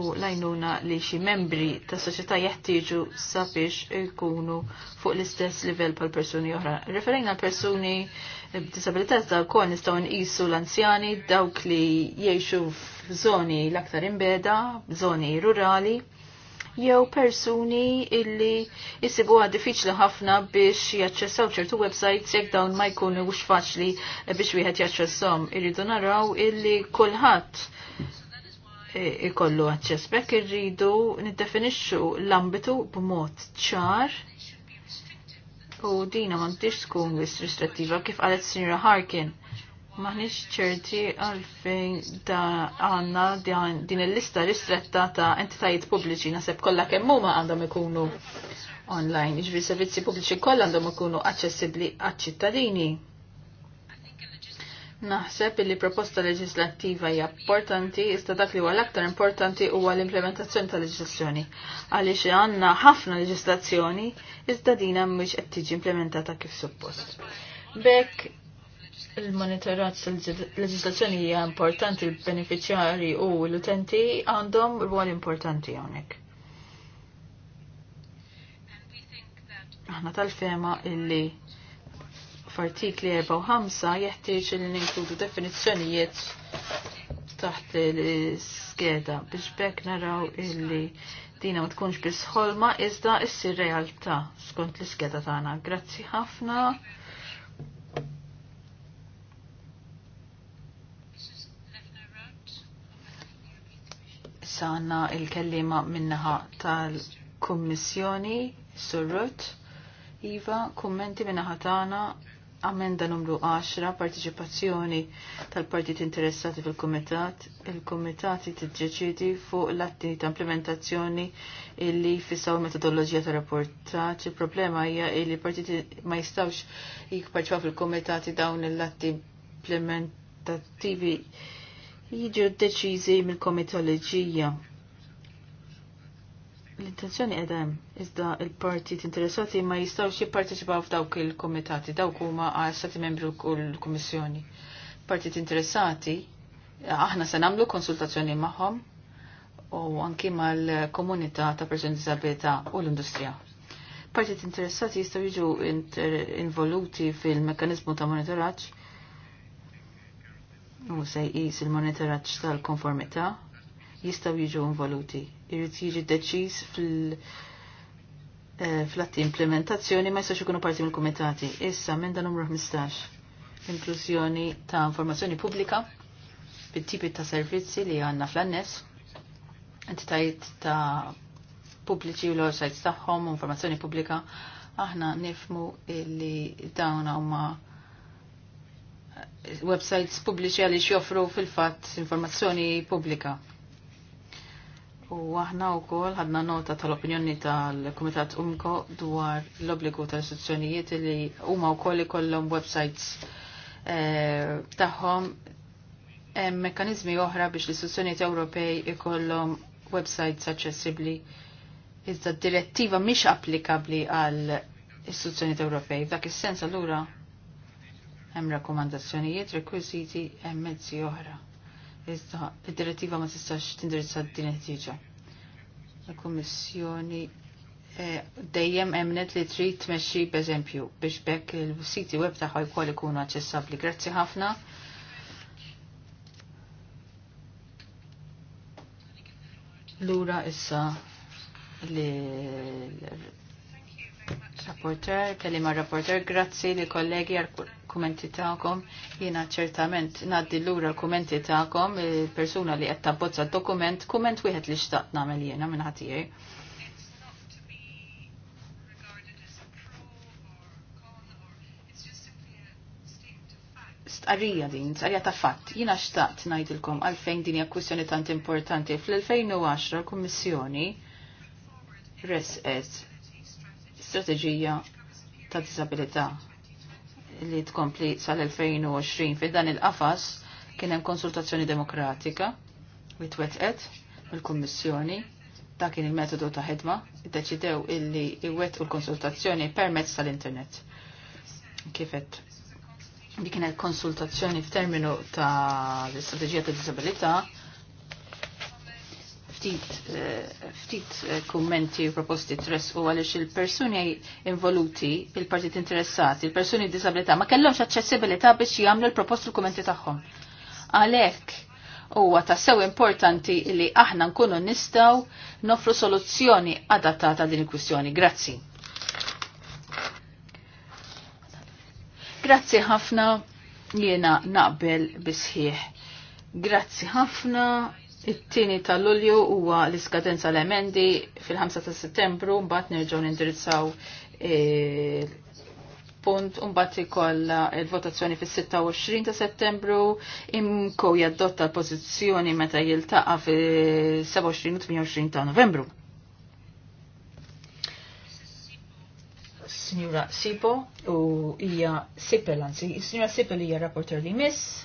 u lajnuna li xi membri ta' soċjetà jeħtieġu sabiex ikunu fuq l-istess livell pal persuni oħra. Referejna persuni b'disabilità ta' wkoll nistgħu nqisu l-anzjani dawk li jgħixu f'żoni l-aktar imbeda, żoni rurali jew persuni illi jisibu diffiċli ħafna biex jaċċessaw ċertu websites jekk dawn ma jkunu wux faċli biex wieħed jaċċessom. Irridu naraw illi kulħadd e, ikollu aċċess bekk irridu niddefinixxu l-ambitu b'mod ċar u dina m'għandix tkun wis restrittiva kif qalet Sinra Harkin Maħniex ċerti għalfejn da għanna din il-lista ristretta ta' entitajiet pubbliċi nasib kolla kemm għandhom ikunu online, iġvi jiġifieri servizzi pubbliċi kollha għandhom ikunu aċċessibbli għacċittadini. ċittadini Naħseb li proposta leġislattiva hija importanti, iżda dak li huwa l-aktar importanti huwa l-implementazzjoni ta' leġislazzjoni. Għaliex għandna ħafna leġislazzjoni, iżda din mhux qed tiġi implementata kif suppost. Bekk il monitorat tal-leġislazzjoni hija importanti l-beneficjari u l-utenti għandhom rwol importanti hawnhekk. Aħna tal-fema illi f'artikli 4 jeħtieġ li ninkludu definizzjonijiet taħt l-skeda biex bekk naraw illi dina ma tkunx bis ħolma iżda issir realtà skont l-iskeda tagħna. Grazzi ħafna. issa għanna il-kellima minnaħa tal-Kommissjoni, Surrut, Iva, kummenti minnaħa tagħna amenda numru 10, partiċipazzjoni tal-partit interessati fil-Komitat. il t-ġeċidi fuq l-atti ta' implementazzjoni illi fissaw metodologija ta' rapportaċ. Il-problema hija illi partiti ma jistawx jikparċipaw fil-Komitati dawn l-atti implementativi jiġu deċizi mill-komitoloġija. L-intenzjoni għedem, iżda il-partit interessati ma jistawx jipparteċipaw f'dawk il-komitati, dawk huma għal-stati membru l-komissjoni. Partit interessati, aħna se nagħmlu konsultazzjoni magħhom u anki mal-komunità ta' persuni disabilità u l-industrija. Partit interessati jistgħu jiġu involuti fil mekanizmu ta' monitoraġġ u se jqis il-monitoraġġ tal-konformità jistgħu jiġu involuti. Irid jiġi deċiż fil- eh, fl-atti implementazzjoni ma jistax ikunu parti mill-kumitati. Issa minn dan numru 15 inklużjoni ta' informazzjoni pubblika bit-tipi ta' servizzi li għandna fl-annes, entitajiet ta' pubbliċi u l-websites tagħhom, informazzjoni pubblika, aħna nifmu li dawn huma websites pubbliċi għaliex joffru fil-fatt informazzjoni pubblika. U aħna wkoll ħadna nota tal-opinjoni tal-Kumitat Umko dwar l-obbligu tal-istituzzjonijiet li huma wkoll ikollhom websites eh, tagħhom hemm mekkaniżmi oħra biex l-istituzzjonijiet Ewropej ikollhom websites aċċessibbli. Iżda d-direttiva mhix applikabbli għal istituzzjonijiet Ewropej. F'dak is-sens allura hemm rakkomandazzjonijiet, rekwiżiti hemm mezzi oħra. Iżda id-direttiva ma tistax tindirizza din ħtieġa. Il-Kummissjoni eh, dejjem emnet li trid tmexxi b'eżempju biex bekk il-siti web tagħha jkoll ikunu aċċessabbli. Grazzi ħafna. Lura issa li rapporter, ma' rapporter, grazzi li kollegi għal kumenti ta'kom. jina ċertament naddi l-ura l-kummenti ta'kom, il-persuna li għetta bozza dokument, kumment wieħed li xtaqt namel jena minn ħatijaj. Stqarrija din, stqarrija ta' fatt, jina xtaqt najdilkom għalfejn din hija tant importanti. Fl-2010 l-Kummissjoni resqet strategija ta' disabilita' li tkompli sal-2020 fid dan il-qafas kien hemm konsultazzjoni demokratika li twetqet mill-Kummissjoni ta' kien il-metodu ta' ħidma iddeċidew illi iwettqu l-konsultazzjoni permezz tal-internet. Kifet li kienet konsultazzjoni f'terminu ta' l-istrateġija ta' disabilità ftit eh, eh, kummenti u proposti tress u għalix il-persuni involuti, il-partit interessati, il-persuni disabilità, ma kellhomx aċċessibilità biex jagħmlu l-proposti u kummenti tagħhom. Għalhekk huwa ta' sew importanti li aħna nkunu nistaw nofru soluzzjoni adattata din il-kwistjoni. Grazzi. Grazzi ħafna jiena naqbel bisħieħ. Grazzi ħafna It-tieni ta' Lulju huwa l-iskadenza l-emendi fil-5 ta' Settembru mbagħad nerġgħu nindirizzaw e, punt mbagħad ikoll l-votazzjoni fis-26 ta' Settembru imkow jadotta l-pożizzjoni meta jiltaqa' fil-27 u 28 ta' Novembru. Signora Sipo u hija Sipel anzi, Signora Sipel hija rapporter li miss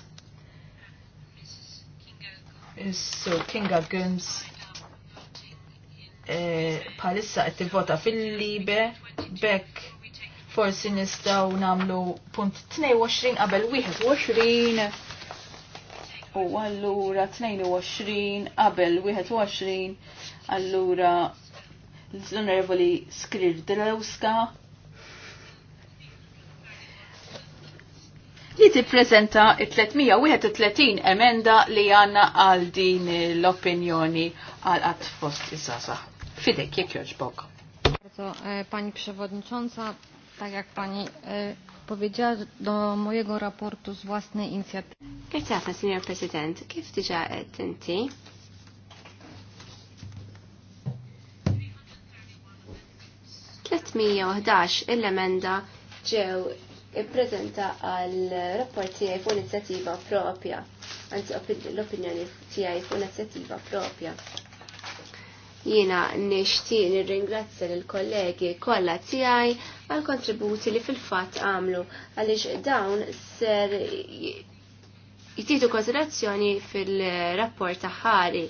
Issu of Guns eh, palissa qed tivvota fil-libe bekk forsi nistgħu nagħmlu punt 22 qabel 21 u allura 22 qabel 21 allura l-Onorevoli Skrir Delewska li tippreżenta 331 emenda li għanna għal din l-opinjoni għal għatfost fost iż-żaza. Fidek, jek joġbok. E, pani Przewodnicząca, tak jak Pani e, powiedziała, do mojego raportu z własnej inicjatywy. Grazie, Signor prezydent, Kif tyża diġa e, tinti? il-emenda ġew ippreżenta għal rapport tiegħi fuq inizjattiva propja, anzi l-opinjoni tiegħi fuq inizjattiva propja. Jiena nixtieq nirringrazzja lill kollegi kollha tiegħi għal kontributi li fil-fatt għamlu għaliex dawn ser jititu konsiderazzjoni fil-rapport ta' ħari.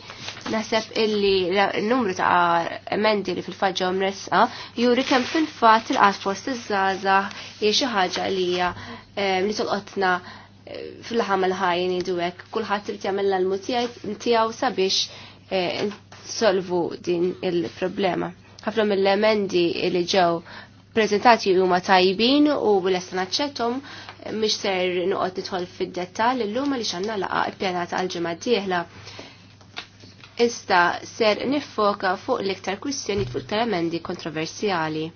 naħseb illi n-numru ta' emendi li fil-fagġa mresqa juri kemm fil-fat il-qas iż-żaza xi ħaġa li hija li tolqotna eh, fil-ħama l-ħajn idwek. Kulħadd irid jagħmel l-almu tiegħu sabiex eh, solvu din il-problema. Ħafna mill-emendi li ġew prezentati huma tajbin u l-estan naċċettom mhix ser noqgħod nidħol fid-dettall illum għaliex għandna laqa ppjanata għal ġimgħa d-dieħla. Issa ser niffoka fuq l-iktar kwistjoni fuq l-emendi kontroversjali.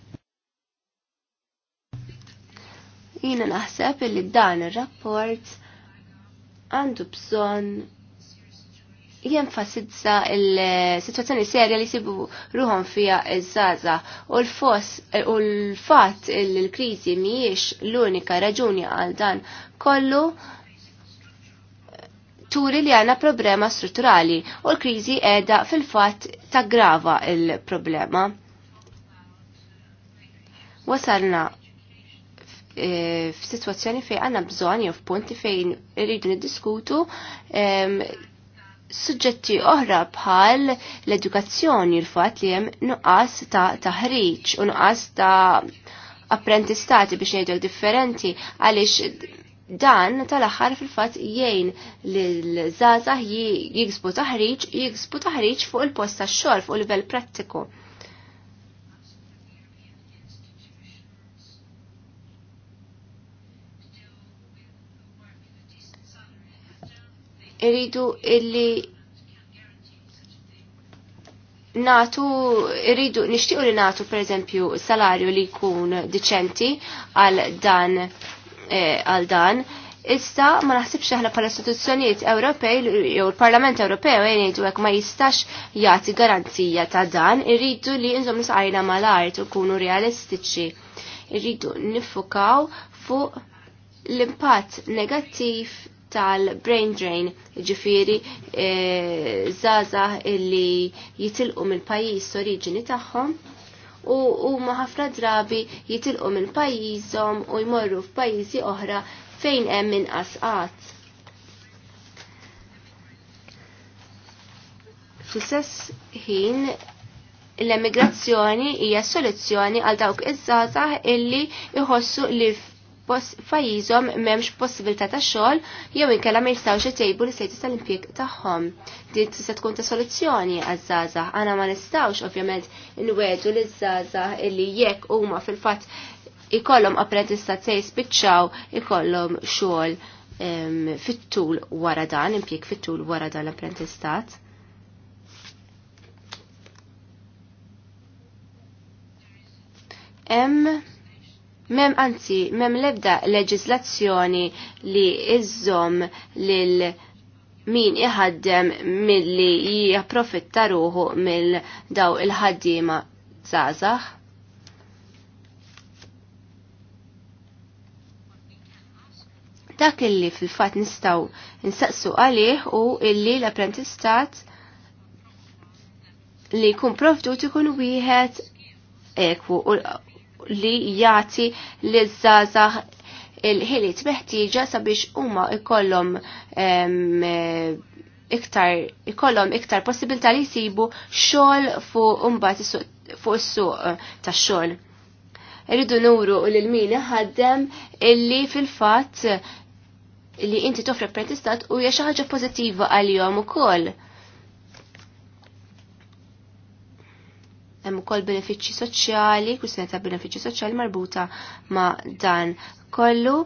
Jiena naħseb li dan ir-rapport għandu bżonn jenfasizza il-situazzjoni serja li sibu ruħom fija iż-żaza u l-fos u l-fat il-krizi miex l-unika raġuni għal dan kollu turi li għanna problema strutturali u l-krizi edha fil-fat taggrava il-problema. Wasalna f-situazzjoni fej għanna bżon jew f-punti fejn rridu niddiskutu suġġetti oħra bħal l-edukazzjoni l-fat li hemm nuqqas ta' taħriġ u nuqqas ta' apprentistati biex nejdu differenti għaliex dan tal-aħħar fil-fatt jgħin li l-żgħażagħ jiksbu taħriġ, jiksbu taħriġ fuq il posta xor, xogħol fuq livell prattiku. Irridu illi natu, irridu, nishtiqu li natu per eżempju salarju li jkun diċenti għal dan eh, għal dan. Issa ma naħsibx aħna pala istituzzjonijiet Ewropej jew il-Parlament Ewropew jgħidu hekk ma jistax jagħti garanzija ta' dan, irridu li inżom nisqajna mal-art ikunu realistiċi. Irridu nifukaw fuq l-impatt negattiv tal-brain drain, ġifiri e, zaza illi jitilqu mill pajjiż oriġini tagħhom u huma ħafna drabi jitilqu minn pajjiżhom u jmorru f'pajjiżi oħra fejn hemm inqas qatt. Fl-istess ħin l-emigrazzjoni hija soluzzjoni għal dawk iż-żgħażagħ illi jħossu li fajizom m'hemmx possibilità ta' xogħol jew inkella ma jistgħux itejbu l-istatus tal-impjieg tagħhom. Din tista' tkun ta' soluzzjoni għaż-żgħażagħ. aħna ma nistgħux ovvjament inwedu liż-żgħażagħ illi jekk huma fil-fatt ikollhom apprentistat se jispiċċaw ikollhom xogħol fit-tul wara dan, impjieg fit-tul wara dan l-apprentistat. M. Mem anzi, mem lebda leġizlazzjoni li izzom lil min iħaddem milli li ruħu mill daw il-ħaddiema zazax. Dak illi fil-fat nistaw nsaqsu għalih u illi l-apprentistat li jkun provdut ikun wieħed ekwu u li jati li zazah il-ħiliet meħtieġa sabiex huma ikollhom iktar ikollhom iktar possibilità li jsibu xogħol fuq imbagħad fuq is-suq eh, tax-xogħol. Irridu nuru u lil min ħaddem illi fil-fatt li inti toffri apprentistat u hija xi ħaġa pożittiva għalihom ukoll. hemm ukoll benefiċċji soċjali, kwistjoni ta' benefiċċji soċjali marbuta ma' dan kollu.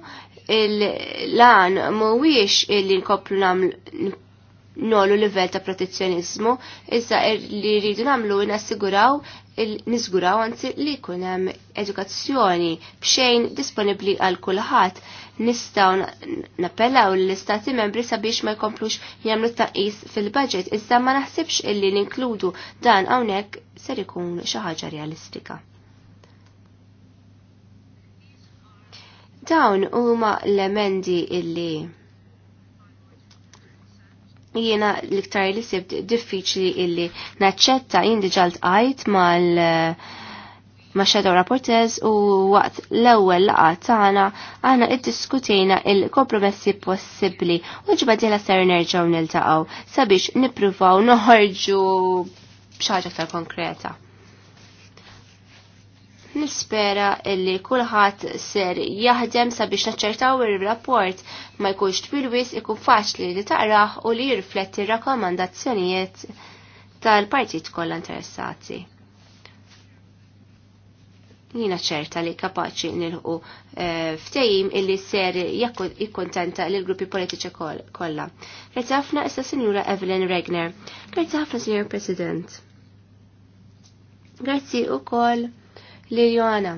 Il-lan mhuwiex illi nkoplu nagħmlu nolu livell ta' protezzjonizmu, iżda li rridu nagħmlu nassiguraw nisguraw anzi li jkun hemm edukazzjoni b'xejn disponibbli għal kulħadd nistgħu nappellaw l-istati membri sabiex ma jkomplux jagħmlu taqis fil-budget iżda ma naħsibx illi ninkludu dan hawnhekk ser ikun xi ħaġa realistika. Dawn huma l-emendi illi jiena l-iktar li sibt diffiċli illi naċċetta jindi ġalt għajt mal uh, ma' Shadow Rapportez u waqt l-ewwel laqgħa tagħna aħna iddiskutejna il-kompromessi possibbli u ġbadjela ser nerġgħu niltaqgħu sabiex nippruvaw noħorġu b'xaġa aktar konkreta. Nispera illi kulħadd ser jaħdem sabiex naċċertaw ir-rapport ma jkunx twil wis ikun faċli li taqrah u li jirrifletti r-rakkomandazzjonijiet tal-partit kollha interessati jina ċerta li kapaċi nilħu eh, ftejim illi ser jikkontenta l gruppi politiċi kollha. Grazzi ħafna issa Sinjura Evelyn Regner. Grazzi ħafna Sinjur President. Grazzi ukoll li Joana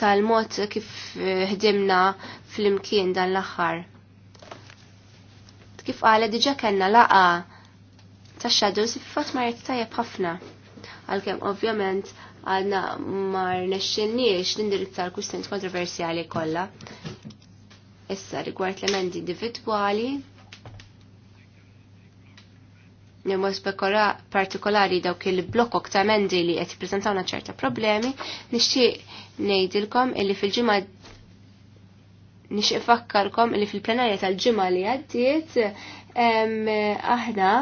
tal-mod kif eh, ħdimna fl-imkien dan l-aħħar. Kif qala diġa kellna laqa ta' xadu si Fatma tajjeb ħafna għalkemm ovvjament għadna mar nexxinniex nindirizza l-kustent kontroversjali kollha. Issa rigward l-emendi individwali, nimmu partikolari dawk il-blokok ta' emendi li qed jippreżentawna ċerta problemi, nixtieq ngħidilkom illi fil-ġimgħa nixtieq fakkarkom illi fil-plenarja tal-ġimgħa li għaddiet aħna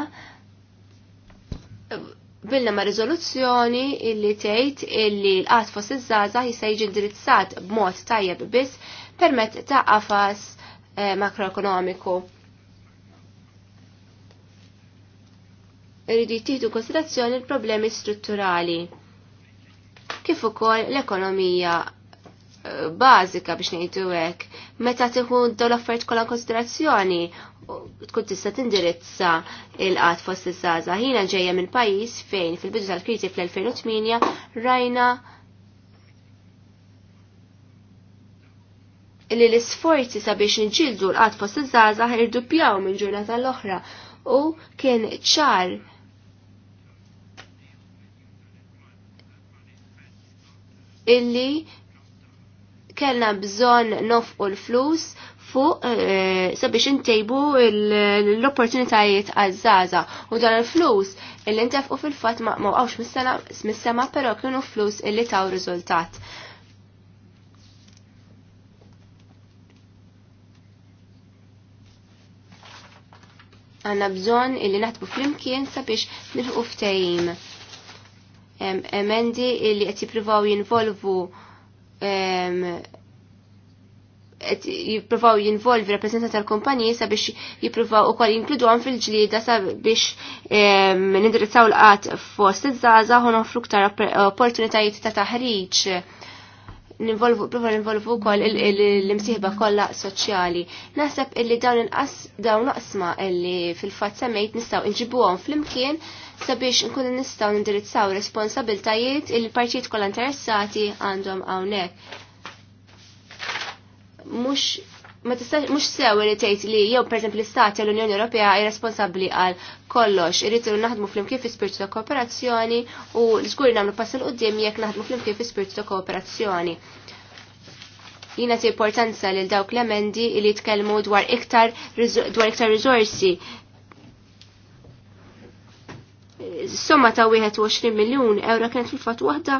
bilna ma' rizoluzzjoni illi tgħid illi l qat fost iż-żgħażagħ jista' jiġi indirizzat b'mod tajjeb biss permezz ta' qafas eh, makroekonomiku. Irridu jittieħdu konsiderazzjoni l-problemi strutturali kif ukoll l-ekonomija bażika biex ngħidu hekk. Meta tieħu dawn l-affarijiet kollha konsiderazzjoni tkun tista' tindirizza il-qatt fost iż-żgħażagħ. Ħina ġejja minn pajjiż fejn fil-bidu tal-kriżi fl-2008 rajna li l-isforzi sabiex nġildu l-qat fost iż-żaza pjaw minn ġurnata l-oħra u kien ċar illi kellna bżonn nofqu l-flus fuq eh, sabiex intejbu l-opportunitajiet għazzaza u dan il-flus illi ntefqu fil-fat ma mawqawx mis-sema pero kienu flus illi taw riżultat. Għanna bżon illi naħtbu fl-imkien sabiex nilħu ftejim. Emendi illi qed jippruvaw jinvolvu jippruvaw jinvolvi rappresentanti tal-kumpaniji sabiex jippruvaw u kol jinkludu għan fil-ġlida sabiex nindirizzaw l-qat fost iż-żaza u nofru ktar opportunitajiet ta' taħriġ ninvolvu, prova ninvolvu kol l-imsiħba kolla soċjali. Nasab illi dawn inqas dawn naqsma illi fil-fat semmejt nistaw għan fl-imkien sabiex nkunu nistgħu nindirizzaw responsabiltajiet il-partijiet kollha interessati għandhom hawnhekk. Mhux ma tistax mhux sew li tgħid li jew pereżempju l-Istati l-Unjoni Ewropea hija responsabbli għal kollox irid naħdmu flimkien fi spirtu ta' kooperazzjoni u żgur nagħmlu pass il qudiem jekk naħdmu flimkien fi spiritu ta' kooperazzjoni. Jina ti importanza lil dawk l-emendi li jitkellmu dwar iktar dwar iktar riżorsi somma ta' 21 miljon euro kienet fil-fat waħda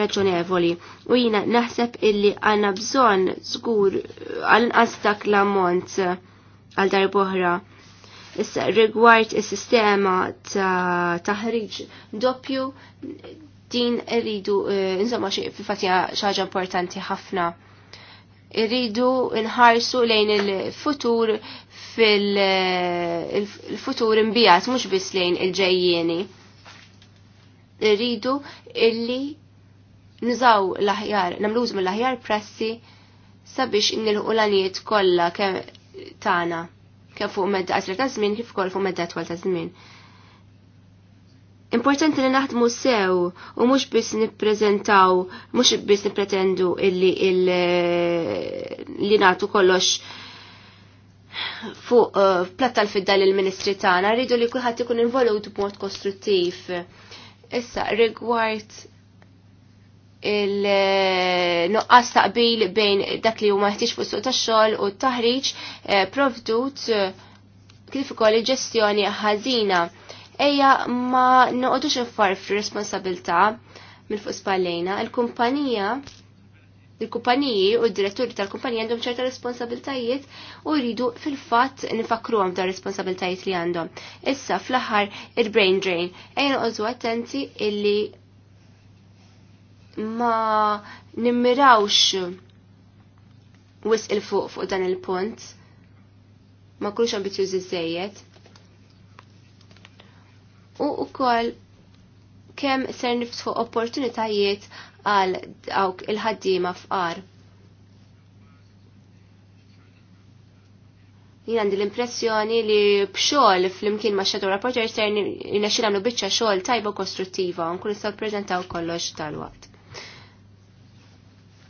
raġonevoli. U jina naħseb illi għanna bżon zgur għal-nqas dak l-ammont għal darboħra. Issa rigward is-sistema ta' taħriġ doppju din irridu eh, insomma fil fatja xaġa importanti ħafna irridu nħarsu lejn il-futur fil-futur eh, imbijat, mux bislejn lejn il-ġejjieni. Rridu illi nizaw l-aħjar, namluż mill-aħjar pressi sabiex in l-anijiet kolla kem tana, kem fuq medda qasra ta' zmin, kif kol fuq medda twal ta' zmin. Importanti li naħdmu sew u mhux biss nippreżentaw, mhux biss nippretendu illi il eh, li nagħtu kollox fuq uh, eh, platta l ministri tagħna rridu li kulħadd ikun involut b'mod kostruttiv. Issa rigward il-nuqqas eh, taqbil bejn dak li huma jeħtieġ fuq suq tax-xogħol u t-taħriġ eh, provdut kif ukoll ġestjoni ħażina. Ejja ma noqogħdux infar fir-responsabilità minn fuq spallejna. Il-kumpanija il-kumpaniji u d-diretturi tal-kumpaniji għandhom ċerta responsabiltajiet u jridu fil-fatt nifakruhom ta' responsabiltajiet li għandhom. Issa fl-aħħar il-brain drain. Ejna ożu attenti illi ma nimmirawx wis il-fuq fuq dan il-punt. Ma kulx ambizjużi żejjed. U ukoll kemm ser niftħu opportunitajiet għal dawk il-ħaddiema f'qar. Jien għandi l-impressjoni li b'xogħol flimkien ma' Shadow Rapporter ser nexxi nagħmlu biċċa xogħol tajba kostruttiva u nkun nistgħu ppreżentaw kollox tal-waqt.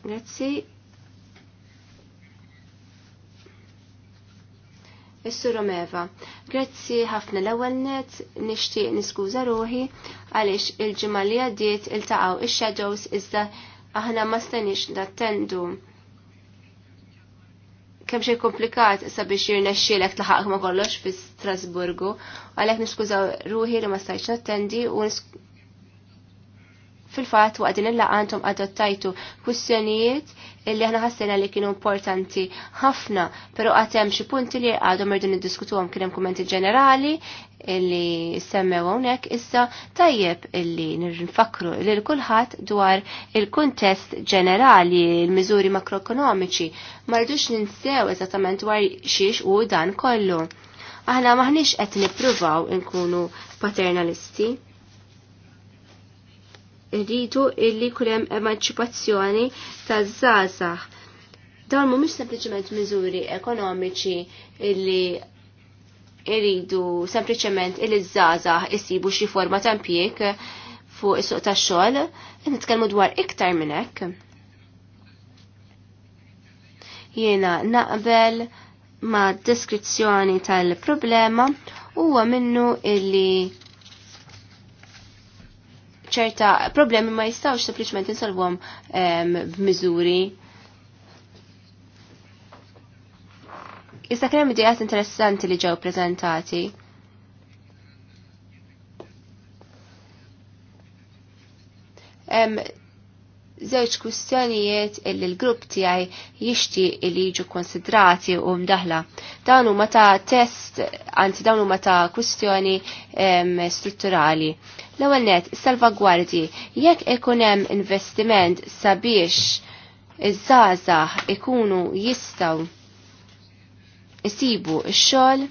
Grazzi. is sura Meva, Grazzi ħafna l-ewwel net nixtieq niskuża ruħi għaliex il-ġimgħa li għaddiet iltaqgħu ix-shadows iżda aħna ma stenix nattendu. Kemm xejn komplikat sabiex jirnexxielek tlaħaq ma kollox fi Strasburgu, għalhekk niskużaw ruħi li ma stajtx nattendi u fil-fat waqt din il għandhom adottajtu kwistjonijiet illi aħna ħassina li kienu importanti ħafna, pero għatem xi punti li għadhom irdu niddiskutuhom kien hemm kumenti ġenerali illi semmew hawnhekk issa tajjeb illi nirrinfakru lil kulħadd dwar il-kuntest ġenerali, il-miżuri makroekonomiċi, ma rridux ninsew eżattament dwar xiex u dan kollu. Aħna maħniex qed nippruvaw inkunu paternalisti rridu illi kulem emanċipazzjoni ta' zazax. Dawn mhumiex sempliċement miżuri ekonomiċi illi rridu sempliċement illi zazax isibu xi forma ta' fuq is-suq tax-xogħol, nitkellmu dwar iktar minn hekk. Jiena naqbel ma' deskrizzjoni tal-problema huwa minnu illi ċerta problemi ma jistawx sempliċement insolvuhom b'miżuri. Ehm, Issa kien hemm idejat interessanti li ġew preżentati. Ehm, żewġ kwistjonijiet illi l-grupp tiegħi jixtieq li jiġu konsidrati u mdaħla. Dawn huma ta' test, anzi dawn huma ta' kwistjoni ehm, strutturali. L-ewwel net, salvagwardji, jekk ikun hemm investiment sabiex iż żaża ikunu jistgħu isibu x-xogħol,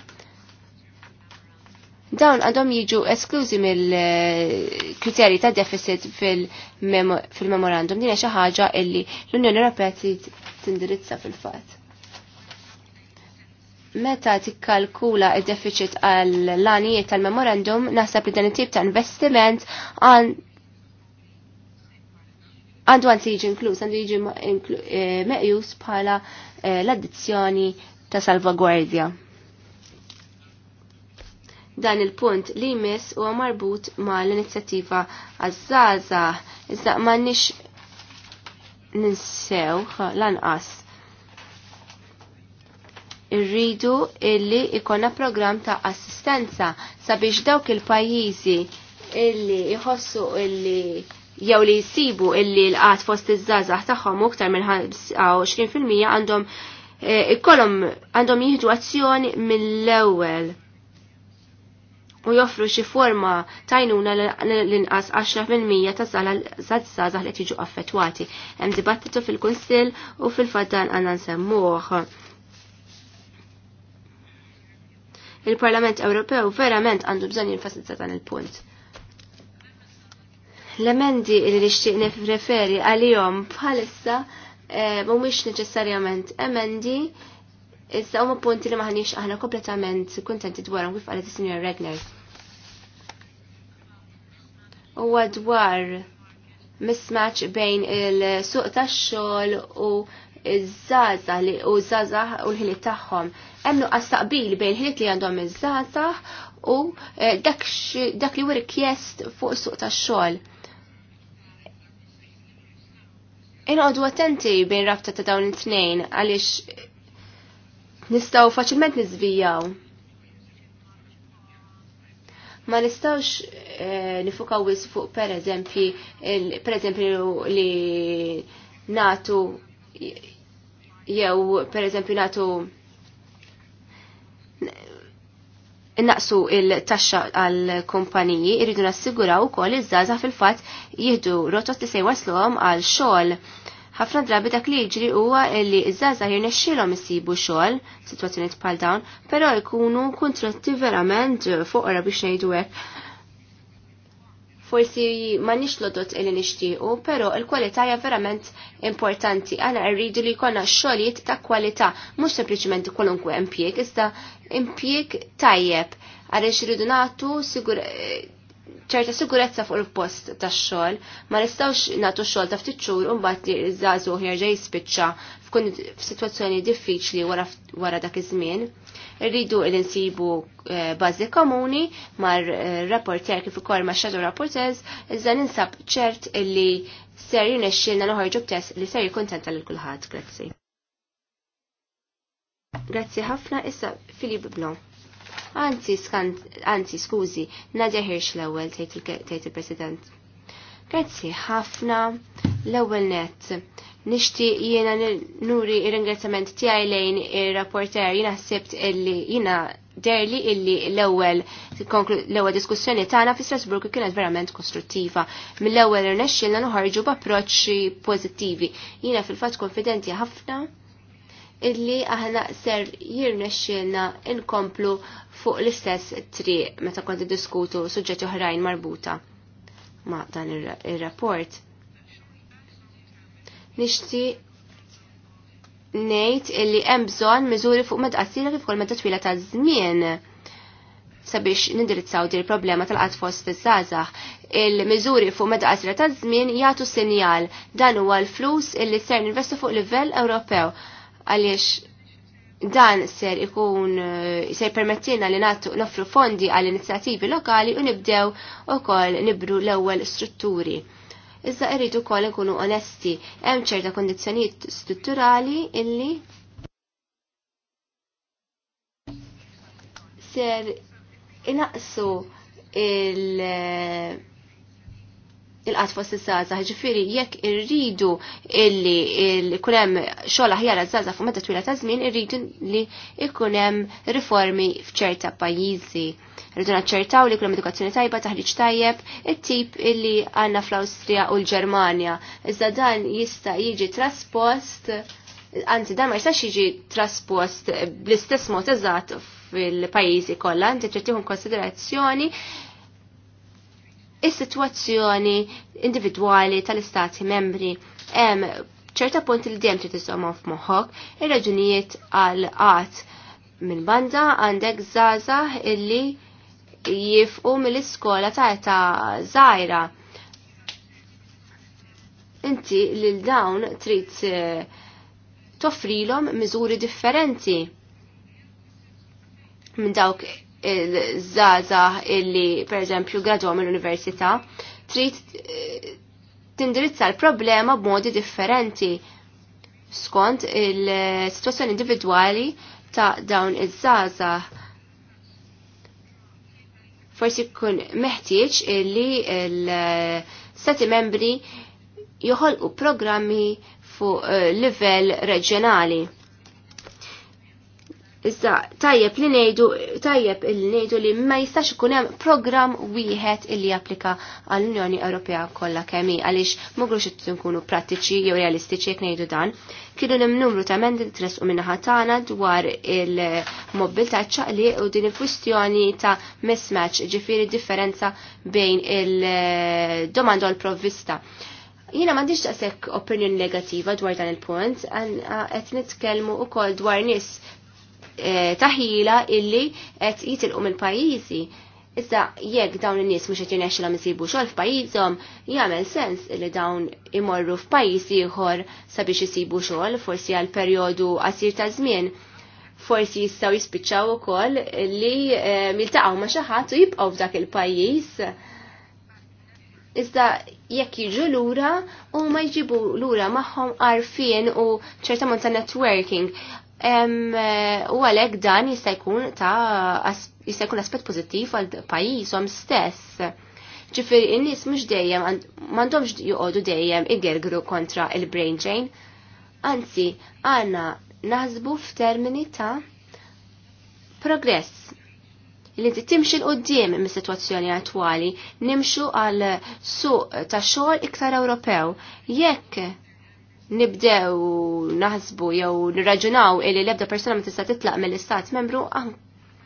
dawn għadhom jiġu esklużi mill-kriterji ta' deficit fil-memorandum. Din hija xi ħaġa illi l-Unjoni Ewropea tindirizza fil-fatt. Meta tikkalkula il deficit għal lanijiet tal-memorandum, naħseb li dan it-tip ta' investiment għandu għan siġi inkluż, għandu jiġi eh, meqjus bħala eh, l-addizzjoni ta' salvaguardja. Dan il-punt li jmiss huwa marbut ma' l-inizjattiva għazzaza, iżda ma' nix ninsew lanqas irridu illi ikonna program ta' assistenza sabiex dawk il-pajjiżi illi jħossu illi jew li jisibu illi l-qat fost iż-żazax tagħhom iktar minn 20% għandhom e, ikollhom għandhom jieħdu azzjoni mill-ewwel u joffru xi forma tajnuna l-inqas 10% ta' żgħażagħ li jiġu affettwati. Hemm dibattitu fil-Kunsill u fil-fadan għandna nsemmuh. Il-Parlament Ewropew verament għandu bżonn jinfasizza dan il-punt. L-emendi li nixtieq nifreferi għalihom bħalissa eh, mhumiex neċessarjament emendi Issa huma punti li maħniex aħna kompletament kuntenti dwarhom kif qalet is-Sinjor Regner. Huwa dwar mismatch bejn il-suq tax-xogħol u iż-żaza li u żaza u l-ħiliet tagħhom. Hemm nuqqas taqbil bejn ħiliet li għandhom iż-żaza u e, dak li wara rikjest fuq suq tax-xogħol. Inqogħdu attenti bejn rabta ta' dawn it-tnejn għaliex nistgħu faċilment niżvijaw. Ma nistawx e, nifukaw wis fuq per eżempju per li natu jew per eżempju natu innaqsu il-taxxa għal kumpaniji irridu nassiguraw ukoll iż-żgħażagħ fil-fatt jieħdu rotot li se jwasluhom għal xogħol. Ħafna drabi dak li jiġri huwa li iż-żgħażagħ jirnexxielhom isibu xogħol f'sitwazzjonijiet bħal dawn, però jkunu kuntratti verament fuqra biex ngħidu hekk forsi ma nix lodot illi nixtiequ, pero il-kwalità hija verament importanti. Għana rridu li jkollna xogħlijiet ta' kwalità, mhux sempliċement kwalunkwe impjieg, iżda impjieg tajjeb għaliex irridu nagħtu sigur ċerta sigurezza fuq il-post tax-xogħol, ma nistgħux nagħtu xogħol ta' ftit xhur u mbagħad li ż-żagħżugħ jerġa' jispiċċa f'sitwazzjoni diffiċli wara dak iż-żmien rridu il-insibu eh, bazzi komuni mar eh, rapporter kif ukoll ma' xadu rapporters, iżda ninsab ċert illi ser jinexxilna noħorġu b'test li ser jikuntenta lil kulħadd. Grazzi. Grazzi ħafna issa Filip Blom. Anzi, skant, anzi, skużi, Nadja Hirsch l-ewwel tgħid il-President. Grazzi ħafna l-ewwel net Nishti jiena nuri ir-ringrazzjament tiegħi lejn ir-rapporter jiena ħsibt illi jiena derli illi l-ewwel l-ewwel diskussjoni tagħna fi Strasburg kienet verament kostruttiva. Mill-ewwel irnexxielna noħorġu b'approċċi pożittivi. Jiena fil-fatt konfidenti ħafna illi aħna ser jirnexxielna inkomplu fuq l-istess triq meta kont diskutu suġġetti oħrajn marbuta ma' dan ir-rapport. Nixti ngħid illi hemm bżonn miżuri fuq meta qasira kif ukoll meta twila taż-żmien sabiex nindirizzaw din il-problema tal qatfos fost żgħażagħ Il-miżuri fuq meta qasira taż-żmien jagħtu sinjal dan huwa l-flus illi ser ninvestu fuq livell Ewropew għaliex dan ser ikun ser permettina li nagħtu nofru fondi għall inizjattivi lokali u nibdew ukoll nibru l-ewwel strutturi iżda irridu kol ikunu onesti. Hemm ċerta kondizzjonijiet strutturali illi ser inaqsu il- il qatfa s-sazza, ġifiri jekk irridu illi jkun hemm xogħol aħjar għaż-żgħażagħ fuq meta twila ta' żmien irridu li jkun hemm riformi f'ċerta pajjiżi. Rridu naċċertaw li kunem edukazzjoni tajba taħriġ tajjeb it-tip illi għandna fl-Awstrija u l-Ġermanja. Iżda dan jista' jiġi traspost anzi dan ma jistax jiġi traspost bl-istess mod eżatt fil-pajjiżi kollha, inti trid konsiderazzjoni is-sitwazzjoni individuali tal-istati membri hemm ċerta punti li dejjem trid iżommhom f'moħħok ir-raġunijiet għal qatt minn banda għandek zaza illi jifqu mill-iskola ta' ta' żgħira. Inti lil dawn trid eh, toffrilhom miżuri differenti minn dawk il-żaza illi per eżempju għadhom mill-università, trid eh, tindirizza l-problema b'modi differenti skont il-situazzjoni individwali ta' dawn iż-żaza. Forsi kun meħtieġ illi l sati membri joħolqu programmi fuq eh, livell reġjonali Issa tajjeb li ngħidu tajjeb li ngħidu li ma jistax ikun hemm programm wieħed illi japplika għall-Unjoni Ewropea kollha kemm hi għaliex m'ogrux qed nkunu prattiċi jew realistiċi jekk ngħidu dan. Kienu hemm numru ta' mend interess u minnaħa tagħna dwar il-mobilità ċaqli u din il-kwistjoni ta' mismatch, ġifieri differenza bejn il-domanda u l-provvista. Jina mandiġ taqsek opinjon negativa dwar dan il-punt, qed nitkellmu u kol dwar nis Eh, taħila illi qed jitilqu mill-pajjiżi. Issa jekk dawn in-nies mhux qed jinexxilhom isibu xogħol f'pajjiżhom, jagħmel sens li dawn imorru f'pajjiż ieħor sabiex isibu xogħol forsi għal perjodu qasir ta' żmien. Forsi jistgħu jispiċċaw ukoll li eh, miltaqgħu ma' xi ħadd u jibqgħu f'dak il-pajjiż. Iżda jekk jiġu lura u ma jġibu lura magħhom għarfien u ċerta ta' networking Eh, u għalhekk dan jista' jkun ta' jista' jkun aspett pożittiv għal pajjiżhom stess. Ġifier in-nies mhux dejjem m'għandhomx joqogħdu dejjem igergru kontra il-brain drain. Anzi, għandna naħsbu f'termini ta' progress li inti timxi l qoddim mis situazzjoni attwali nimxu għal suq ta' xogħol iktar Ewropew. Jekk nibdew naħsbu jew nirraġunaw illi l-ebda persona ma tista' titlaq mill-istat membru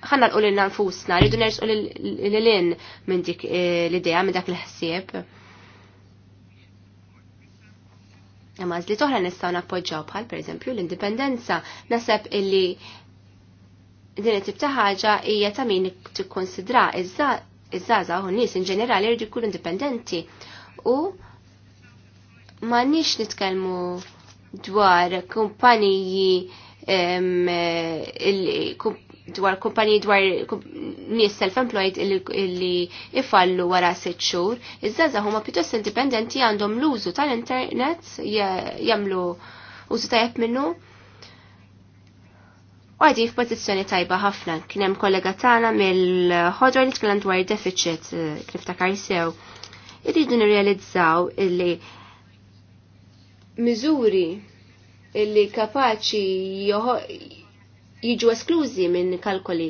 ħanna l lilna nfusna, rridu nerġqu lil-lin minn dik eh, l-idea minn dak l ħsieb Imma li toħra nistgħu nappoġġaw bħal pereżempju l-indipendenza naseb illi din it-tib ta' ħaġa hija ta' min tikkonsidra iż-żaża u n-nies in ġenerali jridu jkunu indipendenti u ma nix nitkelmu dwar kumpaniji dwar kumpaniji dwar nies self-employed illi ifallu wara sitt xhur, iż huma pjuttost indipendenti għandhom l-użu tal-internet jagħmlu użu tajjeb minnu. U għadi f'pożizzjoni tajba ħafna, kien hemm kollega tagħna mill-ħodra li tkellem dwar deficit eh, kif sew. Irridu nirrealizzaw illi miżuri illi kapaċi jiġu esklużi minn kalkoli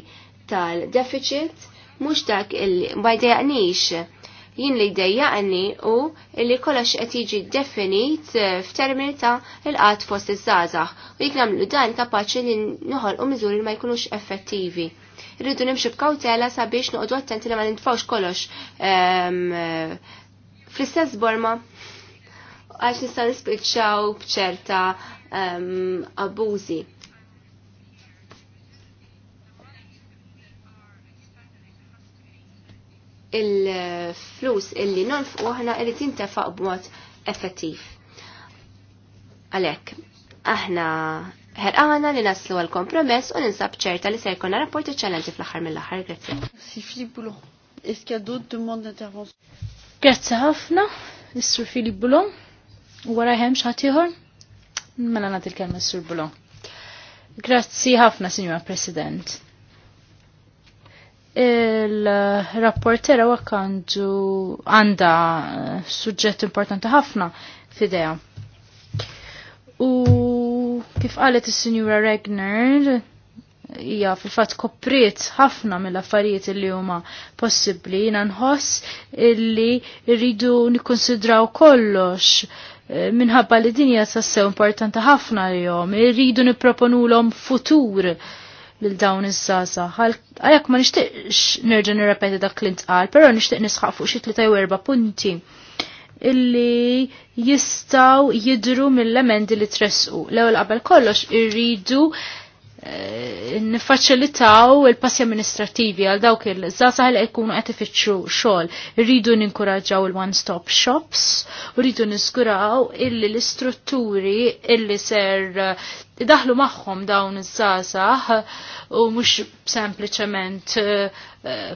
tal-deficit mhux dak illi bajdejaqnix jien li jdejjaqni u illi kollox qed jiġi definit eh, f'termini ta' il-qatt fost iż-żgħażagħ u jekk nagħmlu dan kapaċi li noħolqu miżuri ma jkunux effettivi. Rridu nimxu b'kawtela sabiex noqogħdu attenti li ma nintfawx kollox ehm, eh, fl-istess borma għax nista' nispiċċaw bċerta um, il-flus illi nonfqu aħna irrid jintefaq b'mod effettiv. Għalek, aħna ħerqana li naslu għal kompromess u ninsab ċerta li se jkollna rapport eċċellenti fl-aħħar mill-aħħar. Grazie. Si Filip Boulon, iskja dud demande intervention. Grazzi ħafna, Mr. Philippe Boulon. Wara hemm xatiħor? Mela nagħti l-kelma s-Sur Bulo. Grazzi ħafna, Sinjora President. Il-rapportera għandu għanda eh, suġġett importanti ħafna fidea. U kif qalet is-Sinjura Regner, hija fil-fatt kopriet ħafna mill-affarijiet li huma possibbli jiena nħoss illi rridu nikkonsidraw kollox minħabba li dinja sassew importanti ħafna li jom irridu l-om futur lil dawn iż-żaza. Għalhekk ma nixtieqx nerġa' nirrepeti dak li ntqal, però nixtieq nisħaq fuq xi tlieta jew erba' punti illi jistaw jidru mill-emendi li tresqu. L-ewwel qabel kollox irridu Eh, nifaċilitaw il-passi amministrativi għal dawk il-żazah li jkunu qed ifittxu xogħol. Irridu ninkoraġġaw il-one-stop shops, rridu niżguraw illi l-istrutturi illi ser eh, idaħlu magħhom dawn iż-żazah u mhux sempliċement eh,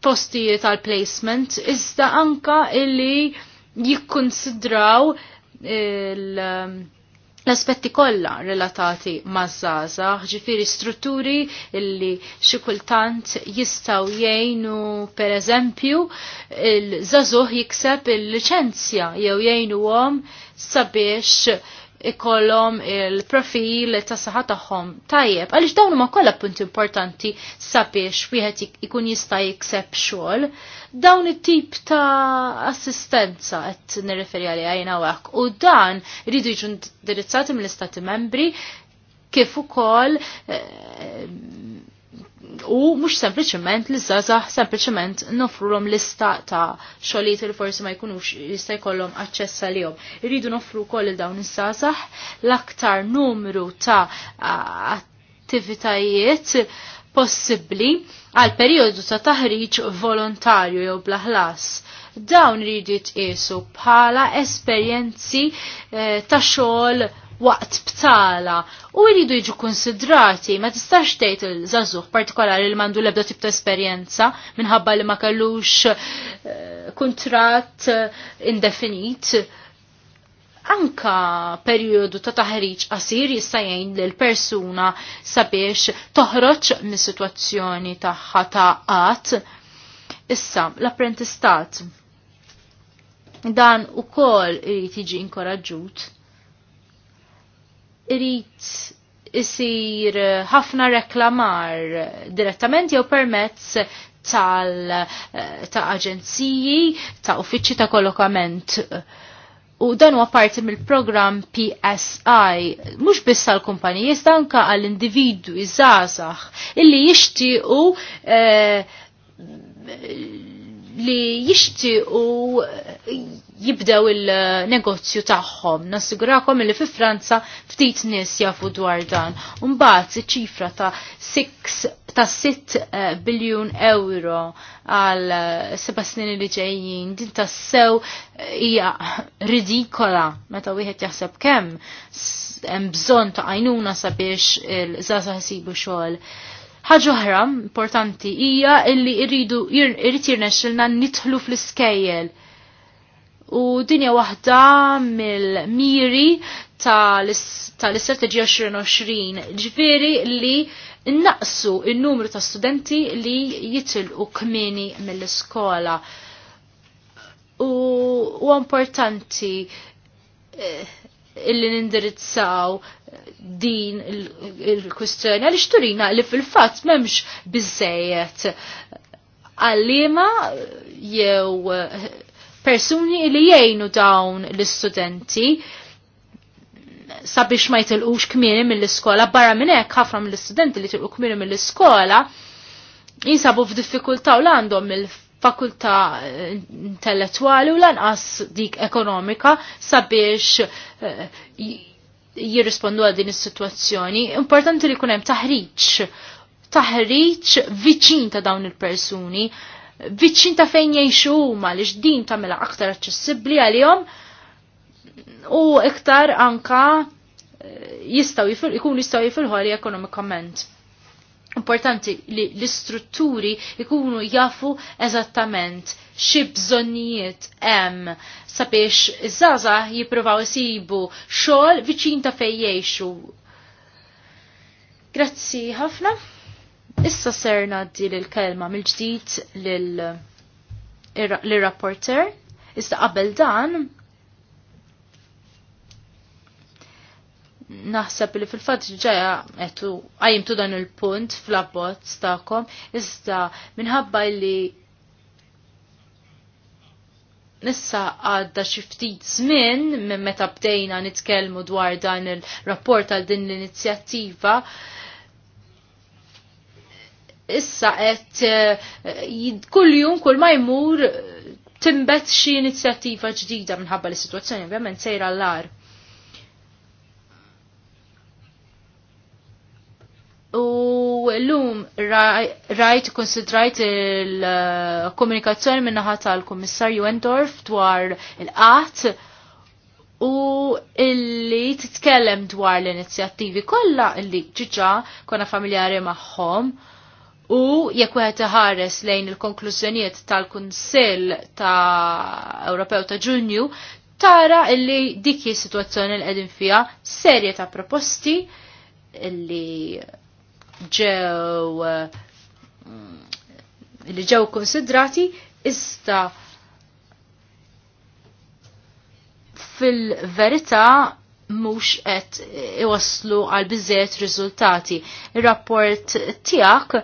postijiet tal placement, iżda anka illi jikkonsidraw il- l-aspetti kollha relatati maż-żaża, ġifieri strutturi illi xi kultant jistgħu jgħinu pereżempju il-żagħżugħ jikseb il-liċenzja jew jgħinuhom sabiex ikollhom il-profil tas saħħa tagħhom tajjeb. Għaliex dawn huma kollha punt importanti sabiex wieħed ikun jista' jikseb xogħol. Dawn it-tip ta' assistenza qed nirreferi għalija jien hawnhekk u dan iridu jiġu indirizzati mill-Istati Membri kif ukoll eh, u mux sempliciment li zazah sempliciment l lista ta' xoliet li forsi ma jkunux jista' jkollhom li jom. Irridu nofru wkoll il dawn iż-żazah l-aktar numru ta' attivitajiet possibbli għal periodu ta' taħriġ volontarju jew blaħlas. Dawn rridu jitqiesu bħala esperjenzi eh, ta' xogħol waqt btala u jridu jiġu konsidrati ma tistax tgħid il-żagħżugħ partikolari li m'għandu l-ebda tip ta' esperjenza minħabba li ma kellux eh, kuntratt eh, indefinit anka periodu ta' taħriġ qasir jista' jgħin l persuna sabiex toħroġ mis-sitwazzjoni tagħha ta' qatt. Issa, l-apprentistat dan ukoll irid jiġi inkoraġġut irid isir ħafna reklamar direttament jew permezz tal eh, ta' aġenziji, ta' uffiċċji ta' kolokament. U dan huwa parti mill-programm PSI, mhux biss għall kumpaniji iżda anke għall-individwi żgħażagħ illi jixtiequ eh, li jixtiequ eh, jibdew il-negozju tagħhom. Nassigurakom li fi Franza ftit nies jafu dwar dan. Mbagħad iċ-ċifra ta' 6 ta' 6 eh, biljun euro għal eh, seba' snin li ġejjin din ta' sew hija ridikola meta wieħed jaħseb kemm hemm bżonn ta' għajnuna sabiex il-żgħażagħ ħsibu xogħol ħagħuħra oħra importanti hija illi irridu irrid jirnexxilna nidħlu fl-iskejjel. U dinja waħda mill-miri tal istrategija 2020, ġveri li naqsu il-numru ta' studenti li jitilqu kmini mill-iskola. U, u importanti eh, illi nindirizzaw din il-kwistjoni għaliex turina li fil-fatt m'hemmx biżejjed għallima jew persuni li jgħinu dawn l-istudenti sabiex ma jitilqux kmieni mill-iskola, barra minn hekk ħafna mill-istudenti li tilqu kmieni mill-iskola jinsabu f'diffikulta u l għandhom il fakultà eh, intellettwali u lanqas dik ekonomika sabiex eh, jirrispondu għal din is-sitwazzjoni. Importanti li jkun hemm taħriġ, taħriġ viċin ta' dawn il-persuni, viċin ta' fejn jgħixu huma li din tagħmilha aktar aċċessibbli għalihom u iktar anka jistaw eh, jkunu jistgħu jistaw jifilħu għali ekonomikament. Importanti li l-istrutturi ikunu jafu eżattament xi bżonnijiet hemm sabiex iż żaza jippruvaw isibu xogħol viċin ta' fejn jgħixu. Grazzi ħafna. Issa ser ngħaddi l kelma mill-ġdid l-rapporter. Iżda qabel dan, naħseb li fil-fatt ġeja għetu għajimtu dan il-punt fl-abbozz ta'kom, iżda minħabba li nissa għadda xiftit zmin minn meta bdejna nitkellmu dwar dan il-rapport għal din l-inizjattiva, issa qed eh, kull jum kull ma jmur timbet xi inizjattiva ġdida minħabba li situazzjoni ovvjament sejra l arb l-lum rajt konsidrajt il-komunikazzjoni minnaħa tal-Komissarju Endorf dwar il-qat u illi titkellem dwar l-inizjattivi kollha illi ġiġa konna familjari magħhom. U jekk wieħed iħares lejn il-konklużjonijiet tal-Kunsill ta' Ewropew ta' Ġunju, tara illi dik is-sitwazzjoni li qegħdin fiha serje ta' proposti illi ġew eh, li ġew konsidrati issa fil-verità mhux qed iwaslu għal biżejjed riżultati. Ir-rapport tiegħek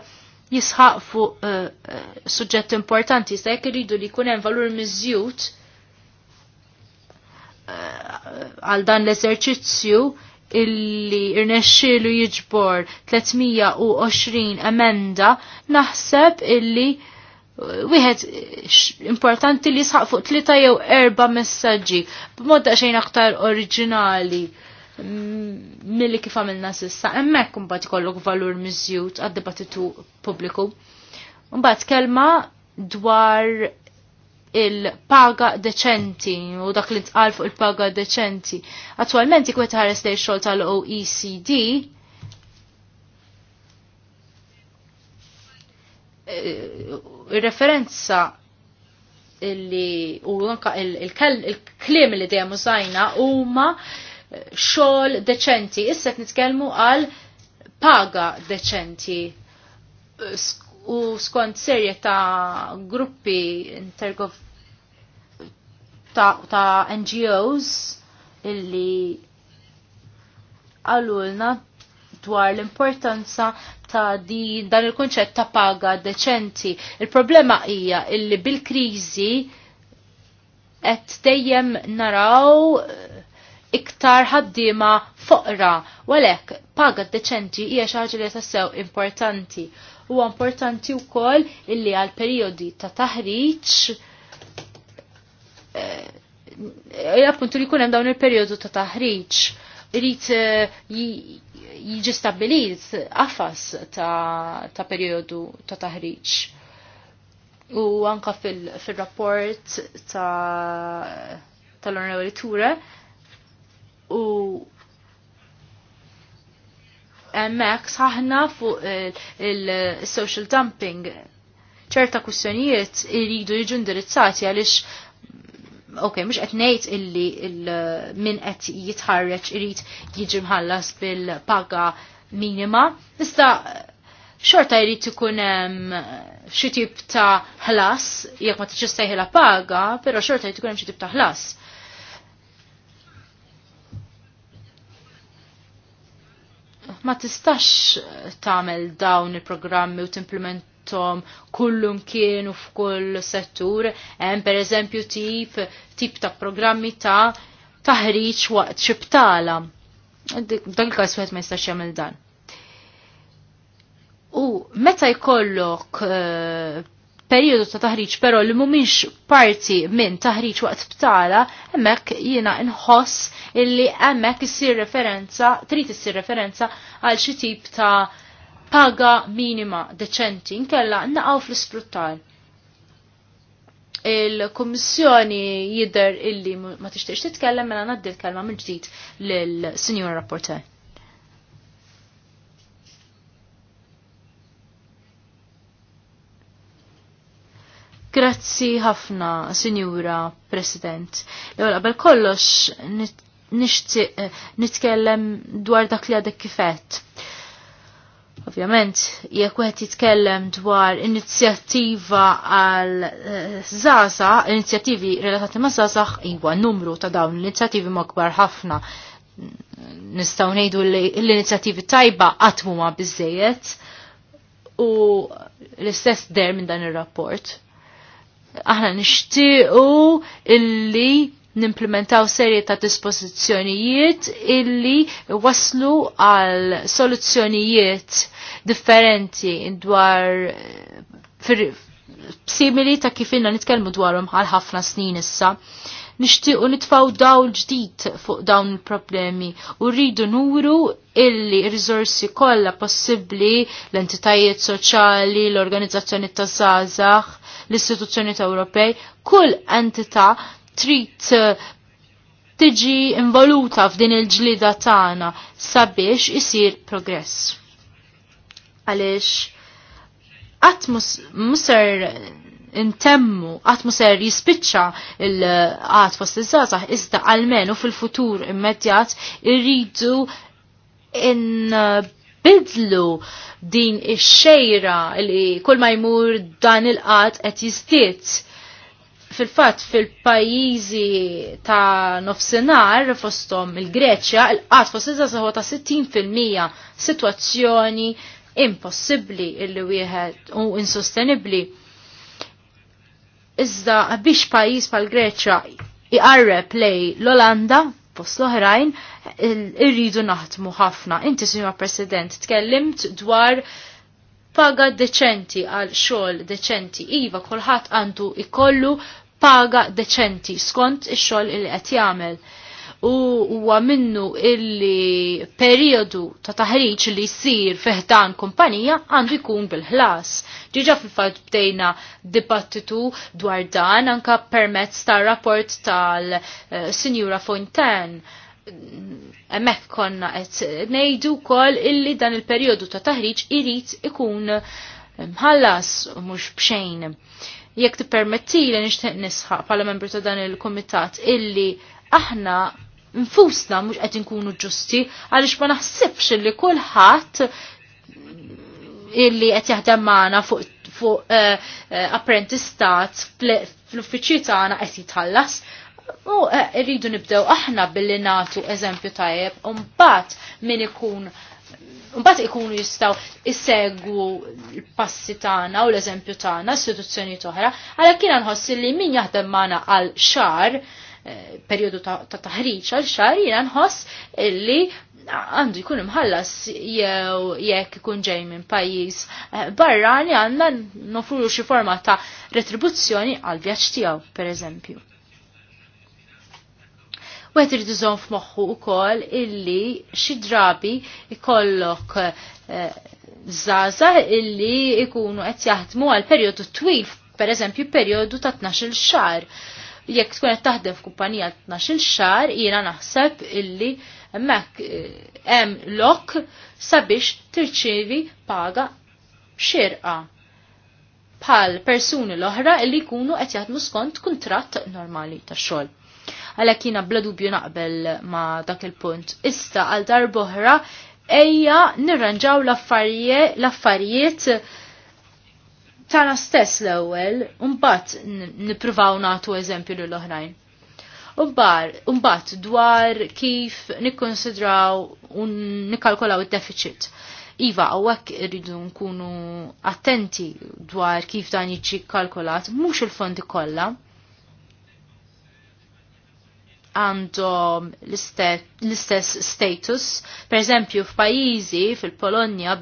jisħaq fuq uh, uh, suġġett importanti, se jekk iridu li jkun hemm valur miżjud għal uh, dan l-eżerċizzju illi irnexxilu jiġbor 320 emenda, naħseb illi uh, wieħed importanti li jisħaq fuq tlita jew erba messaġġi b'mod xejn aktar oriġinali mm, milli kif għamilna sissa. Hemmhekk imbagħad ikollok valur miżjud għad-dibattitu pubbliku. Mbagħad kelma dwar il-paga deċenti u dak li tqal fuq il-paga deċenti. Attualment ikwet ħares lej xogħol tal-OECD eh, ir referenza illi u anka il kliem li dejjem użajna huma xogħol deċenti. Issa qed nitkellmu għal paga deċenti eh, u skont serje ta' gruppi intergov ta', ta NGOs illi għallulna dwar l-importanza ta' di dan il-konċett ta' paga deċenti. Il-problema hija illi bil-kriżi qed dejjem naraw eh, iktar ħaddiema foqra, u għalhekk paga deċenti hija xi ħaġa li tassew importanti u importanti wkoll illi għal periodi ta' taħriġ eh, eh, appuntu li kunem dawn il-periodu ta' taħriġ irrit eh, jiġi stabbilit affas ta' periodu ta' taħriġ. U anka fil-rapport ta' tal-onorevoli Ture u MX saħna fuq il-social dumping. ċerta kwistjonijiet iridu jiġu indirizzati għaliex ok, mux qed ngħid illi min qed jitħarreġ irid jiġi mħallas bil-paga minima, iżda xorta jrid ikun hemm xi tip ta' ħlas, jekk ma tiġix paga, però xorta jrid ikun hemm xi tip ta' ħlas. ma tistax tagħmel dawn il-programmi u timplementom kullum kienu f'kull settur, hemm pereżempju tip tip ta' programmi ta' taħriġ waqt xibtala. Dan il-każ wieħed ma jistax jagħmel dan. U meta jkollok uh, periodu ta' taħriġ però li mhumiex parti minn taħriġ waqt btala, hemmhekk jiena nħoss illi hemmhekk issir referenza, trid issir referenza għal xi tip ta' paga minima deċenti, nkella naqaw fl-isfruttar. Il-Kummissjoni jidher illi ma tixtiex titkellem mela ngħaddi l-kelma mill ġdid lill-Sinjur Rapporteur. Grazzi ħafna, Sinjura President. L-għol kollox nixtieq eh, nitkellem dwar dak li għadek kifet. Ovvjament, jekk wieħed jitkellem dwar inizjattiva għal eh, Zaza, inizjattivi relatati ma' Zaza, iwa numru ta' dawn l-inizjattivi makbar ħafna. Nistgħu ngħidu li l-inizjattivi tajba qatt huma biżejjed u l-istess der minn dan ir-rapport aħna nixtiequ illi nimplementaw serje ta' dispozizjonijiet illi waslu għal soluzzjonijiet differenti dwar simili ta' kif inna nitkellmu dwarhom għal ħafna snin issa. Nixtiequ nitfaw l ġdid fuq dawn il-problemi u rridu nuru illi r kollha possibbli l-entitajiet soċjali, l-organizzazzjoni ta' żgħażagħ, l-istituzzjoni ta' Ewropej, kull entità trid eh, tiġi involuta f'din il-ġlida tagħna sabiex isir progress. Għaliex qatt muser intemmu qatt muser jispiċċa il-qatt fost iż-żgħażagħ iżda għalmenu fil-futur immedjat irridu in jibidlu din ix-xejra li kull ma jmur dan il-qat qed jistiet fil-fat fil-pajizi ta' nofsenar fostom il-Greċja, il-qat fost iżda ta' 60% situazzjoni impossibli illi wieħed u insostenibli. Iżda biex pajjiż pal-Greċja iqarreb play l-Olanda, post l-oħrajn irridu naħdmu ħafna. Inti, Sinjor President, tkellimt dwar paga deċenti għal xogħol deċenti. Iva, kulħadd għandu ikollu paga deċenti skont ix-xogħol li qed jagħmel u huwa minnu illi periodu ta' taħriġ li jsir fiħdan kumpanija għandu jkun bil-ħlas. Diġa fil fat bdejna dibattitu dwar dan anka permezz ta' rapport tal-Sinjura eh, Fontan Emmek konna qed ngħidu wkoll illi dan il-perjodu ta' taħriġ irid ikun mħallas mhux bxejn. Jekk tippermetti li nixtieq nisħaq bħala membru ta' dan il-kumitat illi aħna nfusna mhux qed inkunu ġusti għaliex ma naħsibx li kulħadd illi qed jaħdem maħna fuq fu, uh, eh, uh, eh, apprentistat fl-uffiċċju tagħna qed jitħallas. U eh, rridu nibdew aħna billi nagħtu eżempju tajjeb u mbagħad min ikun Mbagħad ikunu jistgħu issegwu l-passi tagħna u l-eżempju tagħna istituzzjoni oħra, għalhekk kien nħossi li min jaħdem magħna għal xar Eh, periodu ta' taħriġ għal xar jiena nħoss li għandu jkun imħallas jew jekk ikun ġej minn pajjiż eh, barra li għandna nofru xi forma ta' retribuzzjoni għal vjaġġ tiegħu pereżempju. Wieħed irid iżomm f'moħħu wkoll illi xi drabi ikollok eh, żgħażagħ illi jkunu qed jaħdmu għal perjodu twil, pereżempju perjodu ta' 12 xar jekk tkun qed taħdem f'kumpanija tnax il xahar jiena naħseb illi hemmhekk eh, hemm lok sabiex tirċievi paga xirqa bħal persuni l-oħra li jkunu qed jaħdmu skont kuntratt normali tax-xogħol Għalhekk jiena bla dubju naqbel ma dak il-punt. Issa għal oħra ejja nirranġaw l-affarijiet tana stess l-ewel, unbat nipruvaw natu eżempju l-oħrajn. Unbat dwar kif nikkonsidraw un nikalkolaw il-deficit. Iva, għawek rridu nkunu attenti dwar kif dan jiġi kalkolat, mux il-fondi kolla. Għandhom l-istess status, per eżempju f'pajizi fil-Polonja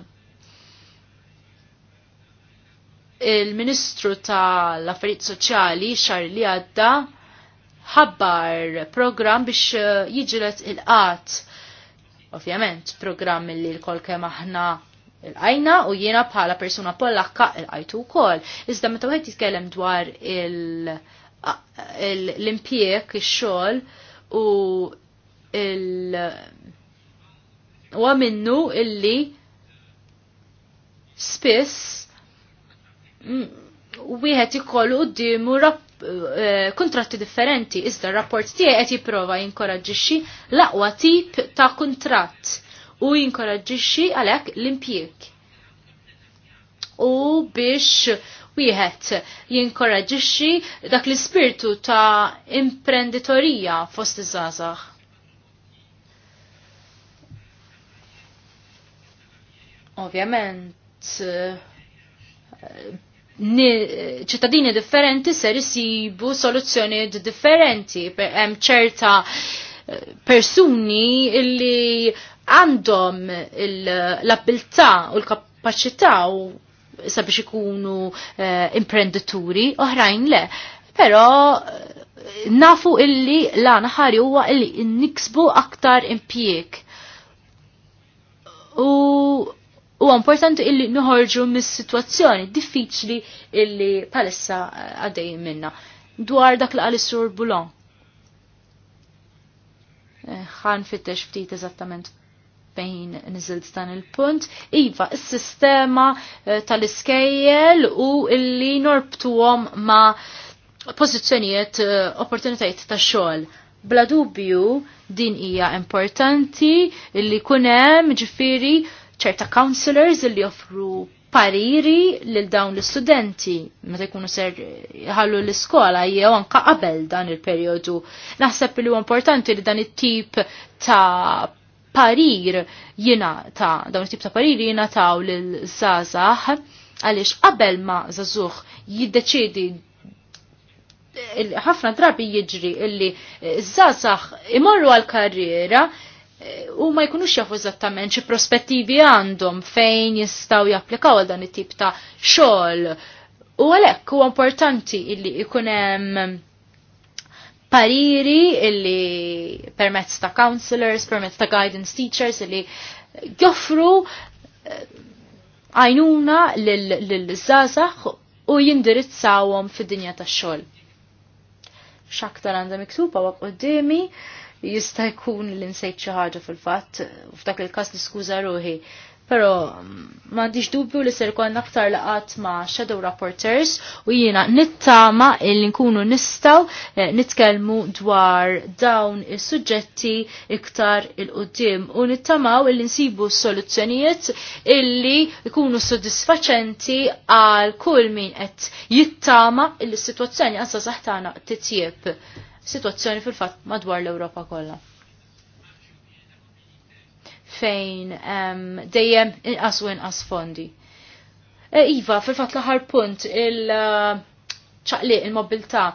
il-Ministru tal-Affarijiet Soċjali xar li għadda ħabbar program biex uh, jiġilet il-qat. Ovvjament, program li l-kol kem aħna l għajna u jiena bħala persuna pollakka l għajtu u kol. Iżda meta wieħed jitkellem dwar l impiek il-xol u il- u minnu illi spiss wieħed ikollu quddiemu eh, kontratti differenti, iżda rapport tiegħi qed jipprova jinkoraġġixxi l-aqwa tip ta' kuntratt u jinkoraġġixxi għalhekk l-impjieg. U biex wieħed jinkoraġixxi dak l-ispirtu ta' imprenditorija fost iż-żgħażagħ. Ovvjament, eh, ċittadini differenti ser jisibu soluzzjoni differenti. Hemm ċerta eh, persuni illi għandhom l abilta u l-kapacità u sabiex ikunu eh, imprenditori, oħrajn le. Però eh, nafu illi l-għana ħari huwa illi niksbu aktar impjieg. U U importanti illi nħorġu mis-situazzjoni diffiċli illi palissa eh, għaddej minna. Dwar dak li għalissur Bulon. Boulon. Eh, ħan fittex ftit eżattament fejn niżilt dan il-punt. Iva, is-sistema eh, tal-iskejjel u illi norbtuhom ma' pożizzjonijiet opportunitajiet ta' xogħol. Bla dubju din hija importanti illi kunem ġifiri ċerta counselors li joffru pariri lil dawn l-studenti meta jkunu ser ħallu l-iskola jew anka qabel dan il-perjodu. Naħseb li huwa importanti li dan it-tip ta' parir jina ta' dawn it-tip ta' parir jina taw lil żazax għaliex qabel ma' żagħżugħ jiddeċidi ħafna drabi jiġri illi żazax imorru għal karriera Eh, u ma jkunux jafu eżattament xi prospettivi għandhom fejn jistgħu japplikaw għal dan it-tip ta' xogħol. U għalhekk huwa importanti illi ikun hemm pariri illi permezz ta' counselors, permezz ta' guidance teachers illi joffru eh, għajnuna l-żazax u jindirizzawhom fid-dinja tax-xogħol. X'aktar għandha miktuba waqgħu jista' jkun li nsejt xi ħaġa fil-fatt, u f'dak il-każ niskuża ruħi. Pero mm, m'għandix dubju li ser konna aktar laqat ma' shadow rapporters u jiena nittama illi nkunu nistaw eh, nitkellmu dwar dawn is-suġġetti iktar il-qudiem u nittamaw li nsibu soluzzjonijiet illi jkunu soddisfaċenti għal kull min qed jittama illi s-sitwazzjoni għandha saħtana titjieb situazzjoni fil-fatt madwar l-Ewropa kollha. Fejn um, dejjem inqas u inqas fondi. E, iva, fil-fatt l-aħħar punt il-ċaqliq uh, il-mobilità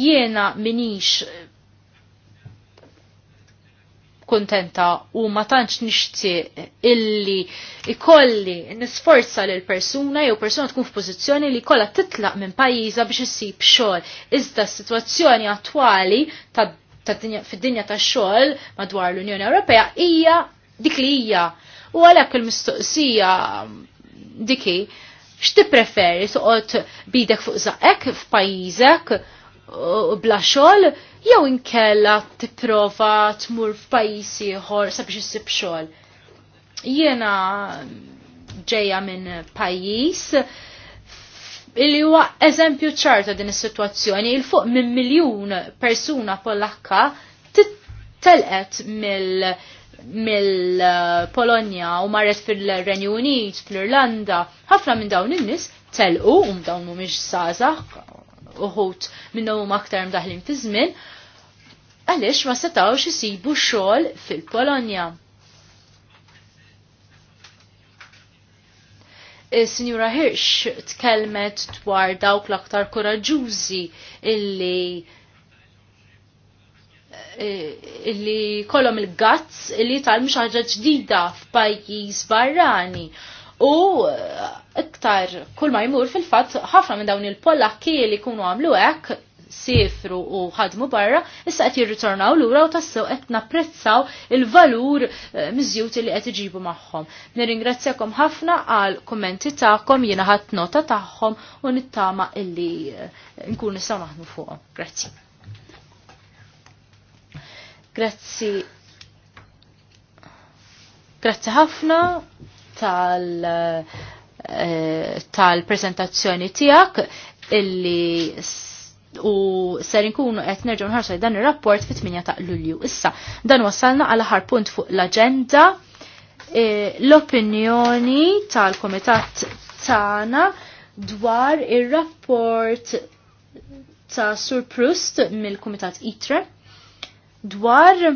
jiena minix kuntenta u ma tantx nixtieq illi ikolli nisforza lil persuna jew persuna tkun f'pożizzjoni li kollha titlaq minn pajjiża biex issib xogħol. Iżda s-sitwazzjoni attwali ta' fid-dinja tax-xogħol madwar l-Unjoni Ewropea hija dik li hija. U għalhekk il-mistoqsija diki x'tippreferi toqgħod bidek fuq żaqek f'pajjiżek bla xogħol jew inkella t-mur tmur f'pajjiż ieħor sabiex issib xogħol. Jiena ġejja minn pajjiż illi huwa eżempju ċarta din is-sitwazzjoni il fuq minn miljun persuna Polakka telqet mill mill-Polonja uh, u marret fil-Renju Unit, fl-Irlanda, ħafna minn dawn in-nies telqu um dawn mhumiex sażaħ uħut minnhom aktar mdaħlin fi żmien, għaliex ma setawx isibu xogħol fil-Polonja. Sinjura Hirsch tkellmet dwar dawk l-aktar koraġużi illi eh, illi kolom il-gazz illi tal ħaġa ġdida f'pajjiż barrani U eh, iktar kull ma jmur fil-fatt ħafna minn dawn il-Polakki li jkunu għamlu hekk sifru u ħadmu barra, issa qed jirritornaw lura u tassew qed napprezzaw il-valur eh, miżjut li qed iġibu magħhom. Nirringrazzjakom ħafna għal kummenti tagħkom jiena ħadd nota tagħhom u nittama illi eh, nkun nistgħu naħdmu fuqhom. Grazzi. Grazzi. Grazzi ħafna tal- eh, tal-prezentazzjoni tijak illi u ser inkunu qed nerġgħu nħarsu dan ir-rapport fit-8 ta' Lulju. Issa, dan wassalna għal aħħar punt fuq l-aġenda eh, l-opinjoni tal-Komitat tagħna dwar ir-rapport ta' Sur Prust mill-Kumitat ITRE dwar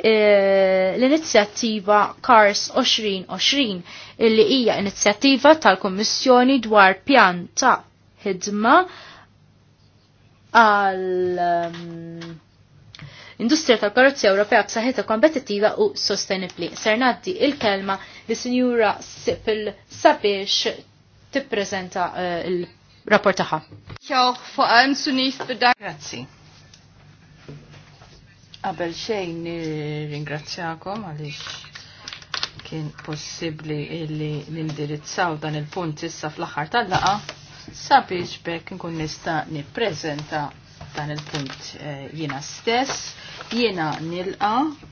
Eh, l-inizjattiva Cars 2020 illi hija inizjattiva tal-Kommissjoni dwar pjan ta' ħidma għal ehm, industrija tal-karozzi Ewropea b'saħħitha kompetittiva u sostenibbli. Ser naddi il-kelma li Sinjura Sipil sabiex tippreżenta uh, il-rapport tagħha. Grazzi. Qabel xejn ringrazzjakom għaliex kien possibbli illi nindirizzaw dan il-punt issa fl-aħħar tal-laqa sabiex bekk nkun nista' nippreżenta dan il-punt eh, jiena stess, jiena nilqa'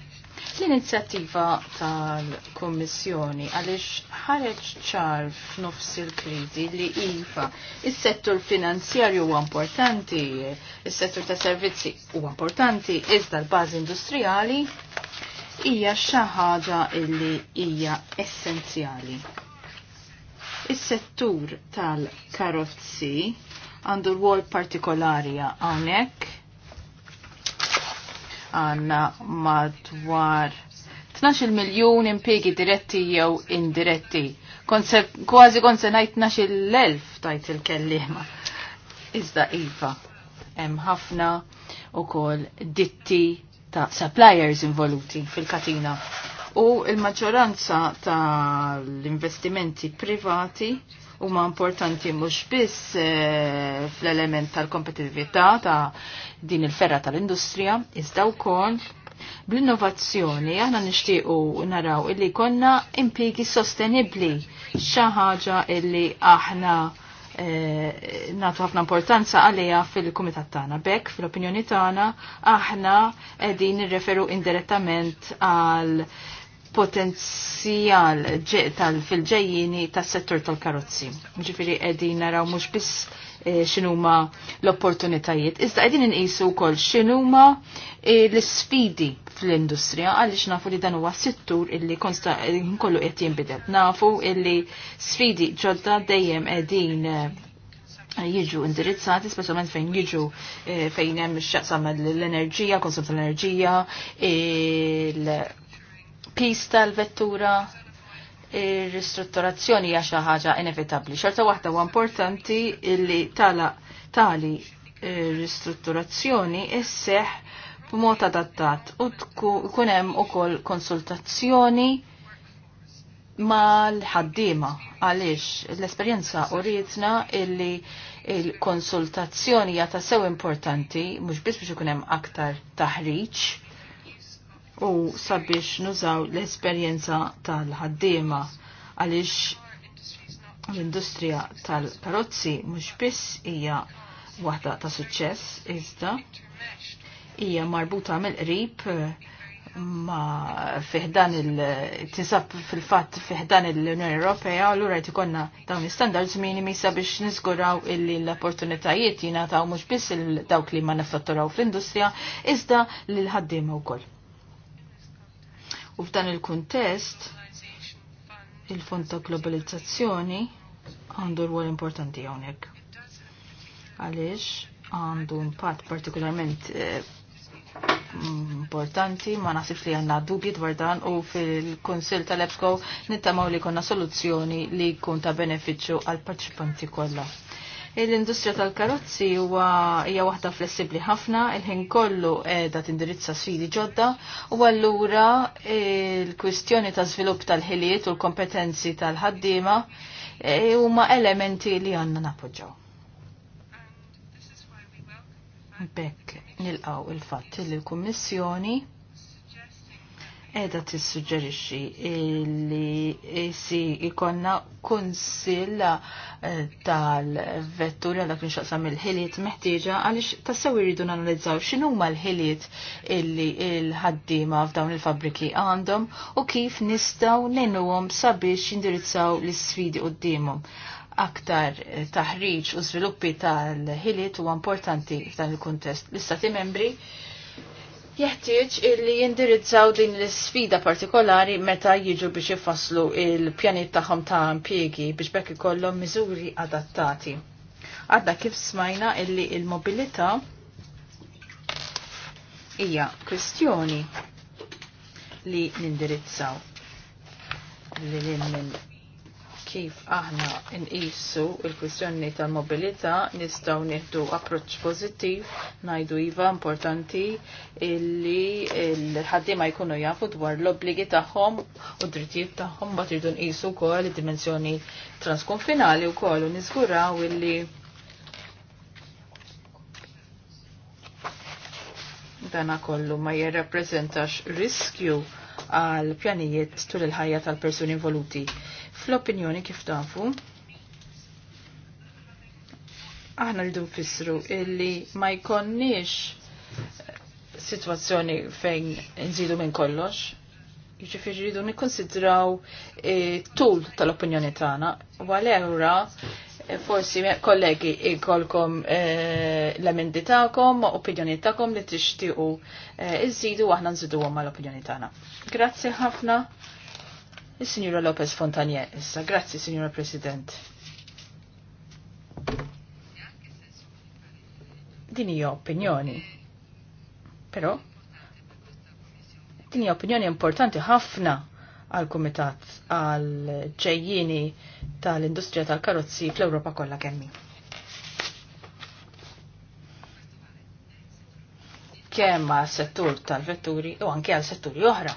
L-inizjattiva tal-Kommissjoni għaliex ħareġ ċar f'nofs il-kriżi li iva is-settur finanzjarju huwa importanti, is-settur ta' servizzi huwa importanti, iżda l-bażi industrijali hija xi ħaġa li hija essenzjali. Is-settur tal-karozzi għandu rwol partikolari hawnhekk għanna madwar 12 miljon impiegi diretti jew indiretti. Kważi konse najt elf tajt il-kellima. Iżda Iva, hemm ħafna u kol ditti ta' suppliers involuti fil-katina. U il-maġġoranza tal-investimenti privati ma importanti mhux biss eh, fl-element tal-kompetitività ta' din il-ferra tal-industrija, iżda wkoll bl-innovazzjoni aħna nixtiequ naraw illi konna impjiegi sostenibbli xaħġa ħaġa illi aħna E, eh, natu ħafna importanza għalija fil-kumitat tagħna. Bekk fil-opinjoni tagħna aħna qegħdin nirreferu indirettament għal potenzjal fil-ġejjini tas settur tal-karozzi. Ġifiri qegħdin naraw mhux biss eh, x'inhuma l-opportunitajiet, iżda qegħdin inqisu wkoll x'inhuma eh, l-sfidi fl-industrija għaliex nafu li dan huwa settur illi kollu qed jinbidel. Nafu illi sfidi ġodda dejjem qegħdin eh, jiġu indirizzati, specialment fejn jiġu fejn hemm x'aqsam l-enerġija, konsum tal-enerġija, Pista l tal-vettura il-ristrutturazzjoni hija xi ħaġa inevitabbli. Xorta waħda huwa importanti illi tala tali eh, ristrutturazzjoni isseħ b'mod adattat u tkun hemm ukoll konsultazzjoni mal-ħaddiema għaliex l-esperjenza uritna illi il-konsultazzjoni hija ta' sew importanti mhux biss biex ikun hemm aktar taħriġ u sabiex nużaw l-esperjenza tal-ħaddiema għaliex l-industrija tal-karozzi mhux biss hija waħda ta' suċċess iżda hija marbuta mill-qrib eh, ma fiħdan il tisab fil-fat fiħdan l-Unjoni Ewropea, allura ura ikonna dawn l-standards minimi sabiex nizguraw illi l-opportunitajiet jina ta' mux biss dawk li ma nifatturaw fl-industrija, iżda l-ħaddim u koll. U f'dan il-kuntest, il-fond ta' globalizzazzjoni għandu rwol importanti hawnhekk. Għaliex għandu impatt partikolarment eh, importanti, ma nasif li għanna dubji dwar dan u fil-Konsil tal-EBSCO nittamaw li konna soluzzjoni li kun ta' beneficju għal parċipanti kollha. L-industrija tal-karozzi huwa hija waħda flessibbli ħafna, il-ħin kollu qiegħda tindirizza sfidi ġodda u allura l kwistjoni ta' żvilupp tal-ħiliet u l-kompetenzi tal-ħaddiema e, huma elementi li għandna nappoġġaw. Bekk nilqaw il-fatt li l-Kummissjoni il fatt li l kummissjoni edha tissuġġerixxi li si ikonna kunsilla eh, tal-vetturi għal kien xaqsam il-ħiliet meħtieġa għaliex tassew iridu nanalizzaw x'inhuma l-ħiliet illi l-ħaddiema f'dawn il-fabriki għandhom u kif nistgħu ninuhom sabiex jindirizzaw l-isfidi dimum Aktar eh, taħriġ u żviluppi tal-ħiliet huwa importanti f'dan il-kuntest. L-istati membri jeħtieġ illi jindirizzaw din l-sfida partikolari meta jiġu biex ifasslu il-pjanit tagħhom ta' impjiegi biex bekk ikollhom miżuri adattati. Għadda kif smajna illi il-mobilità hija kwestjoni li nindirizzaw li minn kif aħna nqisu il-kwistjoni tal-mobilità nistgħu nieħdu approċċ pożittiv ngħidu iva importanti illi l-ħaddiema jkunu jafu dwar l-obbligi tagħhom u drittijiet tagħhom ma tridu nqisu wkoll id-dimensjoni transkonfinali wkoll u niżguraw illi dana kollu ma jirrappreżentax riskju għal pjanijiet tul il-ħajja tal-persuni involuti. Fl-opinjoni kif tafu, aħna rridu fissru illi ma jkonniex eh, situazzjoni fejn nżidu minn kollox, ġifiri rridu nikkonsidraw eh, tul tal-opinjoni tagħna. Għal-ewra, eh, forsi kollegi ikolkom l-emendi tagħkom, opinjoni tagħkom li tixtiequ iżidu aħna nżidu għom mal-opinjoni tagħna. Grazzi ħafna Il-Signora Lopez Fontanier, issa. grazie Signora President. Din hija opinjoni. Però, din hija opinjoni importanti ħafna għal kumitat għal ġejjini tal-industrija tal-karozzi fl-Ewropa kollha kemmi. Kemm għal settur tal-vetturi u anke għal setturi oħra.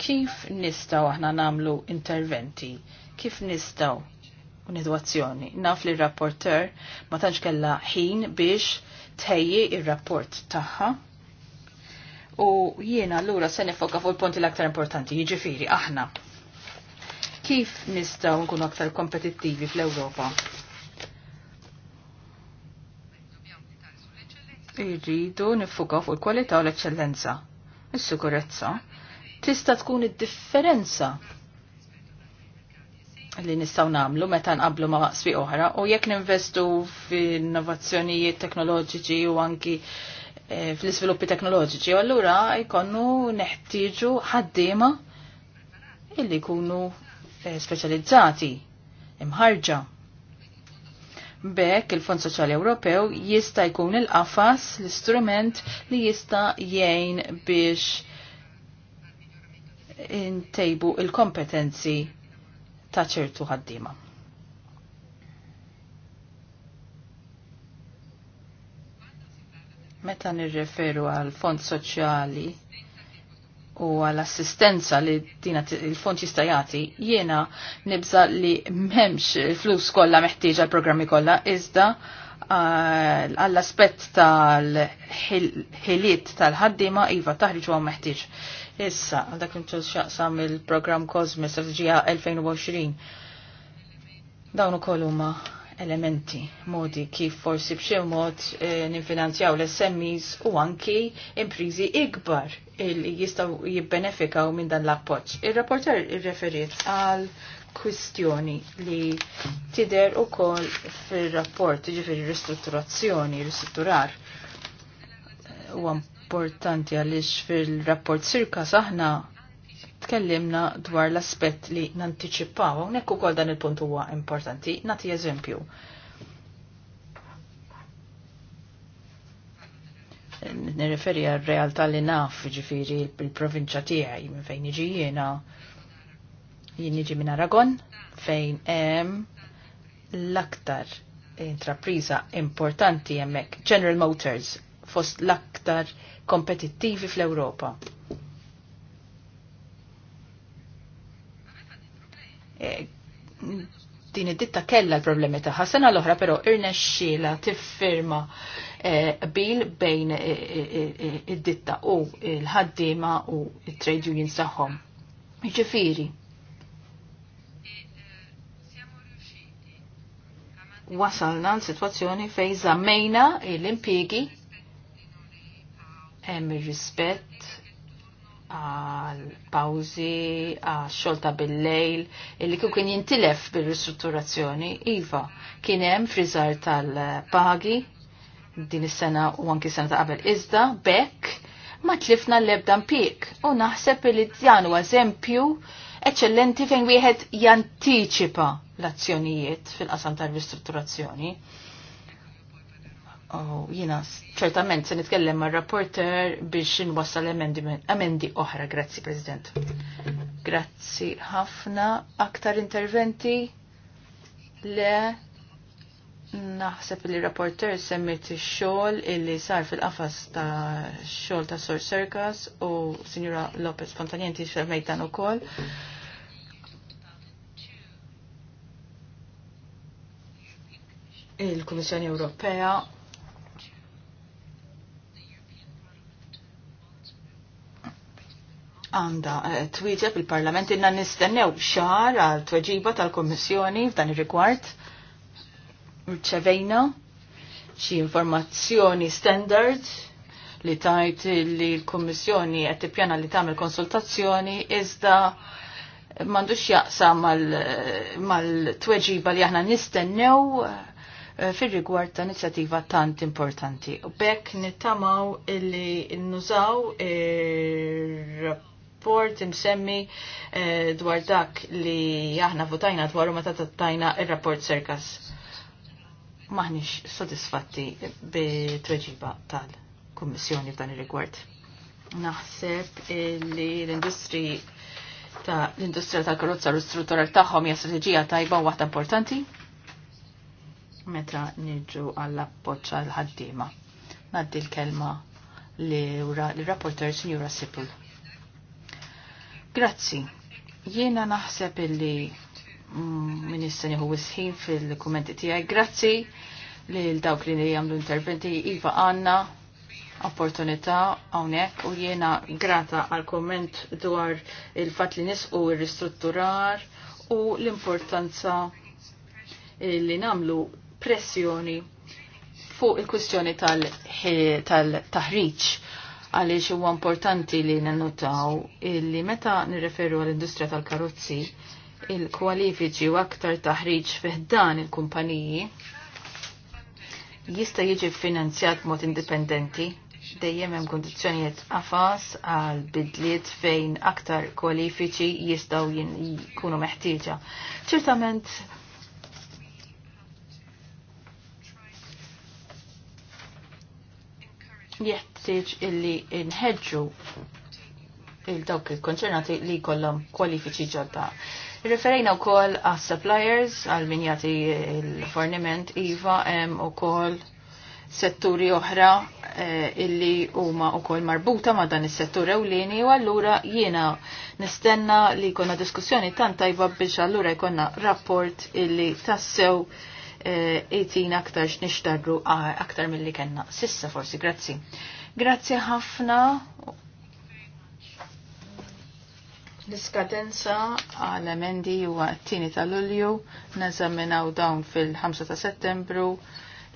kif nistaw aħna namlu interventi, kif nistaw un-edwazzjoni. Naf li rapporter ma tantx kella ħin biex tejji il-rapport taħħa. U jiena allura se nifoka fuq il-punti l-aktar importanti, jiġifieri aħna. Kif nistgħu nkunu aktar kompetittivi fl-Ewropa? Irridu nifoka fuq il-kwalità u l-eċċellenza, is-sikurezza, tista' tkun id-differenza li nistaw namlu meta nqablu ma' maqsbi oħra u jekk ninvestu f'innovazzjonijiet teknoloġiċi u anki eh, fl-iżviluppi teknoloġiċi, allura jkonnu neħtieġu ħaddiema illi jkunu eh, speċjalizzati imħarġa. Bekk il-Fond Soċjali Ewropew jista' jkun il-qafas, l-istrument li jista' jgħin biex intejbu il-kompetenzi ta' ċertu ħaddiema. Meta nirreferu għal fond soċjali u għall-assistenza li dina il-fond jistajati, jiena nibza li memx flus kolla meħtieġa l-programmi kolla, iżda Eh, għall-aspett tal-ħiliet tal-ħaddima iva taħriġ huwa meħtieġ. Issa, għal dak li xaqsam il-programm Cosme Strategija 2020. Dawn ukoll huma elementi, modi kif forsi b'xi mod eh, ninfinanzjaw l-SMEs u anki imprizi ikbar il jistgħu jibbenefikaw minn dan l-appoġġ. Ir-rapporter irreferiet għal kwistjoni li tider u kol fil-rapport, ġifiri ristrutturazzjoni, ristrutturar. U importanti għalix fil-rapport sirka saħna tkellimna dwar l-aspett li nanticipaw, nekku kol dan il-punt huwa importanti, nati eżempju. Nireferi għal realtà li naf ġifiri il-provinċa tiegħi minn fejn iġi jiena jien jiġi minn Aragon fejn hemm l-aktar intrapriża importanti hemmhekk General Motors fost l-aktar kompetittivi fl-Ewropa. E, din id-ditta kella l-problemi taħħa. Sena l-oħra però irnexxiela tiffirma e, bil bejn e, e, e, id-ditta e, u l-ħaddiema u t trade unions tagħhom. Ġifiri, wasalna l-situazzjoni fej zammejna l-impiegi hemm ir-rispett għal pawzi, għal xolta bil-lejl, illi kien kien jintilef bil-ristrutturazzjoni, iva, kien hemm friżar tal-pagi din is-sena u anki sena ta' qabel iżda, bekk ma tlifna l-ebda mpik u naħseb li djan huwa eżempju eccellenti fejn wieħed jantiċipa l-azzjonijiet fil-qasam tal-ristrutturazzjoni. Oh, jina, ċertament, se nitkellem ma' rapporter biex nwassal emendi oħra, grazzi, President. Grazzi ħafna. Aktar interventi? Le, Naħseb li rapporter semmit xol illi sar fil-qafas ta' xol ta' Sor Circus u Signora Lopez Fontanienti semmejt dan ukoll. Il-Kummissjoni Ewropea għanda eh, twieġeb il-Parlament inna nistennew xar għal tweġiba tal kummissjoni f'dan ir-rigward rċevejna xi informazzjoni standard li tajt li l-Kommissjoni qed tippjana li tagħmel konsultazzjoni iżda m'għandux jaqsa mal-tweġiba li aħna nistennew eh, fir-rigward ta' inizjattiva tant importanti. U bekk nittamaw illi nużaw rapport insemmi eh, dwar dak li aħna votajna dwaru meta tattajna ir-rapport Serkas maħnix sodisfatti bi treġiba tal-Kummissjoni f'dan ir-rigward. Naħseb li l-industri ta' l-industrija tal-karozza u struttural tagħhom hija strateġija tajba u waħda importanti meta niġu għall appoġġ għal ħaddiema. Naddi l-kelma li l-rapporter Sinjura Sipul. Grazzi. Jiena naħseb illi min jissani hu wisħin fil kummenti tiegħi Grazzi li dawk li jagħmlu interventi Iva għandna opportunità hawnhekk u jiena grata għal komment dwar il fatt li nisqu r ristrutturar u l-importanza li namlu pressjoni fuq il-kwistjoni tal tal-tal-taħriġ għaliex huwa importanti li nannutaw illi meta nirreferu għall-industrija tal-karozzi il-kwalifiċi u aktar taħriġ fiħdan il-kumpaniji jista' jiġi finanzjat mod indipendenti dejjem hemm kundizzjonijiet afas għal bidliet fejn aktar kwalifiċi jistgħu jkunu meħtieġa. Ċertament jeħtieġ illi nħeġġu il-dawk il-konċernati li jkollhom kwalifiċi ġodda. Referejna u kol għas suppliers għal min jati il-forniment IVA em u kol setturi oħra eh, illi huma wkoll marbuta ma' dan is-settur ewlieni u allura jiena nistenna li jkollna diskussjoni tant tajba biex allura jkollna rapport illi tassew jtina eh, aktar x'nixtarru aktar mill-li kenna sissa forsi. Grazzi. Grazzi ħafna L-iskadenza għal emendi huwa t-tieni ta' Lulju, neżaminaw dawn fil-5 ta' Settembru,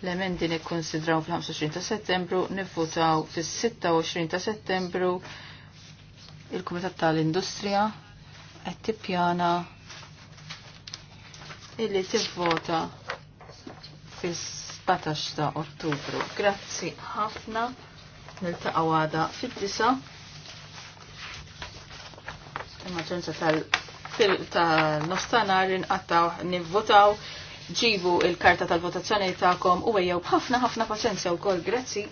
l-emendi nikkonsidraw fil-25 ta' Settembru, nivvutaw fil-26 ta' Settembru, il-Kumitat tal-Industrija qed tippjana illi tivvota fis-17 ta' Ottubru. Grazzi ħafna niltaqgħu għada fid-disa' il-maġġoranza tal-nostanar inqattaw nivvotaw ġibu il-karta tal-votazzjoni ta'kom u għejaw bħafna ħafna paċenzja u kol grazzi.